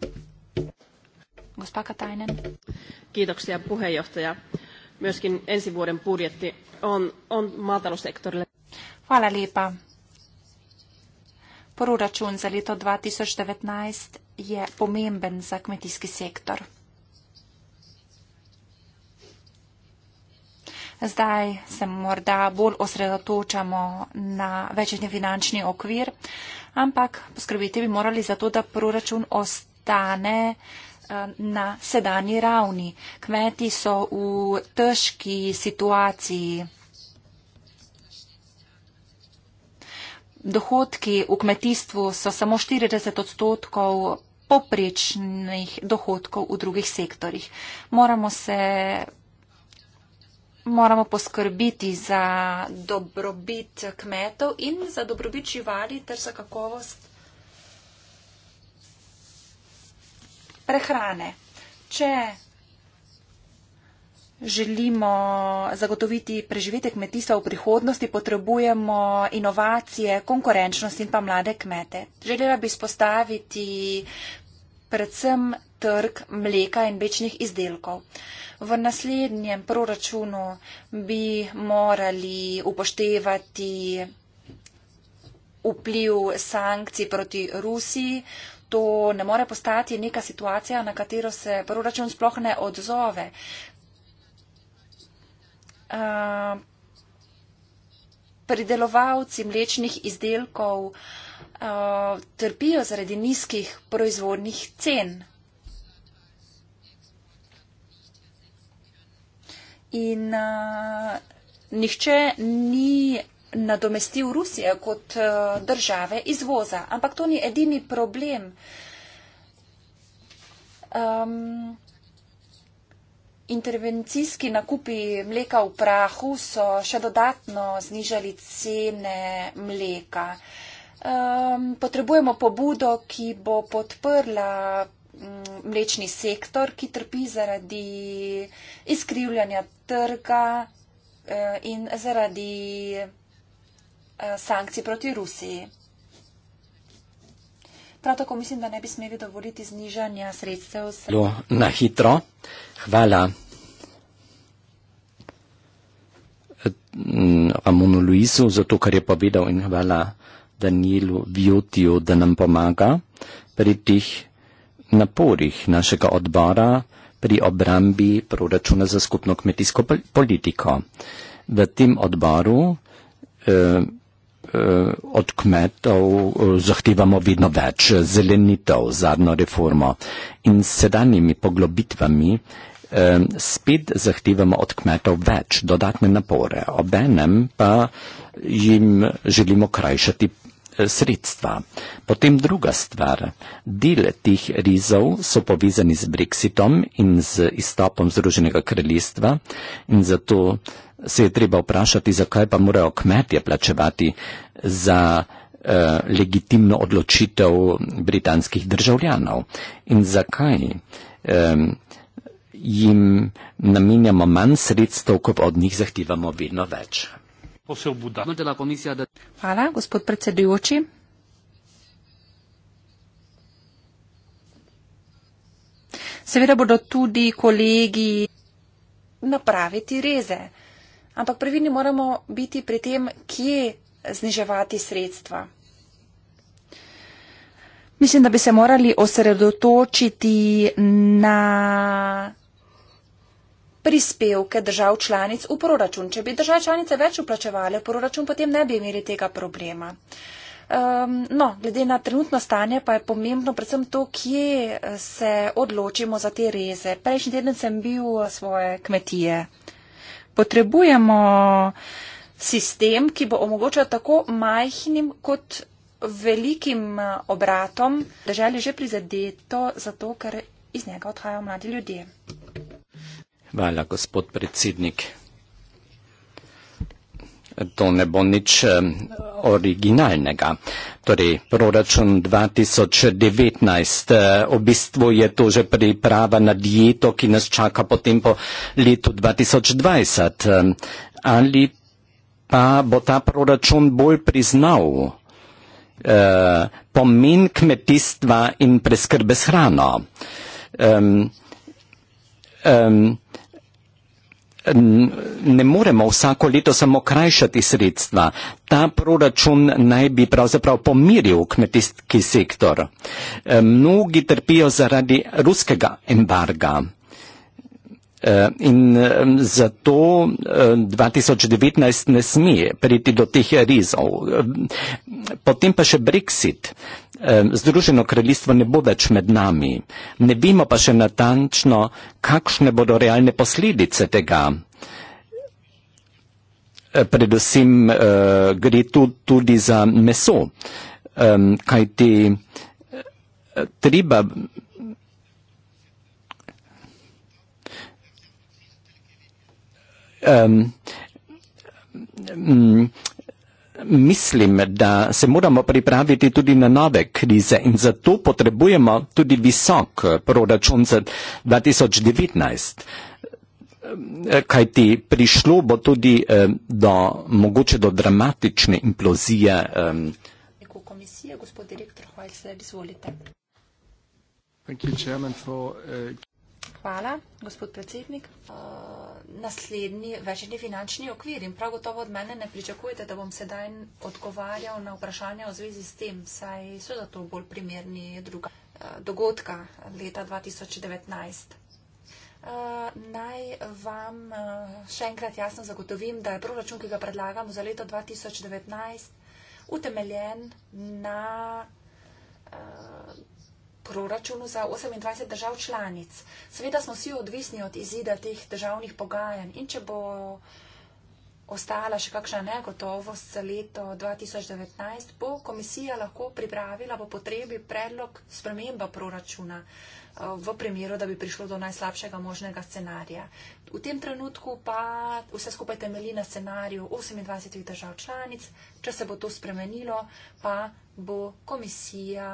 Gospa Katajnen. Kiitoksia puheenjohtaja. Myöskin ensi vuoden budjetti on, on maataloussektorille. Hvala lepa. Proračun za leto 2019 je pomemben za kmetijski sektor. Zdaj se morda bolj osredotočamo na večni finančni okvir. Uh, ampak poskrbeti bi morali za to, da proračun ostane eh, na sedanji ravni. Kmeti so v težki situaciji. Dohodki v kmetijstvu so samo 40 odstotkov poprečnih dohodkov v drugih sektorjih. Moramo se moramo poskrbiti za dobrobit kmetov in za dobrobit živali ter za kakovost prehrane. Če želimo zagotoviti preživetje kmetijstva v prihodnosti, potrebujemo inovacije, konkurenčnost in pa mlade kmete. Želela bi spostaviti predvsem trg mleka in večnih izdelkov. V naslednjem proračunu bi morali upoštevati vpliv sankcij proti Rusiji. To ne more postati neka situacija, na katero se proračun sploh ne odzove. Uh, pridelovalci mlečnih izdelkov uh, trpijo zaradi nizkih proizvodnih cen. In uh, nihče ni nadomestil Rusije kot uh, države izvoza. Ampak to ni edini problem. Um, intervencijski nakupi mleka v prahu so še dodatno znižali cene mleka. Um, potrebujemo pobudo, ki bo podprla mlečni sektor, ki trpi zaradi izkrivljanja trga eh, in zaradi eh, sankcij proti Rusiji. Prav tako mislim, da ne bi smeli dovoliti znižanja sredstev. Na hitro. Hvala. Ramonu Luisu za to, kar je povedal in hvala Danielu Viotiju, da nam pomaga pri teh naporih našega odbora pri obrambi proračuna za skupno kmetijsko politiko. V tem odboru eh, eh, od kmetov eh, zahtevamo vedno več zelenitev, zadnjo reformo in s sedanjimi poglobitvami eh, spet zahtevamo od kmetov več dodatne napore, obenem pa jim želimo krajšati Eh, sredstva. Potem druga stvar. Del teh rizov so povezani z Brexitom in z izstopom Združenega kraljestva in zato se je treba vprašati, zakaj pa morajo kmetje plačevati za eh, legitimno odločitev britanskih državljanov in zakaj eh, jim namenjamo manj sredstev, ko od njih zahtevamo vedno več. Hvala, gospod predsedujoči. Seveda bodo tudi kolegi napraviti reze, ampak previdni moramo biti pri tem, kje zniževati sredstva. Mislim, da bi se morali osredotočiti na prispevke držav članic v proračun. Če bi države članice več uplačevali v proračun, potem ne bi imeli tega problema. Um, no, glede na trenutno stanje pa je pomembno predvsem to, kje eh, se odločimo za te reze. Prejšnji teden sem bil v eh, svoje kmetije. Potrebujemo sistem, ki bo omogočal tako majhnim kot velikim eh, obratom, da želi že prizadeto, zato ker iz njega odhajajo mladi ljudje. Hvala, gospod predsednik. To ne bo nič originalnega. Torej, proračun 2019, eh, v bistvu je to že priprava na dieto, ki nas čaka potem po letu 2020. Ali pa bo ta proračun bolj priznal eh, pomen kmetijstva in preskrbe s hrano? Um, um, ne moremo vsako leto samo krajšati sredstva. Ta proračun naj bi pravzaprav pomiril kmetijski sektor. E, mnogi trpijo zaradi ruskega embarga. E, in zato 2019 e, ne sme priti do teh rizov potem pa še Brexit. Združeno kraljestvo ne bo več med nami. Ne vemo pa še natančno, kakšne bodo realne posledice tega. E, predvsem e, gre tu tudi za meso, kajti e, treba. Um, Mislim, da se moramo pripraviti tudi na nove krize in zato potrebujemo tudi visok proračun za 2019. Kaj ti prišlo bo tudi eh, do, mogoče do dramatične implozije. Eh, komisije, gospod direktor, hvala se, da izvolite. Hvala, gospod predsednik. Uh, naslednji večni finančni okvir in prav gotovo od mene ne pričakujete, da bom sedaj odgovarjal na vprašanja v zvezi s tem, saj so za to bolj primerni druga uh, dogodka leta 2019. Uh, eh, naj vam uh, še enkrat jasno zagotovim, da je proračun, ki ga predlagamo za leto 2019, utemeljen na. Uh, proračunu za 28 držav članic. Seveda smo vsi odvisni od izida teh državnih pogajanj in če bo ostala še kakšna negotovost za leto 2019, bo komisija lahko pripravila po potrebi predlog sprememba proračuna eh, v primeru, da bi prišlo do najslabšega možnega scenarija. V tem trenutku pa vse skupaj temelji na scenariju 28 držav članic. Če se bo to spremenilo, pa bo komisija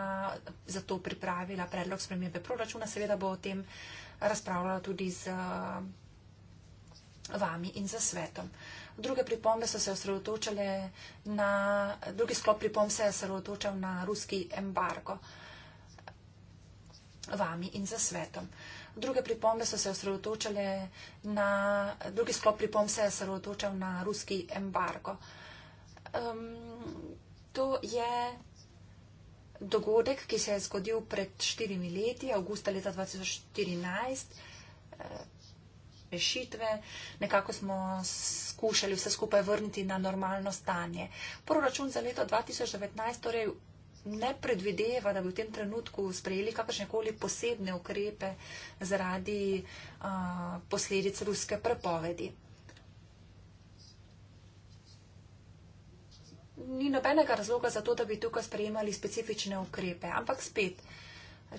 za to pripravila predlog spremembe proračuna. Seveda bo o tem razpravljala tudi z eh, vami in z svetom. Uh, druge pripombe so se osredotočale na, drugi sklop pripomb se je osredotočal na ruski embargo vami in za svetom. Druge pripombe so se osredotočale na, drugi sklop pripomb se je osredotočal na ruski embargo. Um, to je dogodek, ki se je zgodil pred štirimi leti, avgusta leta 2014, rešitve, nekako smo skušali vse skupaj vrniti na normalno stanje. Proračun za leto 2019 torej ne predvideva, da bi v tem trenutku sprejeli kakršne koli posebne ukrepe zaradi uh, posledic ruske prepovedi. Ni nobenega razloga za to, da bi tukaj sprejemali specifične ukrepe, ampak spet. Uh,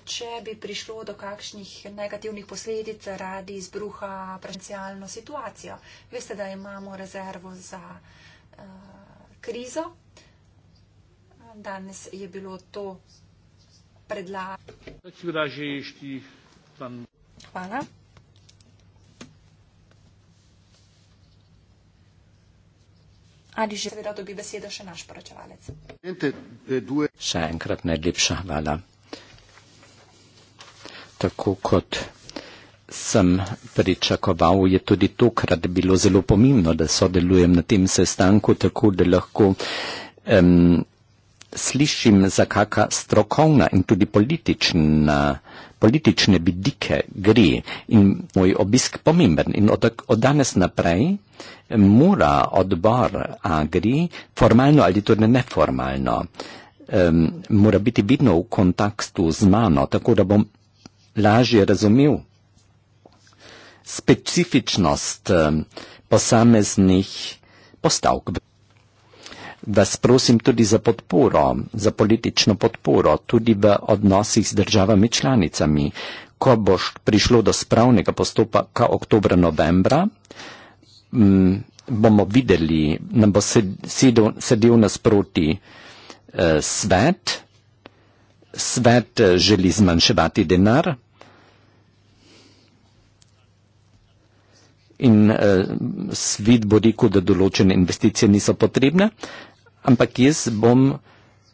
če bi prišlo do kakšnih negativnih posledic radi izbruha presencialno situacijo. Veste, da imamo rezervo za uh, krizo. Danes je bilo to predlagano. Hvala. Ali že seveda dobi besedo še naš poročevalec? Še enkrat najlepša hvala tako kot sem pričakoval, je tudi tokrat bilo zelo pomembno, da sodelujem na tem sestanku, tako da lahko um, slišim, za kakšna strokovna in tudi politična, politične vidike gre in moj obisk pomemben. In od, od danes naprej mora odbor Agri, formalno ali tudi neformalno, um, mora biti vedno v kontaktu z mano, tako da bom lažje razumel. Specifičnost eh, posameznih postavk. Vas prosim tudi za podporo, za politično podporo, tudi v odnosih z državami članicami. Ko bo prišlo do spravnega postopka oktobra-novembra, mm, bomo videli, nam bo sedel, sedel nasproti eh, svet, svet eh, želi zmanjševati denar. in eh, svet bo rekel, da določene investicije niso potrebne, ampak jaz bom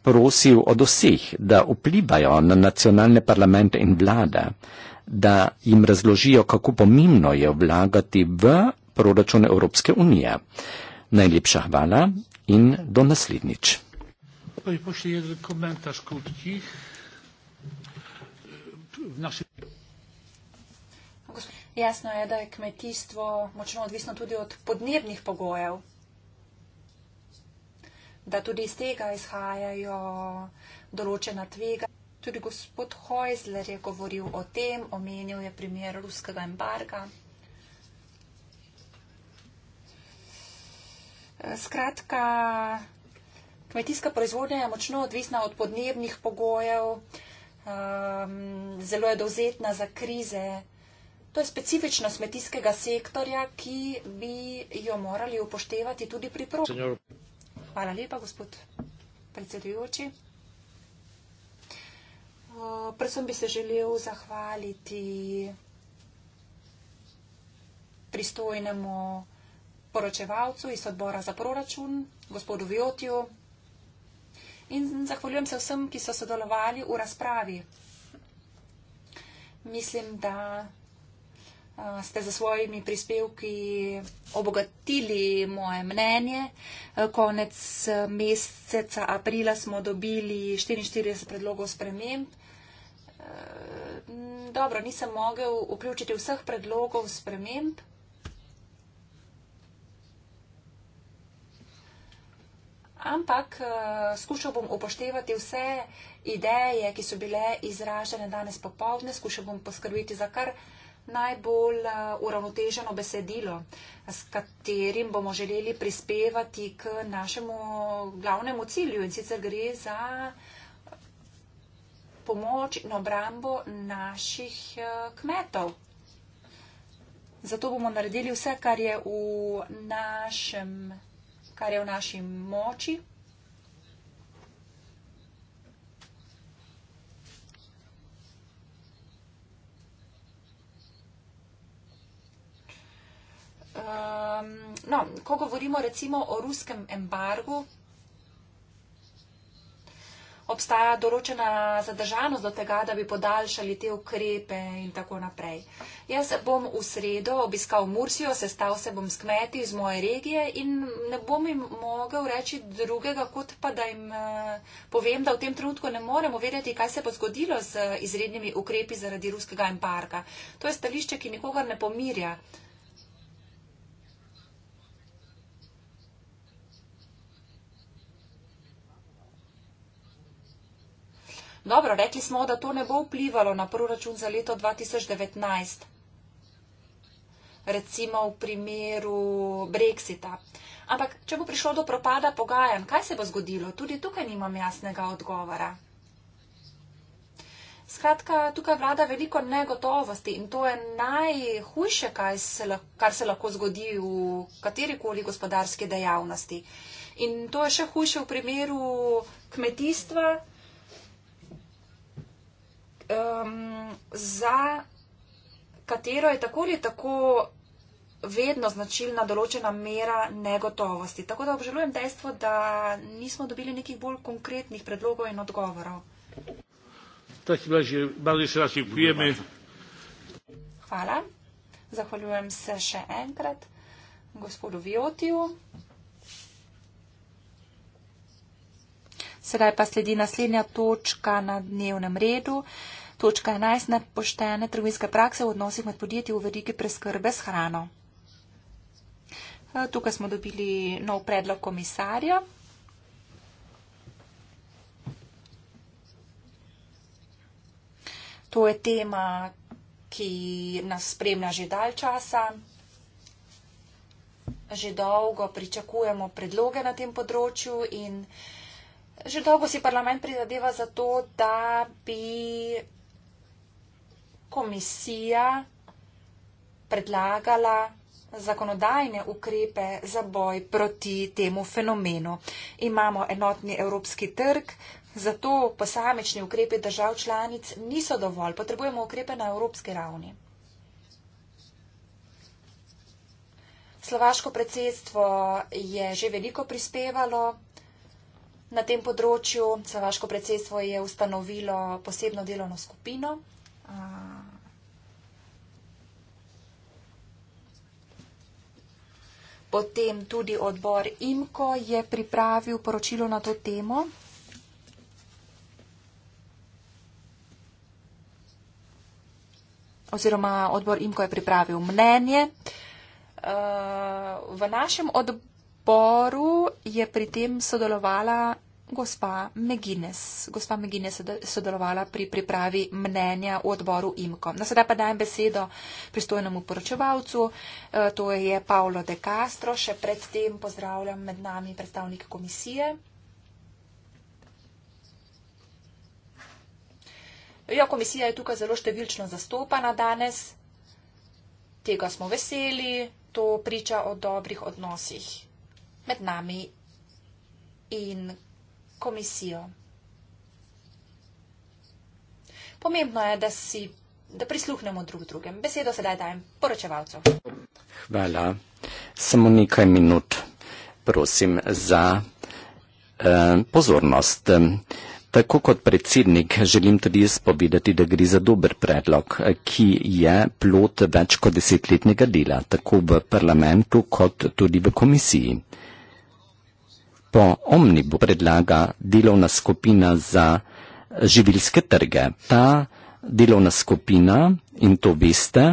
prosil od vseh, da vplivajo na nacionalne parlamente in vlade, da jim razložijo, kako pomembno je vlagati v proračune Evropske unije. Najlepša hvala in do naslednjič. Pa no je pa še jedan komentar škotkih. V našem... Jasno je, da je kmetijstvo močno odvisno tudi od podnebnih pogojev, da tudi iz tega izhajajo določena tvega. Tudi gospod Heusler je govoril o tem, omenil je primer ruskega embarga. Skratka, kmetijska proizvodnja je močno odvisna od podnebnih pogojev, um, zelo je dovzetna za krize. To je specifičnost kmetijskega sektorja, ki bi jo morali upoštevati tudi pri proti. Hvala lepa, gospod predsedujoči. Predvsem bi se želel zahvaliti pristojnemu poročevalcu iz odbora za proračun, gospodu Vjotju. In zahvaljujem se vsem, ki so sodelovali v razpravi. Mislim, da Eh, ste za svojimi prispevki obogatili moje mnenje. Eh, konec eh, meseca aprila smo dobili 44 predlogov sprememb. Dobro, nisem mogel vključiti vseh predlogov sprememb. Ampak skušal bom upoštevati vse ideje, ki so bile izražene danes popovdne, skušal bom poskrbeti za kar najbolj eh, uravnoteženo besedilo, s katerim bomo želeli prispevati k našemu glavnemu cilju in sicer gre za pomoč in obrambo naših eh, kmetov. Zato bomo naredili vse, kar je v, našem, kar je v naši moči. Um, no, ko govorimo recimo o ruskem embargu, obstaja določena zadržanost do tega, da bi podaljšali te ukrepe in tako naprej. Jaz bom v sredo obiskal Mursijo, sestal se bom s kmeti iz moje regije in ne bom jim mogel reči drugega, kot pa da jim eh, povem, da v tem trenutku ne moremo vedeti, kaj se bo zgodilo z izrednimi ukrepi zaradi ruskega embarga. To je stališče, ki nikogar ne pomirja. Uh, Dobro, rekli smo, da to ne bo vplivalo na proračun za leto 2019. Recimo v primeru Brexita. Ampak, če bo prišlo do propada pogajan, kaj se bo zgodilo? Tudi tukaj nimam jasnega odgovora. Skratka, tukaj vlada veliko negotovosti in to je najhujše, kar se lahko zgodi v katerikoli gospodarski dejavnosti. In to je še hujše v primeru kmetijstva, um, za katero je tako ali tako vedno značilna določena mera negotovosti. Tako da obžalujem dejstvo, da nismo dobili nekih bolj konkretnih predlogov in odgovorov. Hvala. Zahvaljujem se še enkrat gospodu Viotiju. Sedaj pa sledi naslednja točka na dnevnem redu. Točka 11. Nepoštene trgovinske prakse v odnosih med podjetji v veriki preskrbe s hrano. Eh, tukaj smo dobili nov predlog komisarja. To je tema, ki nas spremlja že dalj časa. Že dolgo pričakujemo predloge na tem področju in uh, že dolgo si parlament prizadeva za to, da bi komisija predlagala zakonodajne ukrepe za boj proti temu fenomenu. Imamo enotni evropski trg, zato posamečni ukrepe držav članic niso dovolj. Potrebujemo ukrepe na evropski ravni. Slovaško predsedstvo je že veliko prispevalo. Na tem področju Savaško predsedstvo je ustanovilo posebno delovno skupino. Potem tudi odbor IMKO je pripravil poročilo na to temo. Oziroma odbor IMKO je pripravil mnenje. V našem odboru zboru je pri tem sodelovala gospa Megines. Gospa Megines je sodelovala pri pripravi mnenja v odboru IMKO. Na no, sedaj pa dajem besedo pristojnemu poročevalcu, eh, to je Paolo De Castro. Še predtem pozdravljam med nami predstavnike komisije. Jo, komisija je tukaj zelo številčno zastopana danes. Tega smo veseli, to priča o dobrih odnosih med nami in komisijo. Pomembno je, da, si, da prisluhnemo drug drugem. Besedo sedaj dajem poročevalcu. Hvala. Samo nekaj minut, prosim, za eh, pozornost. Tako kot predsednik želim tudi jaz povedati, da gre za dober predlog, ki je plot več kot desetletnega dela, tako v parlamentu kot tudi v komisiji po omnibu predlaga delovna skupina za živilske trge. Ta delovna skupina, in to veste,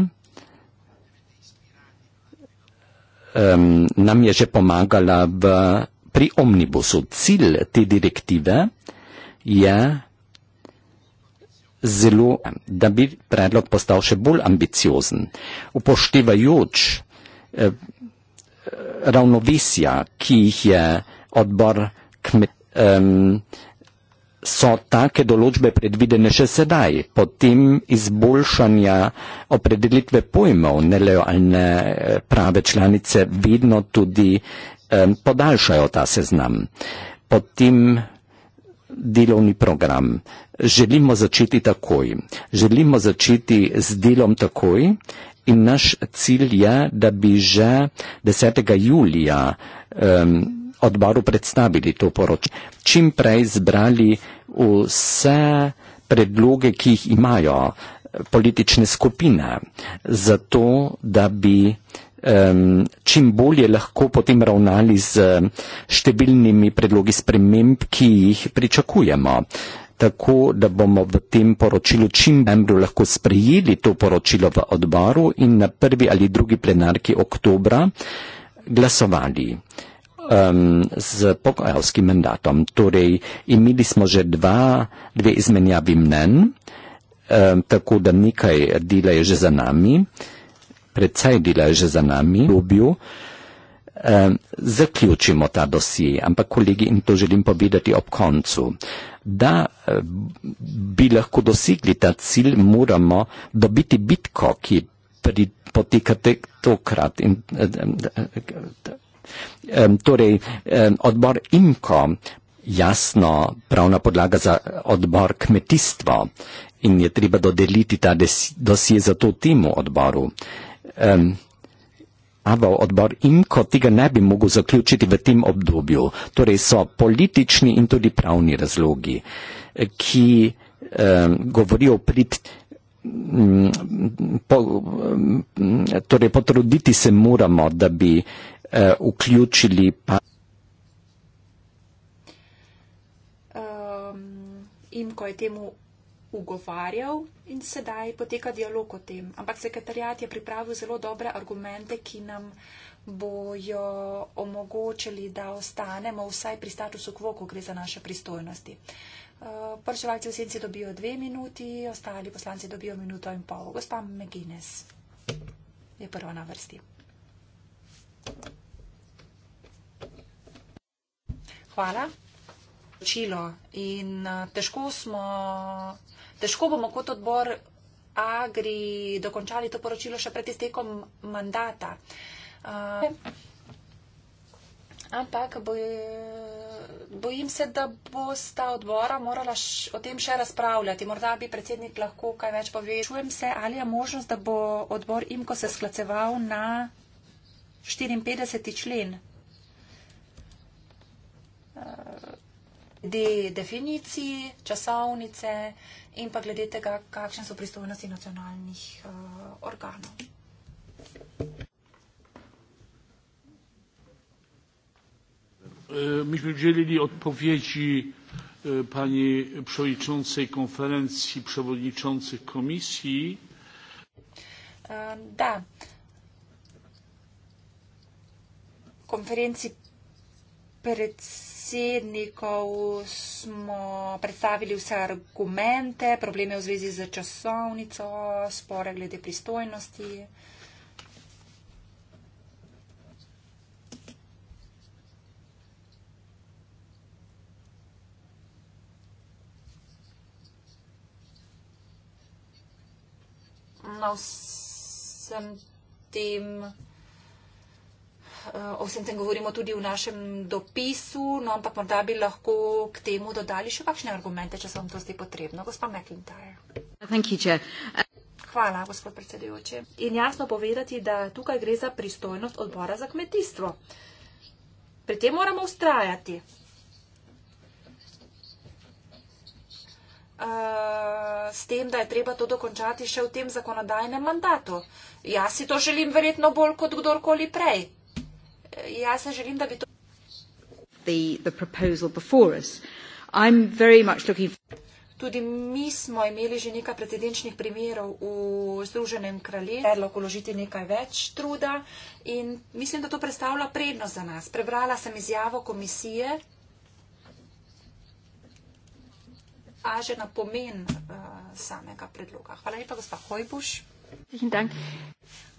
um, nam je že pomagala v, pri omnibusu. Cilj te direktive je zelo, da bi predlog postal še bolj ambiciozen. Upoštevajoč eh, ravnovesja, ki jih je odbor kmet, um, so take določbe predvidene še sedaj, potem izboljšanja opredelitve pojmov nelojalne eh, prave članice vedno tudi um, podaljšajo ta seznam. Potem delovni program. Želimo začeti takoj. Želimo začeti z delom takoj in naš cilj je, da bi že 10. julija um, odboru predstavili to poročilo. Čim prej zbrali vse predloge, ki jih imajo politične skupine, zato da bi um, čim bolje lahko potem ravnali z številnimi predlogi sprememb, ki jih pričakujemo. Tako, da bomo v tem poročilu čim bolj lahko sprejeli to poročilo v odboru in na prvi ali drugi plenarki oktobra glasovali um, z pogajalskim mandatom. Torej, imeli smo že dva, dve izmenjavi mnen, um, tako da nekaj dela je že za nami, predvsej dela je že za nami, ljubil. Um, zaključimo ta dosje, ampak kolegi in to želim povedati ob koncu. Da eh, bi lahko dosegli ta cilj, moramo dobiti bitko, ki pri, poteka tokrat in eh, eh, Torej, odbor IMKO, jasno, pravna podlaga za odbor kmetijstvo in je treba dodeliti ta dosje za to temu odboru. Ava odbor IMKO tega ne bi mogel zaključiti v tem obdobju. Torej so politični in tudi pravni razlogi, ki govorijo prid. Po, torej, potruditi se moramo, da bi uh, vključili pa. Um, ehm, in ko je temu ugovarjal in sedaj poteka dialog o tem. Ampak sekretarjat je pripravil zelo dobre argumente, ki nam bojo omogočili, da ostanemo vsaj pri statusu quo, ko gre za naše pristojnosti. Eh, Prvševalci v senci dobijo dve minuti, ostali poslanci dobijo minuto in pol. Gospa McGuinness je prva na vrsti. Hvala. Čilo. In eh, težko smo, težko bomo kot odbor Agri dokončali to poročilo še pred iztekom mandata. Uh, ampak boj, bojim se, da bo sta odbora morala š, o tem še razpravljati. Morda bi predsednik lahko kaj več povedal. Čujem se, ali je možnost, da bo odbor imko se sklaceval na 54. člen glede definiciji, časovnice in pa glede tega, kakšne so pristojnosti nacionalnih eh, organov. E, myśmy udzielili odpowiedzi e, pani przewodniczącej konferencji przewodniczących komisji. E, da. Konferencji przewodniczących predsednikov smo predstavili vse argumente, probleme v zvezi z časovnico, spore glede pristojnosti. Na vsem tem. Eh, o vsem tem govorimo tudi v našem dopisu, no ampak morda bi lahko k temu dodali še kakšne argumente, če se vam to zdi potrebno. Gospa McIntyre. Hvala, gospod predsedujoči. In jasno povedati, da tukaj gre za pristojnost odbora za kmetijstvo. Pri tem moramo ustrajati. Uh, eh, s tem, da je treba to dokončati še v tem zakonodajnem mandatu. Jaz si to želim verjetno bolj kot kdorkoli prej ja se želim, da bi to. The, the proposal before us. I'm very much looking for. Tudi mi smo imeli že nekaj precedenčnih primerov v Združenem kraljestvu, da je lahko vložiti nekaj več truda in mislim, da to predstavlja prednost za nas. Prebrala sem izjavo komisije, a že na pomen uh, samega predloga. Hvala lepa, gospa Hojbuš.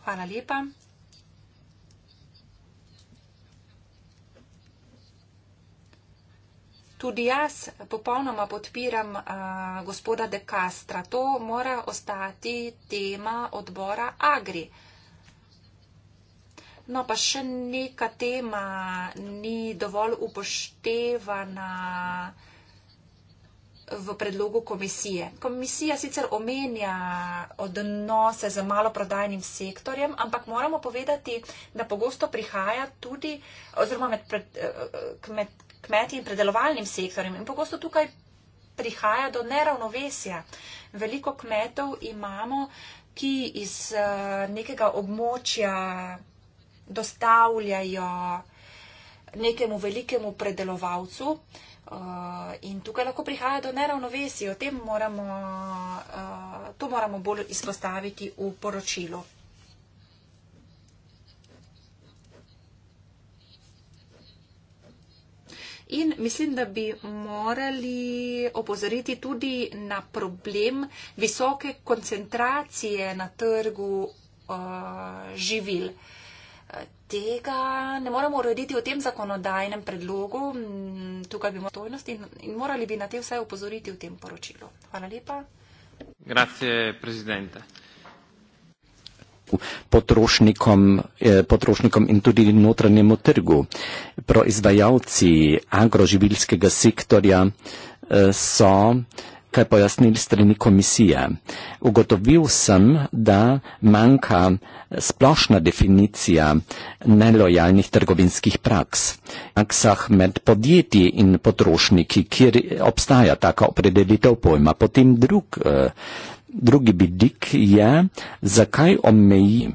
Hvala lepa. tudi jaz popolnoma podpiram a, eh, gospoda De Castra. To mora ostati tema odbora Agri. No, pa še neka tema ni dovolj upoštevana v predlogu komisije. Komisija sicer omenja odnose z maloprodajnim sektorjem, ampak moramo povedati, da pogosto prihaja tudi, oziroma med, pred, eh, eh, kmet, kmeti in predelovalnim sektorjem. In pogosto tukaj prihaja do neravnovesja. Veliko kmetov imamo, ki iz eh, nekega območja dostavljajo nekemu velikemu predelovalcu. Eh, in tukaj lahko prihaja do neravnovesij. O tem moramo, eh, to moramo bolj izpostaviti v poročilu. In mislim, da bi morali opozoriti tudi na problem visoke koncentracije na trgu uh, živil. Tega ne moramo urediti v tem zakonodajnem predlogu, tukaj bi morali stojnosti in, in morali bi na te vse opozoriti v tem poročilu. Hvala lepa. Grazie, potrošnikom, eh, potrošnikom in tudi notranjemu trgu. Proizvajalci agroživilskega sektorja eh, so, kaj pojasnili strani komisije. Ugotovil sem, da manjka splošna definicija nelojalnih trgovinskih praks. V praksah med podjetji in potrošniki, kjer obstaja taka opredelitev pojma, potem drug. Eh, drugi vidik je, zakaj omeji.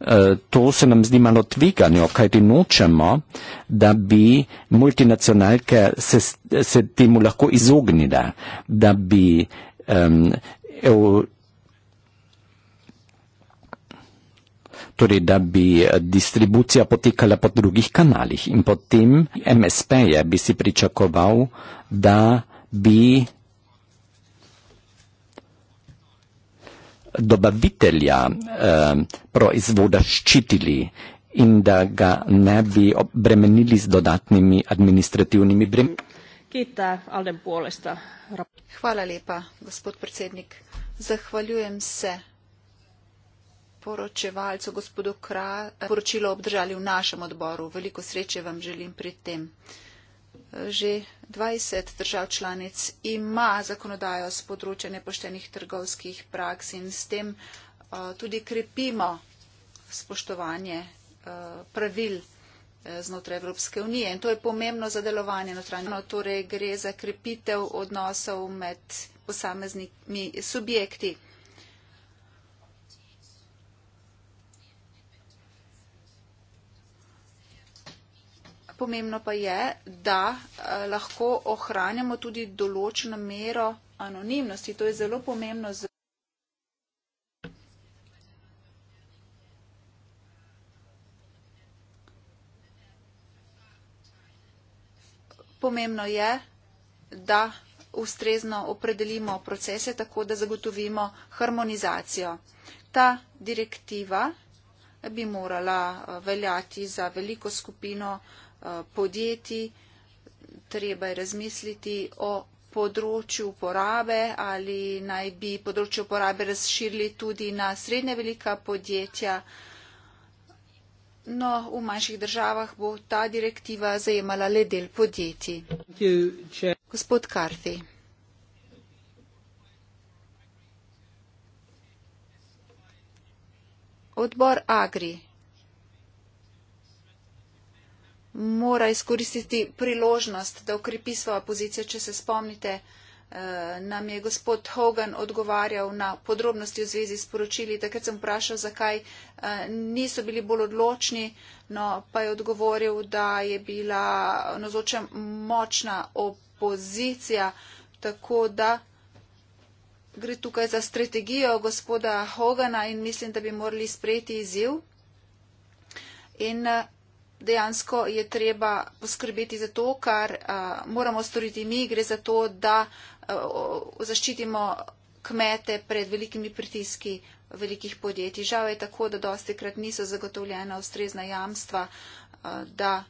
Eh, to se nam zdi malo tveganje, kaj ti nočemo, da bi multinacionalke se, se temu lahko izognile, da bi um, EU, torej, da bi eh, distribucija potekala po drugih kanalih in potem MSP-je bi si pričakoval, da bi dobavitelja eh, proizvoda ščitili in da ga ne bi obremenili z dodatnimi administrativnimi bremeni. Hvala lepa, gospod predsednik. Zahvaljujem se poročevalcu, gospodu Kra, poročilo obdržali v našem odboru. Veliko sreče vam želim pri tem že 20 držav članic ima zakonodajo z področja nepoštenih trgovskih praks in s tem eh, tudi krepimo spoštovanje eh, pravil eh, znotraj Evropske unije. In to je pomembno za delovanje notranje. No, torej gre za krepitev odnosov med posameznimi subjekti. pomembno pa je, da eh, lahko ohranjamo tudi določeno mero anonimnosti. To je zelo pomembno. Pomembno je, da ustrezno opredelimo procese, tako da zagotovimo harmonizacijo. Ta direktiva bi morala eh, veljati za veliko skupino uh, Eh, podjetij. Treba je razmisliti o področju uporabe ali naj bi področje uporabe razširili tudi na srednje velika podjetja. No, v manjših državah bo ta direktiva zajemala le del podjetij. Gospod Karfi. Odbor Agri mora izkoristiti priložnost, da ukrepi svojo pozicijo. Če se spomnite, eh, nam je gospod Hogan odgovarjal na podrobnosti v zvezi s poročili, takrat sem vprašal, zakaj eh, niso bili bolj odločni, no, pa je odgovoril, da je bila nozoča močna opozicija, tako da. Gre tukaj za strategijo gospoda Hogana in mislim, da bi morali sprejeti izziv. In eh, dejansko je treba poskrbeti za to, kar uh, moramo storiti mi. Gre za to, da uh, zaščitimo kmete pred velikimi pritiski velikih podjetij. Žal je tako, da dosti krat niso zagotovljena ustrezna jamstva, uh, da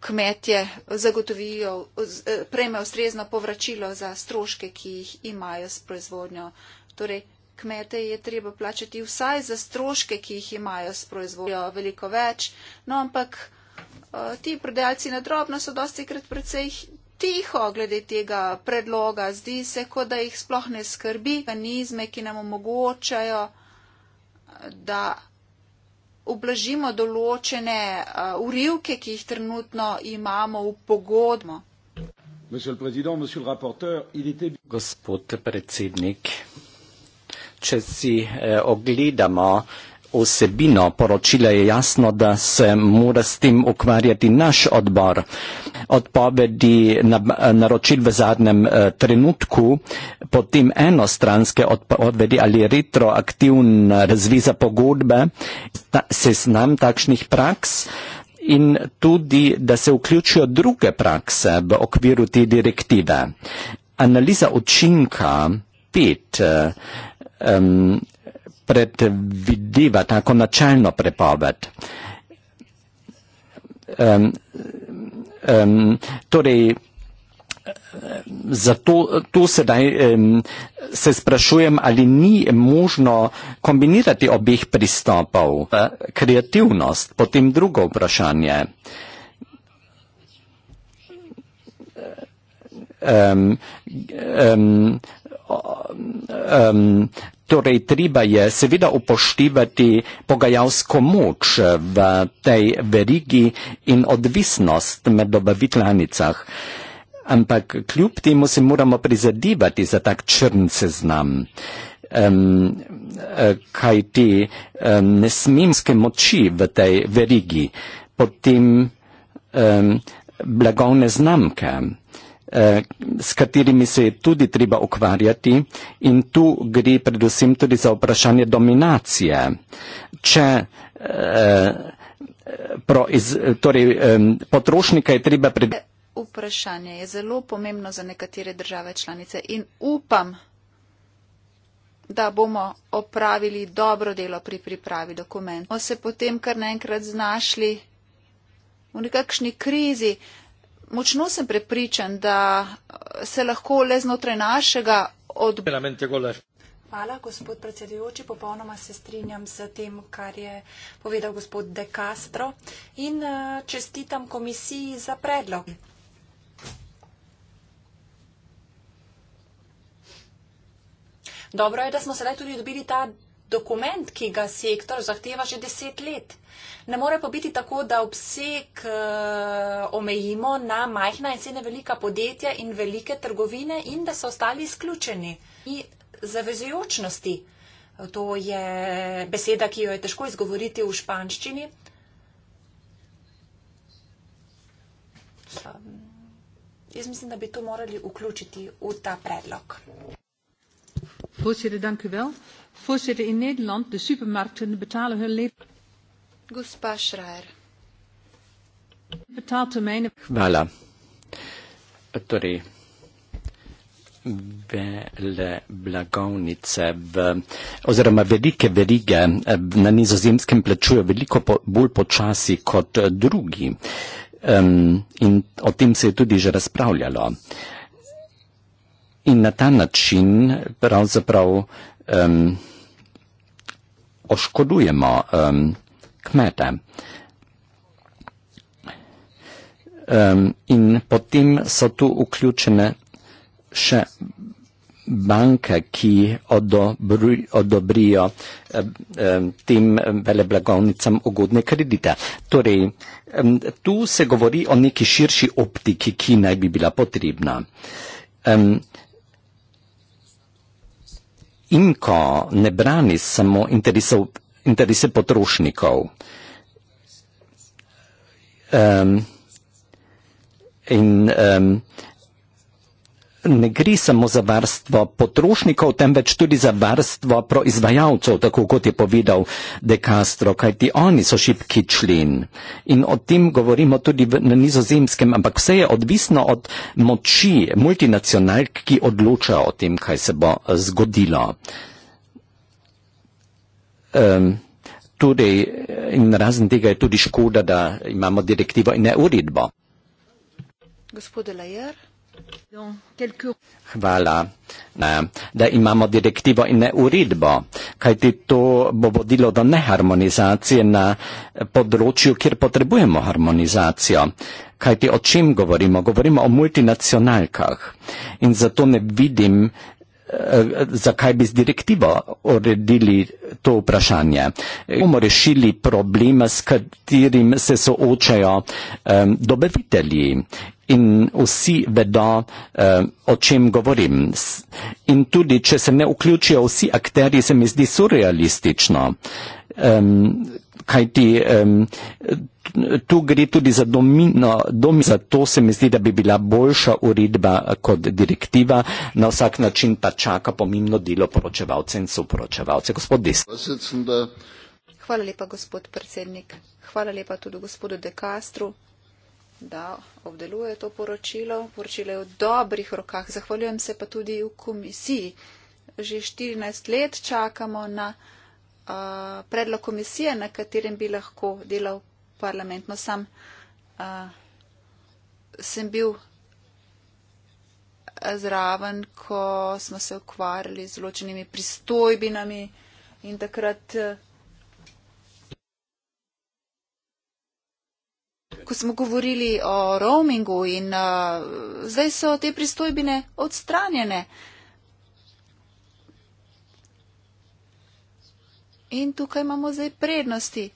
kmetje zagotovijo, e, prejme ustrezno povračilo za stroške, ki jih imajo s proizvodnjo. Torej, kmete je treba plačati vsaj za stroške, ki jih imajo s proizvodnjo veliko več. No, ampak eh, ti prodajalci na drobno so dosti krat precej tiho glede tega predloga. Zdi se, kot da jih sploh ne skrbi mehanizme, ki nam omogočajo, eh, da oblažimo določene eh, urivke, ki jih trenutno imamo v pogodmo. Gospod predsednik, če si eh, ogledamo osebino, poročila je jasno, da se mora s tem ukvarjati naš odbor. Odpovedi eh, naročil v zadnjem eh, trenutku, potem enostranske odpovedi ali retroaktivna razviza pogodbe, ta, se znam takšnih praks in tudi, da se vključijo druge prakse v okviru te direktive. Analiza učinka 5. Eh, um, predvideva tako načelno prepoved. Um, um, torej, zato tu sedaj um, se sprašujem, ali ni možno kombinirati obih pristopov. Kreativnost, potem drugo vprašanje. Um, um, um, torej treba je seveda upoštevati pogajalsko moč eh, v tej verigi in odvisnost med dobaviteljnicah. Ampak kljub temu se moramo prizadevati za tak črn seznam. Um, ehm, eh, kaj ti um, ehm, nesmimske moči v tej verigi, potem um, blagovne znamke. Eh, s katerimi se je tudi treba ukvarjati in tu gre predvsem tudi za vprašanje dominacije. Če eh, proiz, torej, potrošnika je treba pred. Vprašanje je zelo pomembno za nekatere države članice in upam, da bomo opravili dobro delo pri pripravi dokumentov. Se potem kar naenkrat znašli v nekakšni krizi, Močno sem prepričan, da se lahko le znotraj našega odbora. Hvala, gospod predsedujoči. Popolnoma se strinjam s tem, kar je povedal gospod De Castro in eh, čestitam komisiji za predlog. Dobro je, da smo sedaj tudi dobili ta dokument, ki ga sektor zahteva že deset let. Ne more pa biti tako, da obseg eh, omejimo na majhna in srednje velika podjetja in velike trgovine in da so ostali izključeni. In zavezujočnosti, to je beseda, ki jo je težko izgovoriti v španščini. Jaz mislim, da bi to morali vključiti v ta predlog. Posljedan kvel. Voorzitter, in Nederland de supermarkten betalen hun leven. Gospa Schreier. Betaaltermijnen. Voilà. Torej, vele blagovnice v, oziroma velike verige eh, na nizozemskem plačujejo veliko po, bolj počasi kot eh, drugi. Um, in o tem se je tudi že razpravljalo. In na ta način pravzaprav um, oškodujemo um, kmete. Um, in potem so tu vključene še banke, ki odobri, odobrijo um, tem veleblagovnicam ugodne kredite. Torej, um, tu se govori o neki širši optiki, ki naj bi bila potrebna. Um, Inko ne brani samo interesov, interese potrošnikov. Um, in um, ne gre samo za varstvo potrošnikov, temveč tudi za varstvo proizvajalcev, tako kot je povedal De Castro, kajti oni so šipki člen. In o tem govorimo tudi na nizozemskem, ampak vse je odvisno od moči multinacionalk, ki odločajo o tem, kaj se bo eh, zgodilo. Um, tudi torej, in razen tega je tudi škoda, da imamo direktivo in ne uredbo. Gospod Lajer. Hvala. Ne, da imamo direktivo in ne uredbo, kajti to bo vodilo do neharmonizacije na področju, kjer potrebujemo harmonizacijo. Kajti o čem govorimo? Govorimo o multinacionalkah in zato ne vidim, eh, zakaj bi z direktivo uredili to vprašanje. Bomo rešili problem, s katerim se soočajo um, dobavitelji in vsi vedo, eh, o čem govorim. In tudi, če se ne vključijo vsi akteri, se mi zdi surrealistično. Um, kaj ti, um, tu gre tudi za domino, domi, zato se mi zdi, da bi bila boljša uredba kot direktiva, na vsak način pa čaka pomembno delo poročevalce in soporočevalce. Gospod Dest. Hvala lepa, gospod predsednik. Hvala lepa tudi gospodu De Castru da obdeluje to poročilo. Poročilo je v dobrih rokah. Zahvaljujem se pa tudi v komisiji. Že 14 let čakamo na uh, predlog komisije, na katerem bi lahko delal parlament. No, sam uh, sem bil zraven, ko smo se ukvarjali z ločenimi pristojbinami in takrat. Uh, ko smo govorili o roamingu in uh, zdaj so te pristojbine odstranjene. In tukaj imamo zdaj prednosti.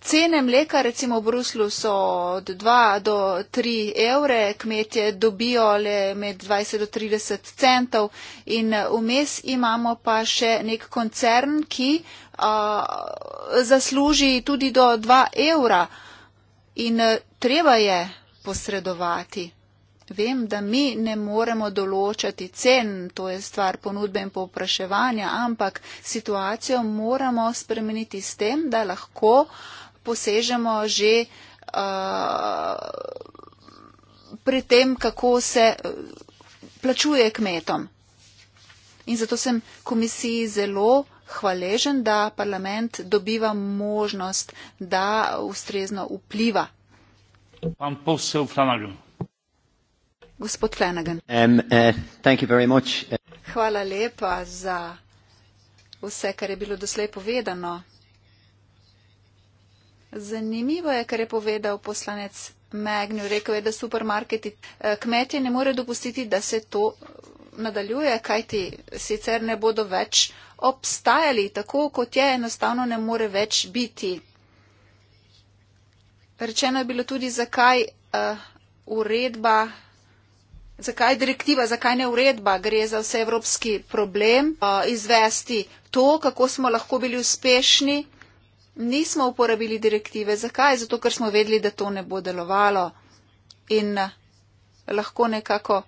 Cene mleka recimo v Bruslu so od 2 do 3 evre, kmetje dobijo le med 20 do 30 centov in vmes imamo pa še nek koncern, ki zasluži tudi do 2 evra in e, treba je posredovati. Vem, da mi ne moremo določati cen, to je stvar ponudbe in popraševanja, ampak situacijo moramo spremeniti s tem, da lahko posežemo že uh, pri tem, kako se e, plačuje kmetom. In zato sem komisiji zelo hvaležen, da parlament dobiva možnost, da ustrezno vpliva. Pan posel Flanagan. Gospod Flanagan. Um, uh, Hvala lepa za vse, kar je bilo doslej povedano. Zanimivo je, kar je povedal poslanec Magnu. Rekel je, da supermarketi eh, kmetje ne morejo dopustiti, da se to nadaljuje, kajti sicer ne bodo več obstajali, tako kot je enostavno ne more več biti. Rečeno je bilo tudi, zakaj uh, uredba, zakaj direktiva, zakaj ne uredba, gre za vseevropski problem uh, izvesti to, kako smo lahko bili uspešni. Nismo uporabili direktive. Zakaj? Zato, ker smo vedeli, da to ne bo delovalo in eh, lahko nekako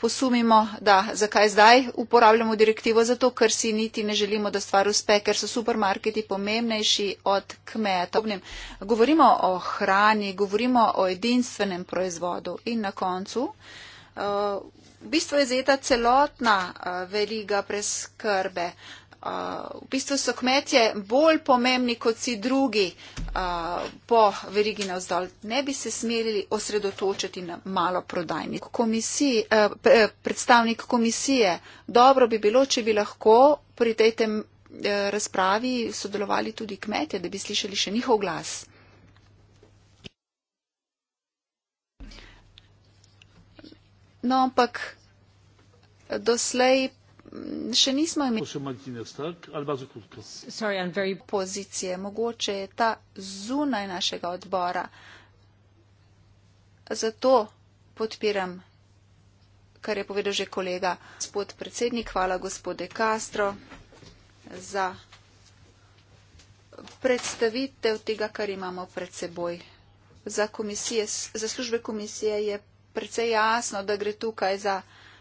posumimo, da zakaj zdaj uporabljamo direktivo, zato ker si niti ne želimo, da stvar uspe, ker so supermarketi pomembnejši od kmetovnim. Govorimo o hrani, govorimo o edinstvenem proizvodu in na koncu. Eh, v bistvu je zeta celotna eh, veliga preskrbe v bistvu so kmetje bolj pomembni kot si drugi a, po verigi navzdolj. Ne bi se smeli osredotočiti na malo prodajni. Komisij, a, e, predstavnik komisije, dobro bi bilo, če bi lahko pri tej tem e, razpravi sodelovali tudi kmetje, da bi slišali še njihov glas. No, ampak doslej še nismo imeli pozicije. Mogoče je ta zunaj našega odbora. Zato podpiram, kar je povedal že kolega, gospod predsednik, hvala gospode Castro za predstavitev tega, kar imamo pred seboj. Za, komisije, za službe komisije je precej jasno, da gre tukaj za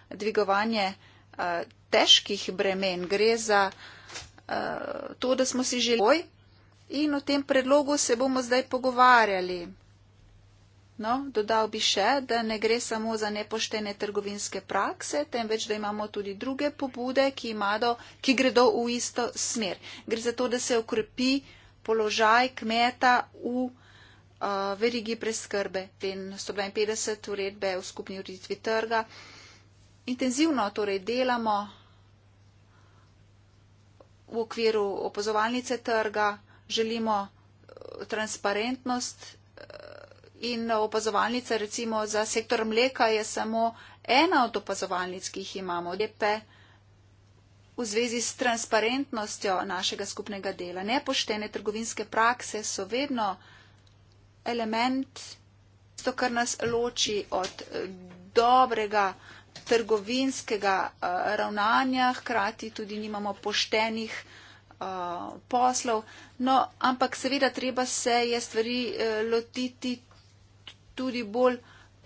dvigovanje uh, težkih bremen, gre za uh, to, da smo si želeli in o tem predlogu se bomo zdaj pogovarjali. No, dodal bi še, da ne gre samo za nepoštene trgovinske prakse, temveč da imamo tudi druge pobude, ki, imado, ki gredo v isto smer. Gre za to, da se okrepi položaj kmeta v uh, verigi preskrbe, ten 152 uredbe v skupni ureditvi trga. Intenzivno torej delamo v okviru opozovalnice trga, želimo eh, transparentnost eh, in opazovalnica recimo za sektor mleka je samo ena od opazovalnic, ki jih imamo. Lepe v zvezi s transparentnostjo našega skupnega dela. Nepoštene trgovinske prakse so vedno element, to, kar nas loči od eh, dobrega trgovinskega eh, ravnanja, hkrati tudi nimamo poštenih eh, poslov. No, ampak seveda treba se je stvari eh, lotiti tudi bolj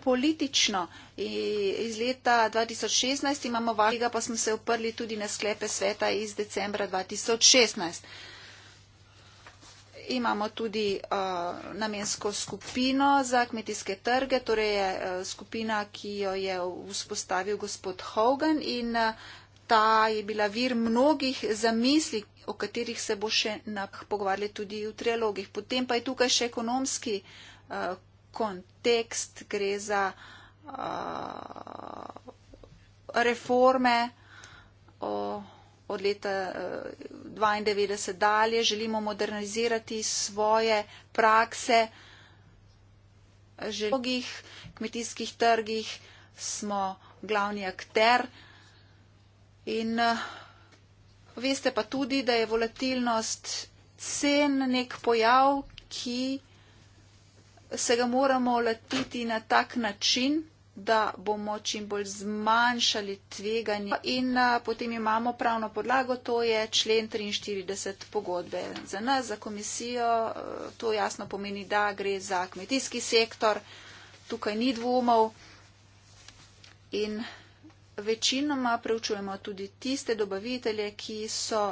politično. Iz leta 2016 imamo valjega, pa smo se oprli tudi na sklepe sveta iz decembra 2016 imamo tudi uh, namensko skupino za kmetijske trge, torej je uh, skupina, ki jo je vzpostavil gospod Hogan in uh, ta je bila vir mnogih zamisli, o katerih se bo še pogovarjali tudi v trialogih. Potem pa je tukaj še ekonomski uh, kontekst, gre za uh, reforme. Uh, od leta 1992 eh, dalje, želimo modernizirati svoje prakse. Že v mnogih kmetijskih trgih smo glavni akter in eh, veste pa tudi, da je volatilnost cen nek pojav, ki se ga moramo latiti na tak način, da bomo čim bolj zmanjšali tveganje. In potem imamo pravno podlago, to je člen 43 pogodbe. Za nas, za komisijo, e, to jasno pomeni, da gre za kmetijski sektor, tukaj ni dvomov. In večinoma preučujemo tudi tiste dobavitelje, ki so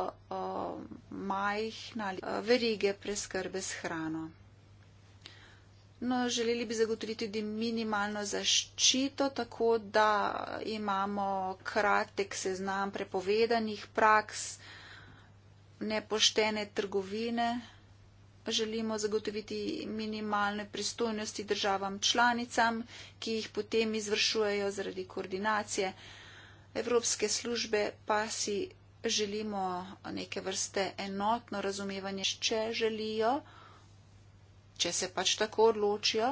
majhne verige preskrbe s hrano. No, želeli bi zagotoviti tudi minimalno zaščito, tako da imamo kratek seznam prepovedanih praks, nepoštene trgovine. Želimo zagotoviti minimalne pristojnosti državam članicam, ki jih potem izvršujejo zaradi koordinacije. Evropske službe pa si želimo neke vrste enotno razumevanje, če želijo če se pač tako odločijo.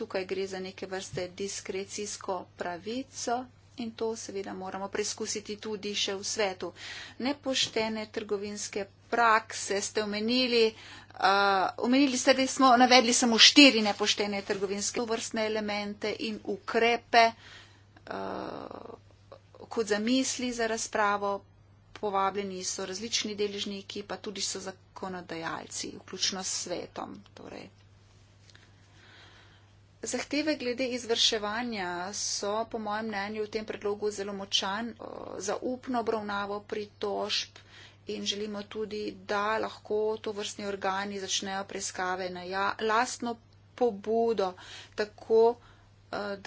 Tukaj gre za neke vrste diskrecijsko pravico in to seveda moramo preizkusiti tudi še v svetu. Nepoštene trgovinske prakse ste omenili, uh, omenili ste, da smo navedli samo štiri nepoštene trgovinske vrstne elemente in ukrepe uh, kot zamisli za razpravo, povabljeni so različni deležniki, pa tudi so zakonodajalci, vključno s svetom. Torej. Zahteve glede izvrševanja so, po mojem mnenju, v tem predlogu zelo močan za upno obravnavo pritožb in želimo tudi, da lahko to vrstni organi začnejo preiskave na ja, lastno pobudo, tako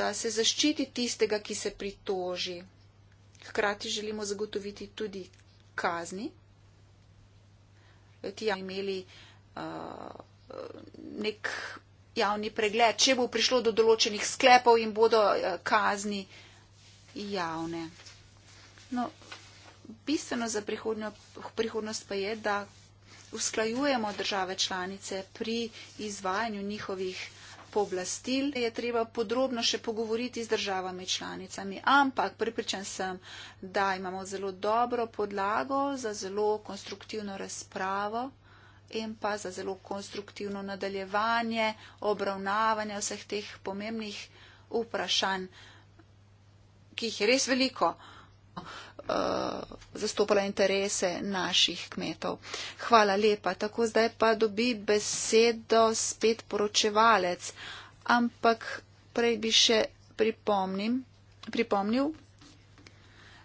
da se zaščiti tistega, ki se pritoži. Hkrati želimo zagotoviti tudi kazni. Ti javni imeli uh, nek javni pregled, če bo prišlo do določenih sklepov in bodo uh, kazni javne. No, bistveno za prihodnost pa je, da usklajujemo države članice pri izvajanju njihovih pooblastil, je treba podrobno še pogovoriti z državami članicami. Ampak pripričan sem, da imamo zelo dobro podlago za zelo konstruktivno razpravo in pa za zelo konstruktivno nadaljevanje obravnavanja vseh teh pomembnih vprašanj, ki jih je res veliko. Eh, zastopala interese naših kmetov. Hvala lepa. Tako zdaj pa dobi besedo spet poročevalec, ampak prej bi še pripomnim, pripomnil,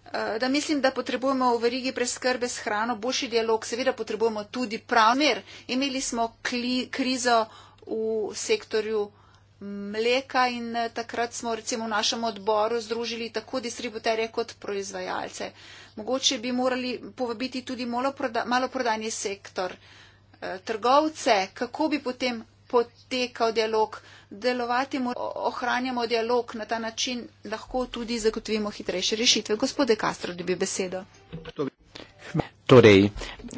eh, da mislim, da potrebujemo v verigi preskrbe s hrano boljši dialog. Seveda potrebujemo tudi pravmer. Imeli smo kli, krizo v sektorju mleka in eh, takrat smo recimo v našem odboru združili tako distributerje kot proizvajalce. Mogoče bi morali povabiti tudi maloprodajni sektor, eh, trgovce, kako bi potem potekal dialog, delovati mora, ohranjamo dialog, na ta način lahko tudi zagotovimo hitrejše rešitve. Gospode Castro, da bi besedo. Torej,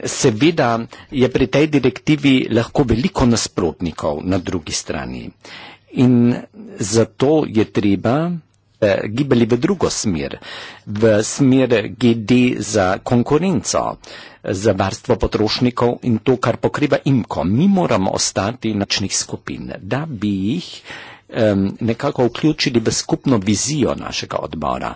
seveda je pri tej direktivi lahko veliko nasprotnikov na drugi strani. In zato je treba eh, gibali v drugo smer, v smer GDI za konkurenco, eh, za varstvo potrošnikov in to, kar pokriva imko. Mi moramo ostati načnih skupin, da bi jih eh, nekako vključili v skupno vizijo našega odbora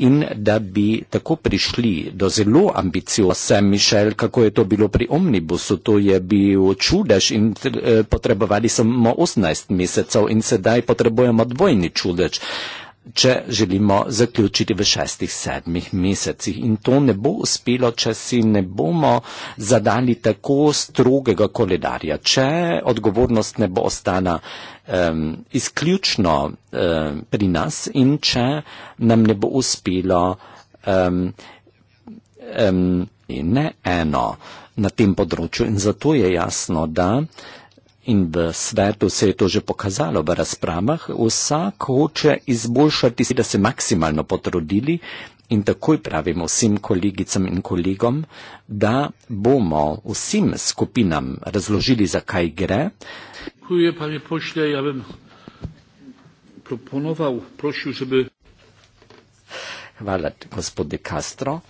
in da bi tako prišli do zelo ambiciozne Mišel, kako je to bilo pri omnibusu, to je bil čudež in eh, potrebovali smo 18 mesecev in sedaj potrebujemo dvojni čudež če želimo zaključiti v šestih, sedmih mesecih. In to ne bo uspelo, če si ne bomo zadali tako strogega koledarja, če odgovornost ne bo ostala um, izključno um, pri nas in če nam ne bo uspelo um, um, ne eno na tem področju. In zato je jasno, da In v svetu se je to že pokazalo v razpravah, vsak hoče izboljšati, da se maksimalno potrudili in takoj pravimo vsem kolegicam in kolegom, da bomo vsem skupinam razložili, zakaj gre. Kuje, pani pošlje, ja bi proponoval, prosil, da bi. Hvala, gospod De Castro.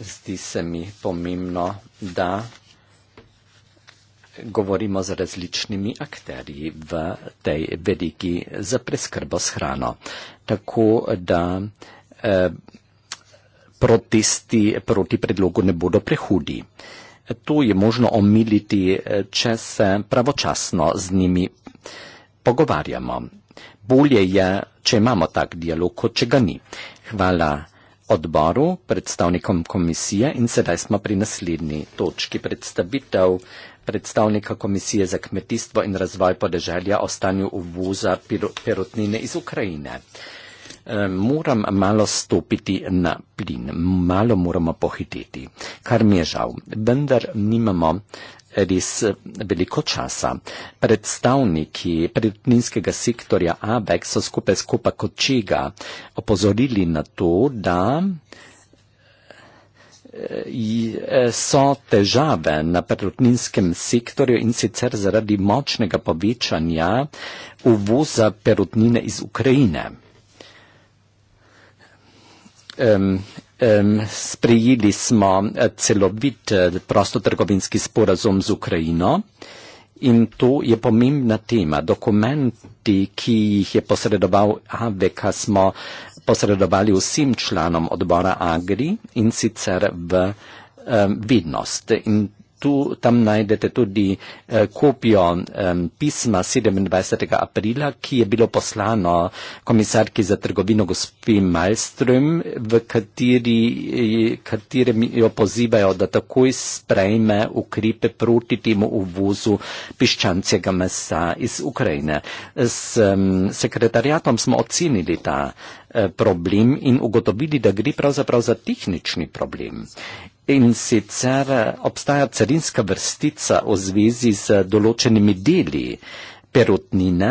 zdi se mi pomembno, da govorimo z različnimi akterji v tej verigi za preskrbo s hrano. Tako da eh, protesti proti predlogu ne bodo prehudi. To je možno omiliti, eh, če se pravočasno z njimi pogovarjamo. Bolje je, če imamo tak dialog, kot če ga ni. Hvala odboru, predstavnikom komisije in sedaj smo pri naslednji točki predstavitev predstavnika komisije za kmetijstvo in razvoj podeželja o stanju uvoza perutnine iz Ukrajine. Eh, moram malo stopiti na plin, malo moramo pohititi, kar mi je žal. Vendar nimamo res eh, veliko časa. Predstavniki predotninskega sektorja ABEC so skupaj s Kopa Kočega opozorili na to, da eh, eh, so težave na perutninskem sektorju in sicer zaradi močnega povečanja uvoza perutnine iz Ukrajine sprejeli smo eh, celovit eh, prostotrgovinski sporazum z Ukrajino in to je pomembna tema. Dokumenti, ki jih je posredoval AVK, smo posredovali vsem članom odbora Agri in sicer v vidnost. In tu, tam najdete tudi eh, kopijo eh, pisma 27. aprila, ki je bilo poslano komisarki za trgovino gospi Malmström, v kateri, eh, katerem jo pozivajo, da takoj sprejme ukrepe proti temu uvozu piščancega mesa iz Ukrajine. S eh, sekretarjatom smo ocenili ta eh, problem in ugotovili, da gre pravzaprav za tehnični problem. In sicer eh, obstaja carinska vrstica v zvezi z določenimi deli perotnine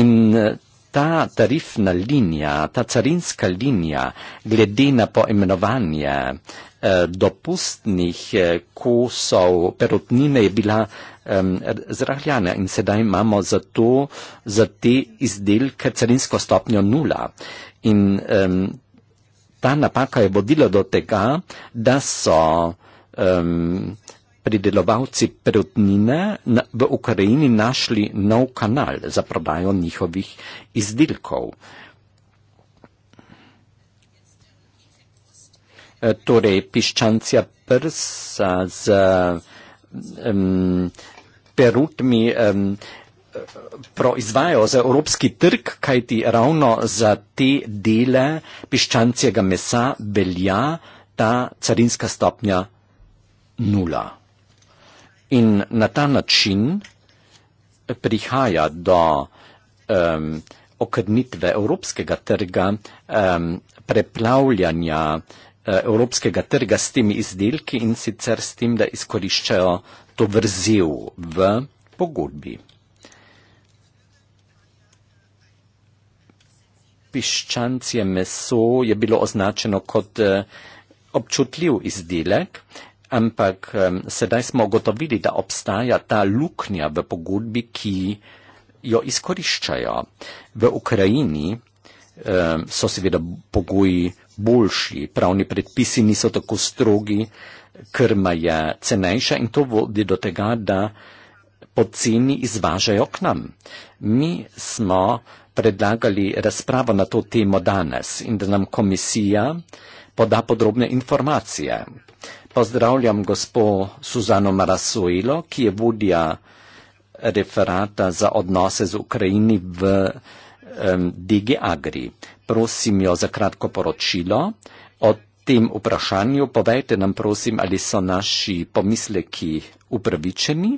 in eh, ta tarifna linija, ta carinska linija glede na poimenovanje eh, dopustnih kosov perotnine je bila um, zrahljana in sedaj imamo za, to, za te izdelke carinsko stopnjo nula. In, um, ta napaka je vodila do tega, da so um, pridelovalci prutnine v Ukrajini našli nov kanal za prodajo njihovih izdelkov. E, torej, piščancja prsa z um, perutmi. Um, proizvajajo za evropski trg, kajti ravno za te dele piščancijega mesa velja ta carinska stopnja nula. In na ta način prihaja do um, okrnitve evropskega trga, um, preplavljanja e, evropskega trga s temi izdelki in sicer s tem, da izkoriščajo to vrzel v pogodbi. piščancje meso je bilo označeno kot eh, občutljiv izdelek, ampak eh, sedaj smo ugotovili, da obstaja ta luknja v pogodbi, ki jo izkoriščajo. V Ukrajini eh, so seveda pogoji boljši, pravni predpisi niso tako strogi, krma je cenejša in to vodi do tega, da poceni izvažajo k nam. Mi smo predlagali razpravo na to temo danes in da nam komisija poda podrobne informacije. Pozdravljam gospo Suzano Marasuilo, ki je vodja referata za odnose z Ukrajini v um, Digi Agri. Prosim jo za kratko poročilo. O tem vprašanju povejte nam, prosim, ali so naši pomisleki upravičeni.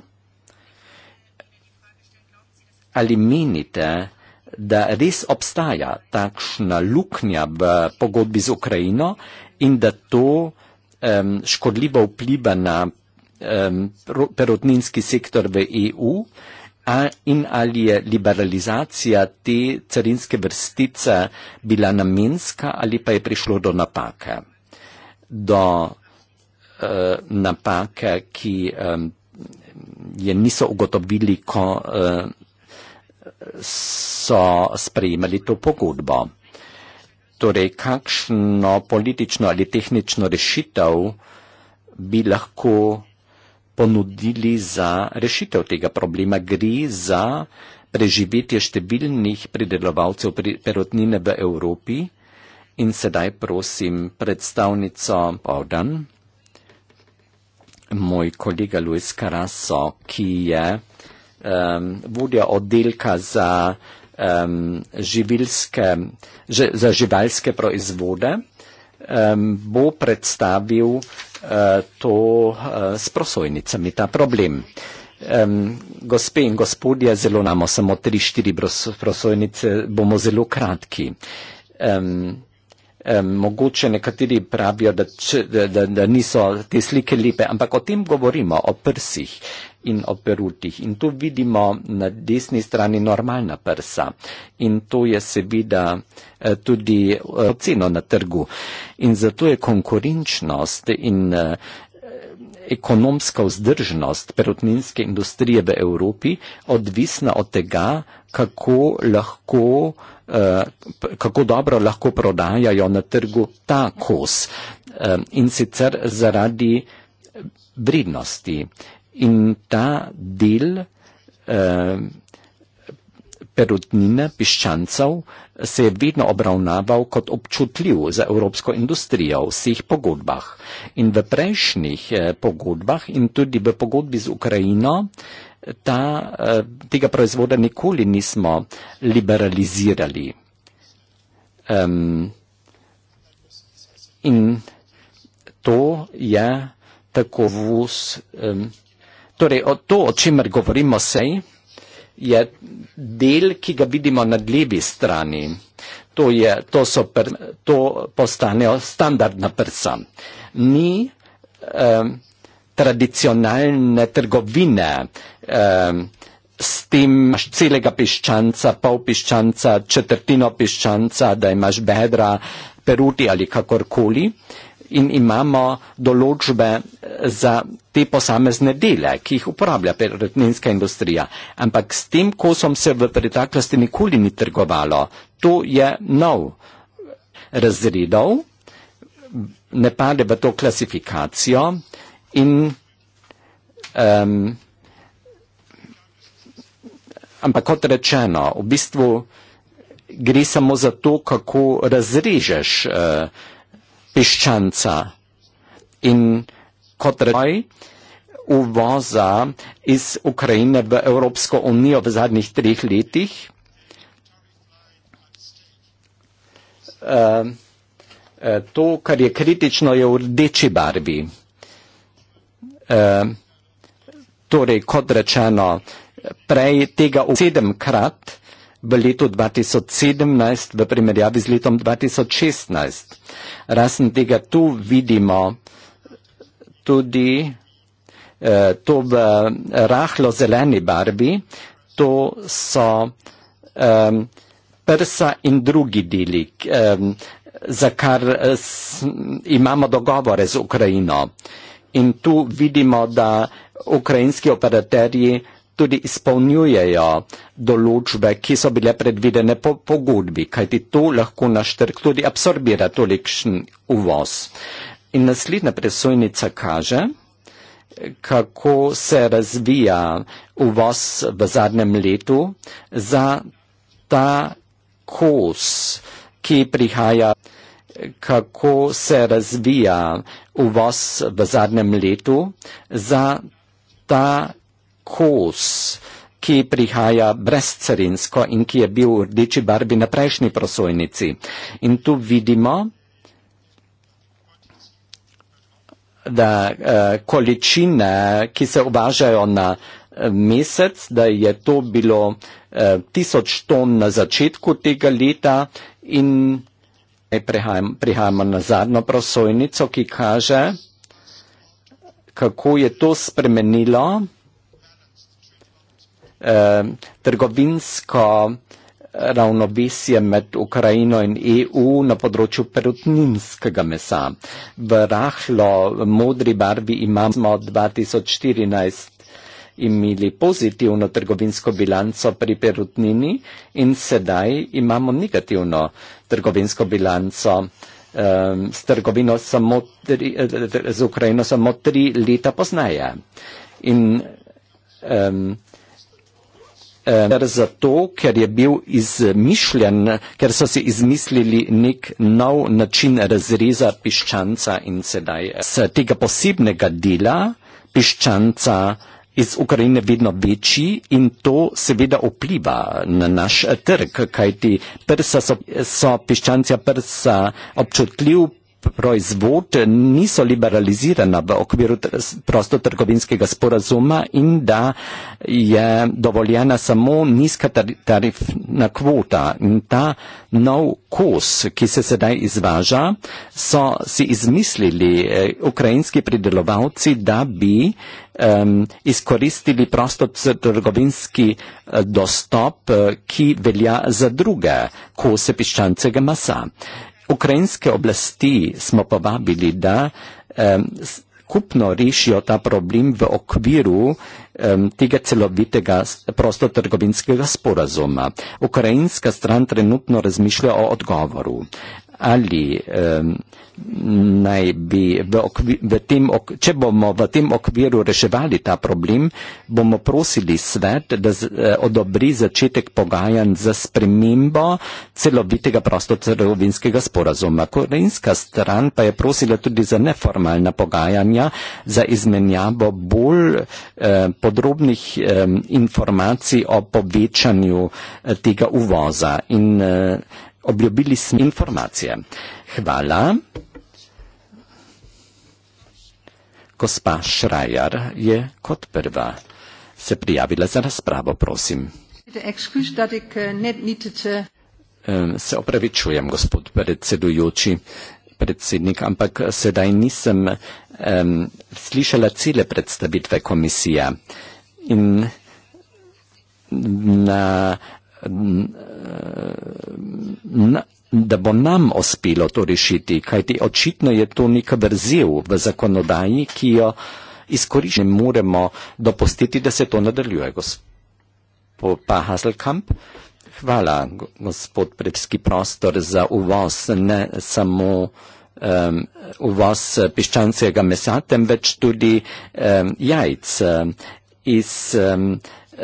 Ali menite, da res obstaja takšna luknja v pogodbi z Ukrajino in da to um, škodljivo vpliva na um, perotninski sektor v EU a, in ali je liberalizacija te carinske vrstice bila namenska ali pa je prišlo do napake. Do uh, napake, ki um, je niso ugotovili, ko. Uh, so sprejemali to pogodbo. Torej, kakšno politično ali tehnično rešitev bi lahko ponudili za rešitev tega problema? Gre za preživetje številnih pridelovalcev perotnine v Evropi in sedaj prosim predstavnico Povdan, moj kolega Luis Carasso, ki je um, vodja oddelka za, um, živilske, že, za živalske proizvode, um, bo predstavil uh, to uh, s prosojnicami, ta problem. Um, gospe in gospodje, zelo namo samo tri, štiri prosojnice, bomo zelo kratki. Um, mogoče nekateri pravijo, da, če, da, da niso te slike lepe, ampak o tem govorimo, o prsih in o perutih. In tu vidimo na desni strani normalna prsa. In to je seveda eh, tudi eh, ceno na trgu. In zato je konkurenčnost in uh, ekonomska vzdržnost perutninske industrije v Evropi odvisna od tega, kako, lahko, eh, kako dobro lahko prodajajo na trgu ta kos eh, in sicer zaradi vrednosti. In ta del eh, perutnine piščancev se je vedno obravnaval kot občutljiv za evropsko industrijo v vseh pogodbah. In v prejšnjih eh, pogodbah in tudi v pogodbi z Ukrajino eh, ta, eh, tega proizvoda nikoli nismo liberalizirali. Um, in to je tako vus. Um, torej, to, o čemer govorimo sej, je del, ki ga vidimo na levi strani. To, je, to, so, to postanejo standardna prsa. Ni eh, tradicionalne trgovine eh, s tem, da imaš celega piščanca, pol piščanca, četrtino piščanca, da imaš bedra, peruti ali kakorkoli. Eh, in imamo določbe eh, za te posamezne dele, ki jih uporablja peretninska industrija. Ampak s tem kosom se v preteklosti nikoli ni trgovalo. To je nov razredov, ne pade v to klasifikacijo in. Um, ampak kot rečeno, v bistvu gre samo za to, kako razrežeš. Uh, piščanca. In kot rečeno, uvoza iz Ukrajine v Evropsko unijo v zadnjih treh letih eh, eh, to, kar je kritično, je v rdeči barvi. Eh, torej, kot rečeno, prej tega v sedemkrat, v letu 2017 v primerjavi z letom 2016. Razen tega tu vidimo tudi eh, to v eh, rahlo zeleni barbi, to so eh, prsa in drugi deli, eh, za kar eh, s, imamo dogovore z Ukrajino. In tu vidimo, da ukrajinski operaterji eh, tudi izpolnjujejo določbe, ki so bile predvidene po pogodbi, kajti to lahko naš trg tudi absorbira tolikšen uvoz. In naslednja presojnica kaže, kako se razvija uvoz v zadnjem letu za ta kos, ki prihaja kako se razvija uvoz v zadnjem letu za ta kos, ki prihaja brezcarinsko in ki je bil v rdeči barvi na prejšnji prosojnici. In tu vidimo, da eh, količine, ki se obažajo na eh, mesec, da je to bilo eh, tisoč ton na začetku tega leta in e, prihajamo, prihajamo na zadnjo prosojnico, ki kaže, kako je to spremenilo eh, trgovinsko ravnovesje med Ukrajino in EU na področju perutninskega mesa. V rahlo modri barvi imamo 2014 imeli pozitivno trgovinsko bilanco pri perutnini in sedaj imamo negativno trgovinsko bilanco eh, s trgovino samo tri, eh, z Ukrajino samo tri leta poznaje. In, eh, ker eh, zato, ker je bil izmišljen, ker so si izmislili nek nov način razreza piščanca in sedaj z eh, tega posebnega dela piščanca iz Ukrajine vedno večji in to seveda vpliva na naš trg, kajti prsa so, so piščanca prsa občutljiv proizvode niso liberalizirana v okviru prostotrgovinskega sporazuma in da je dovoljena samo nizka tarifna kvota. In ta nov kos, ki se sedaj izvaža, so si izmislili eh, ukrajinski pridelovalci, da bi um, izkoristili prostotrgovinski eh, dostop, eh, ki velja za druge kose piščancega masa ukrajinske oblasti smo povabili, da um, skupno rešijo ta problem v okviru um, tega celovitega prostotrgovinskega sporazuma. Ukrajinska stran trenutno razmišlja o odgovoru ali um, naj bi v, okvir, v tem, ok, če bomo v tem okviru reševali ta problem, bomo prosili svet, da z, eh, odobri začetek pogajanj za spremembo celovitega prostotrovinskega sporazuma. Korejska stran pa je prosila tudi za neformalna pogajanja, za izmenjavo bolj eh, podrobnih eh, informacij o povečanju eh, tega uvoza. In, eh, obljubili smo informacije. Hvala. Gospa Šrajar je kot prva se prijavila za razpravo, prosim. Eh, eh, se opravičujem, gospod predsedujoči predsednik, ampak eh, sedaj nisem um, slišala cele predstavitve komisije. In na na, da bo nam uspelo to rešiti, kajti očitno je to neka vrzel v zakonodaji, ki jo izkoriščen moremo dopustiti, da se to nadaljuje. Pa Haselkamp, hvala gospod predski prostor za uvoz, ne samo um, uvoz piščancega mesa, temveč tudi um, jajc um, iz um,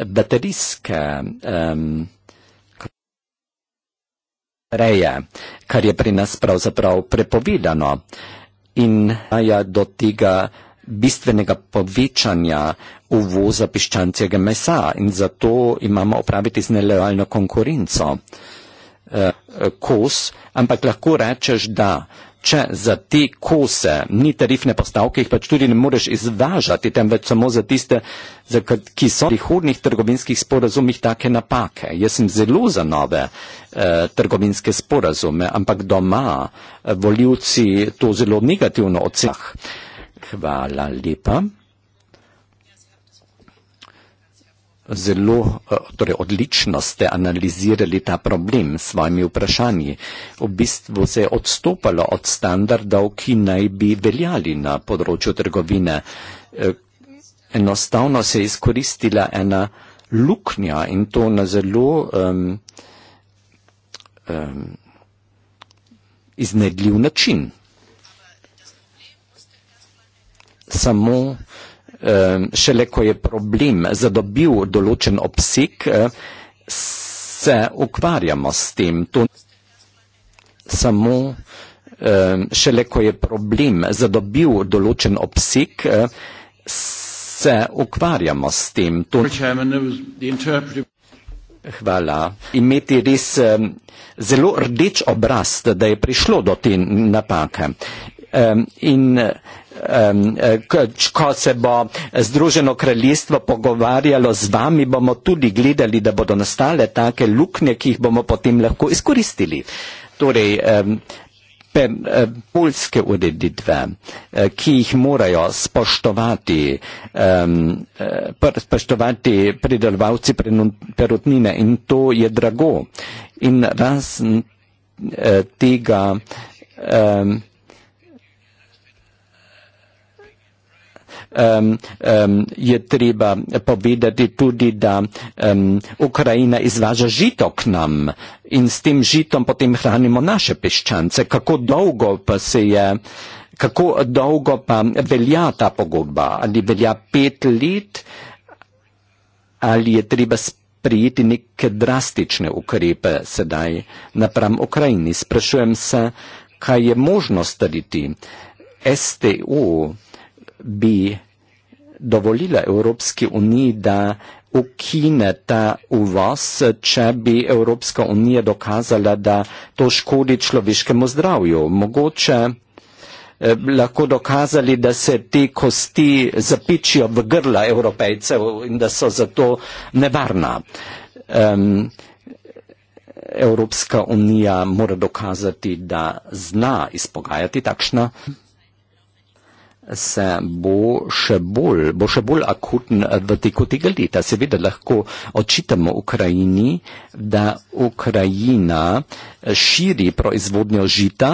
baterijske. Um, reje, kar je pri nas pravzaprav prepovedano in naja do tega bistvenega povečanja uvoza piščancega mesa in zato imamo opraviti z nelojalno konkurenco. Eh, kos, ampak lahko rečeš, da če za te kose ni tarifne postavke, jih pač tudi ne moreš izvažati, temveč samo za tiste, za ki so v prihodnih trgovinskih sporazumih take napake. Jaz sem zelo za nove eh, trgovinske sporazume, ampak doma eh, voljivci to zelo negativno ocenjajo. Hvala lepa. zelo eh, torej odlično ste analizirali ta problem s svojimi vprašanji. V bistvu se je odstopalo od standardov, ki naj bi veljali na področju trgovine. Eh, enostavno se je izkoristila ena luknja in to na zelo um, um, iznedljiv način. Samo Ehm, šele ko je problem zadobil določen obsik, eh, se ukvarjamo s tem. To samo ehm, šele ko je problem zadobil določen obsik, eh, se ukvarjamo s tem. To Hvala. Imeti res ehm, zelo rdeč obraz, da je prišlo do te napake. In E, ko se bo Združeno kraljestvo pogovarjalo z vami, bomo tudi gledali, da bodo nastale take luknje, ki jih bomo potem lahko izkoristili. Torej, e, polske ureditve, e, ki jih morajo spoštovati, spoštovati pridelovalci perutnine in to je drago. In raz tega. um, um, je treba povedati tudi, da um, Ukrajina izvaža žito k nam in s tem žitom potem hranimo naše peščance. Kako dolgo pa se je, kako dolgo pa velja ta pogodba? Ali velja pet let, ali je treba prijeti neke drastične ukrepe sedaj napram Ukrajini. Sprašujem se, kaj je možno storiti. STU bi dovolila Evropski uniji, da ukine ta uvoz, če bi Evropska unija dokazala, da to škodi človeškemu zdravju. Mogoče eh, lahko dokazali, da se te kosti zapičijo v grla evropejcev in da so zato nevarna. Um, Evropska unija mora dokazati, da zna izpogajati takšna se bo še bolj, bo še bolj akuten eh, v teku tega leta. Seveda lahko očitamo Ukrajini, da Ukrajina eh, širi proizvodnjo žita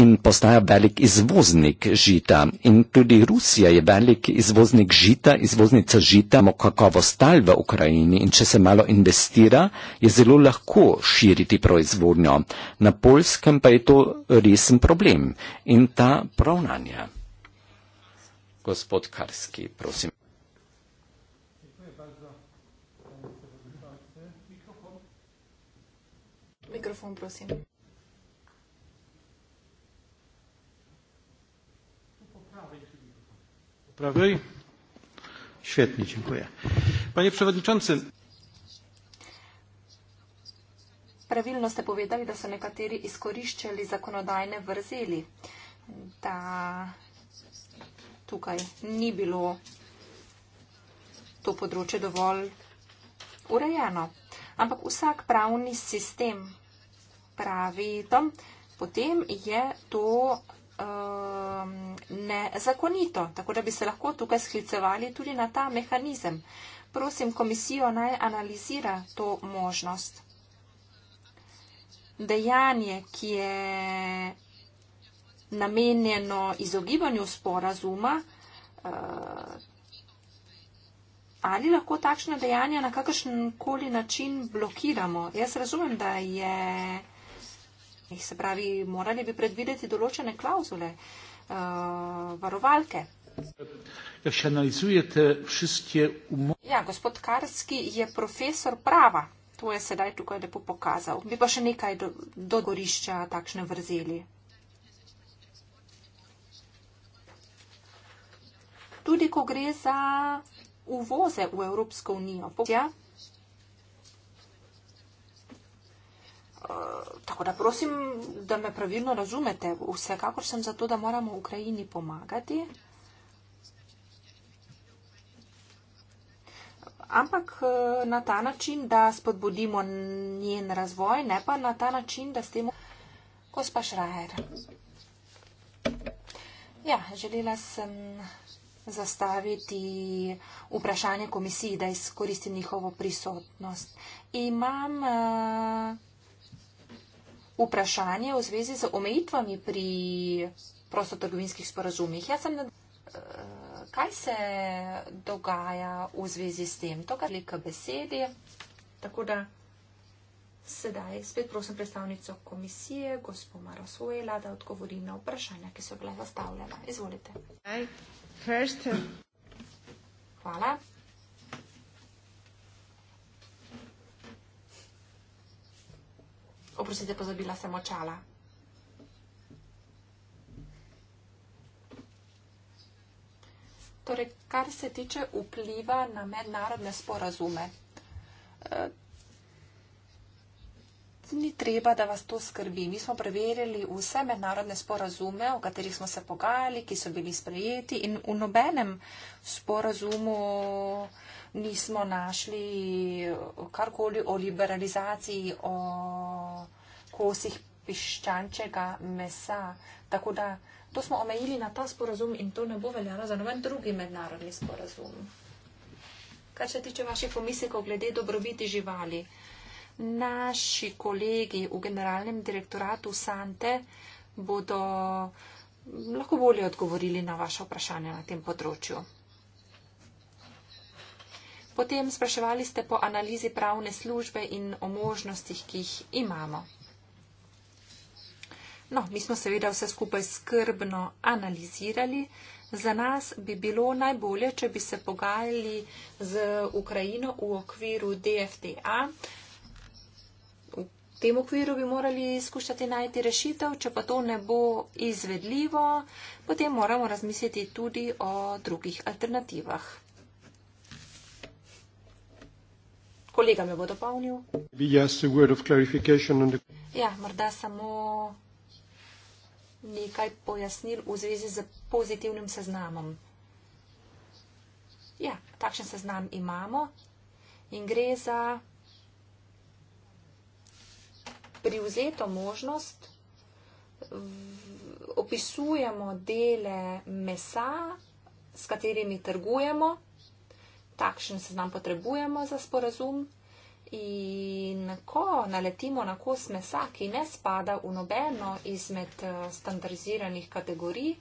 in postaja velik izvoznik žita. In tudi Rusija je velik izvoznik žita, izvoznica žita, kakovo stal v Ukrajini in če se malo investira, je zelo lahko širiti proizvodnjo. Na polskem pa je to resen problem in ta pravnanja. Gospod Karski, prosim. Mikrofon, prosim. Prawej. Świetnie, dziękuję. Panie Przewodniczący. Prawilno ste powiedali, że są niektórzy skorzystali zakonodajne wrzeli, da tukaj ni bilo to področje dovolj urejeno. Ampak vsak pravni sistem pravi tam, potem je to um, nezakonito. Tako da bi se lahko tukaj sklicevali tudi na ta mehanizem. Prosim komisijo naj analizira to možnost. Dejanje, ki je namenjeno izogibanju sporazuma, eh, ali lahko takšne dejanja na kakršenkoli način blokiramo. Jaz razumem, da je, se pravi, morali bi predvideti določene klauzule, eh, varovalke. Ja, ja, gospod Karski je profesor prava. To je sedaj tukaj lepo pokazal. Bi pa še nekaj do, do gorišča takšne vrzeli. tudi ko gre za uvoze v Evropsko unijo. Ja. Eh, tako da prosim, da me pravilno razumete. Vsekakor sem za to, da moramo Ukrajini pomagati. Ampak eh, na ta način, da spodbudimo njen razvoj, ne pa na ta način, da s tem. Gospa Šrajer. Ja, želela sem zastaviti vprašanje komisiji, da izkoristi njihovo prisotnost. Imam eh, vprašanje v zvezi z omejitvami pri prostotrgovinskih sporazumih. Jaz sem na. Eh, kaj se dogaja v zvezi s tem? To, kar je k besedi. Tako da sedaj spet prosim predstavnico komisije, gospod Marosuela, da odgovori na vprašanja, ki so bila zastavljena. Izvolite. Okay. First. Uh, Hvala. Oprosite, pozabila sem očala. Torej, kar se tiče vpliva na mednarodne sporazume, eh, ni treba, da vas to skrbi. Mi smo preverili vse mednarodne sporazume, o katerih smo se pogajali, ki so bili sprejeti in v nobenem sporazumu nismo našli karkoli o liberalizaciji, o kosih piščančega mesa. Tako da to smo omejili na ta sporazum in to ne bo veljalo za noben drugi mednarodni sporazum. Kar se tiče vaših pomislekov glede dobrobiti živali naši kolegi v generalnem direktoratu Sante bodo lahko bolje odgovorili na vaše vprašanje na tem področju. Potem spraševali ste po analizi pravne službe in o možnostih, ki jih imamo. No, mi smo seveda vse skupaj skrbno analizirali. Za nas bi bilo najbolje, če bi se pogajali z Ukrajino v okviru DFTA, tem okviru bi morali skušati najti rešitev, če pa to ne bo izvedljivo, potem moramo razmisliti tudi o drugih alternativah. Kolega me bo dopolnil. Yes, the... Ja, morda samo nekaj pojasnil v zvezi z pozitivnim seznamom. Ja, takšen seznam imamo in gre za privzeto možnost, opisujemo dele mesa, s katerimi trgujemo, takšen seznam potrebujemo za sporazum. In ko naletimo na kos mesa, ki ne spada v nobeno izmed eh, standardiziranih kategorij,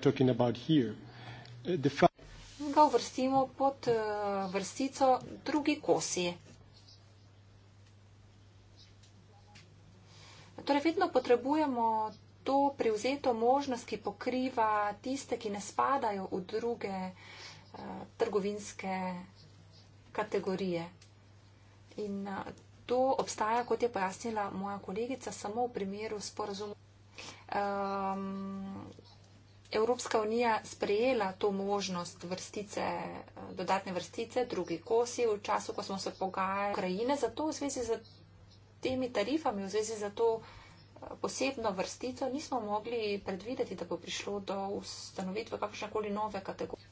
talking about here. Uh, ga uvrstimo pod eh, vrstico drugi kosi. Torej, vedno potrebujemo to privzeto možnost, ki pokriva tiste, ki ne spadajo v druge eh, trgovinske kategorije. In eh, to obstaja, kot je pojasnila moja kolegica, samo v primeru sporazumov. Um, ehm, Evropska unija sprejela to možnost vrstice, eh, dodatne vrstice, drugi kosi v času, ko smo se pogajali. Ukrajine zato v zvezi z temi tarifami, v zvezi z to eh, posebno vrstico nismo mogli predvideti, da bo prišlo do ustanovitve kakršnekoli nove kategorije.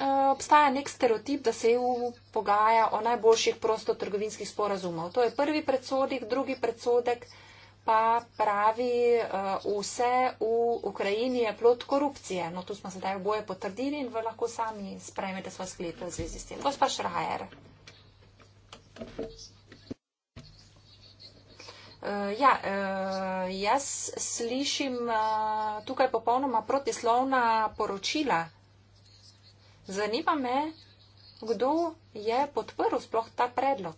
Eh, obstaja nek stereotip, da se EU pogaja o najboljših prostotrgovinskih sporazumov. To je prvi predsodek, drugi predsodek pa pravi, eh, vse v Ukrajini je plot korupcije. No, tu smo sedaj oboje potrdili in vi lahko sami sprejmete svoje sklepe v zvezi s tem. Gospa Šrajer. Uh, ja, uh, jaz slišim uh, tukaj popolnoma protislovna poročila. Zanima me, kdo je podprl sploh ta predlog.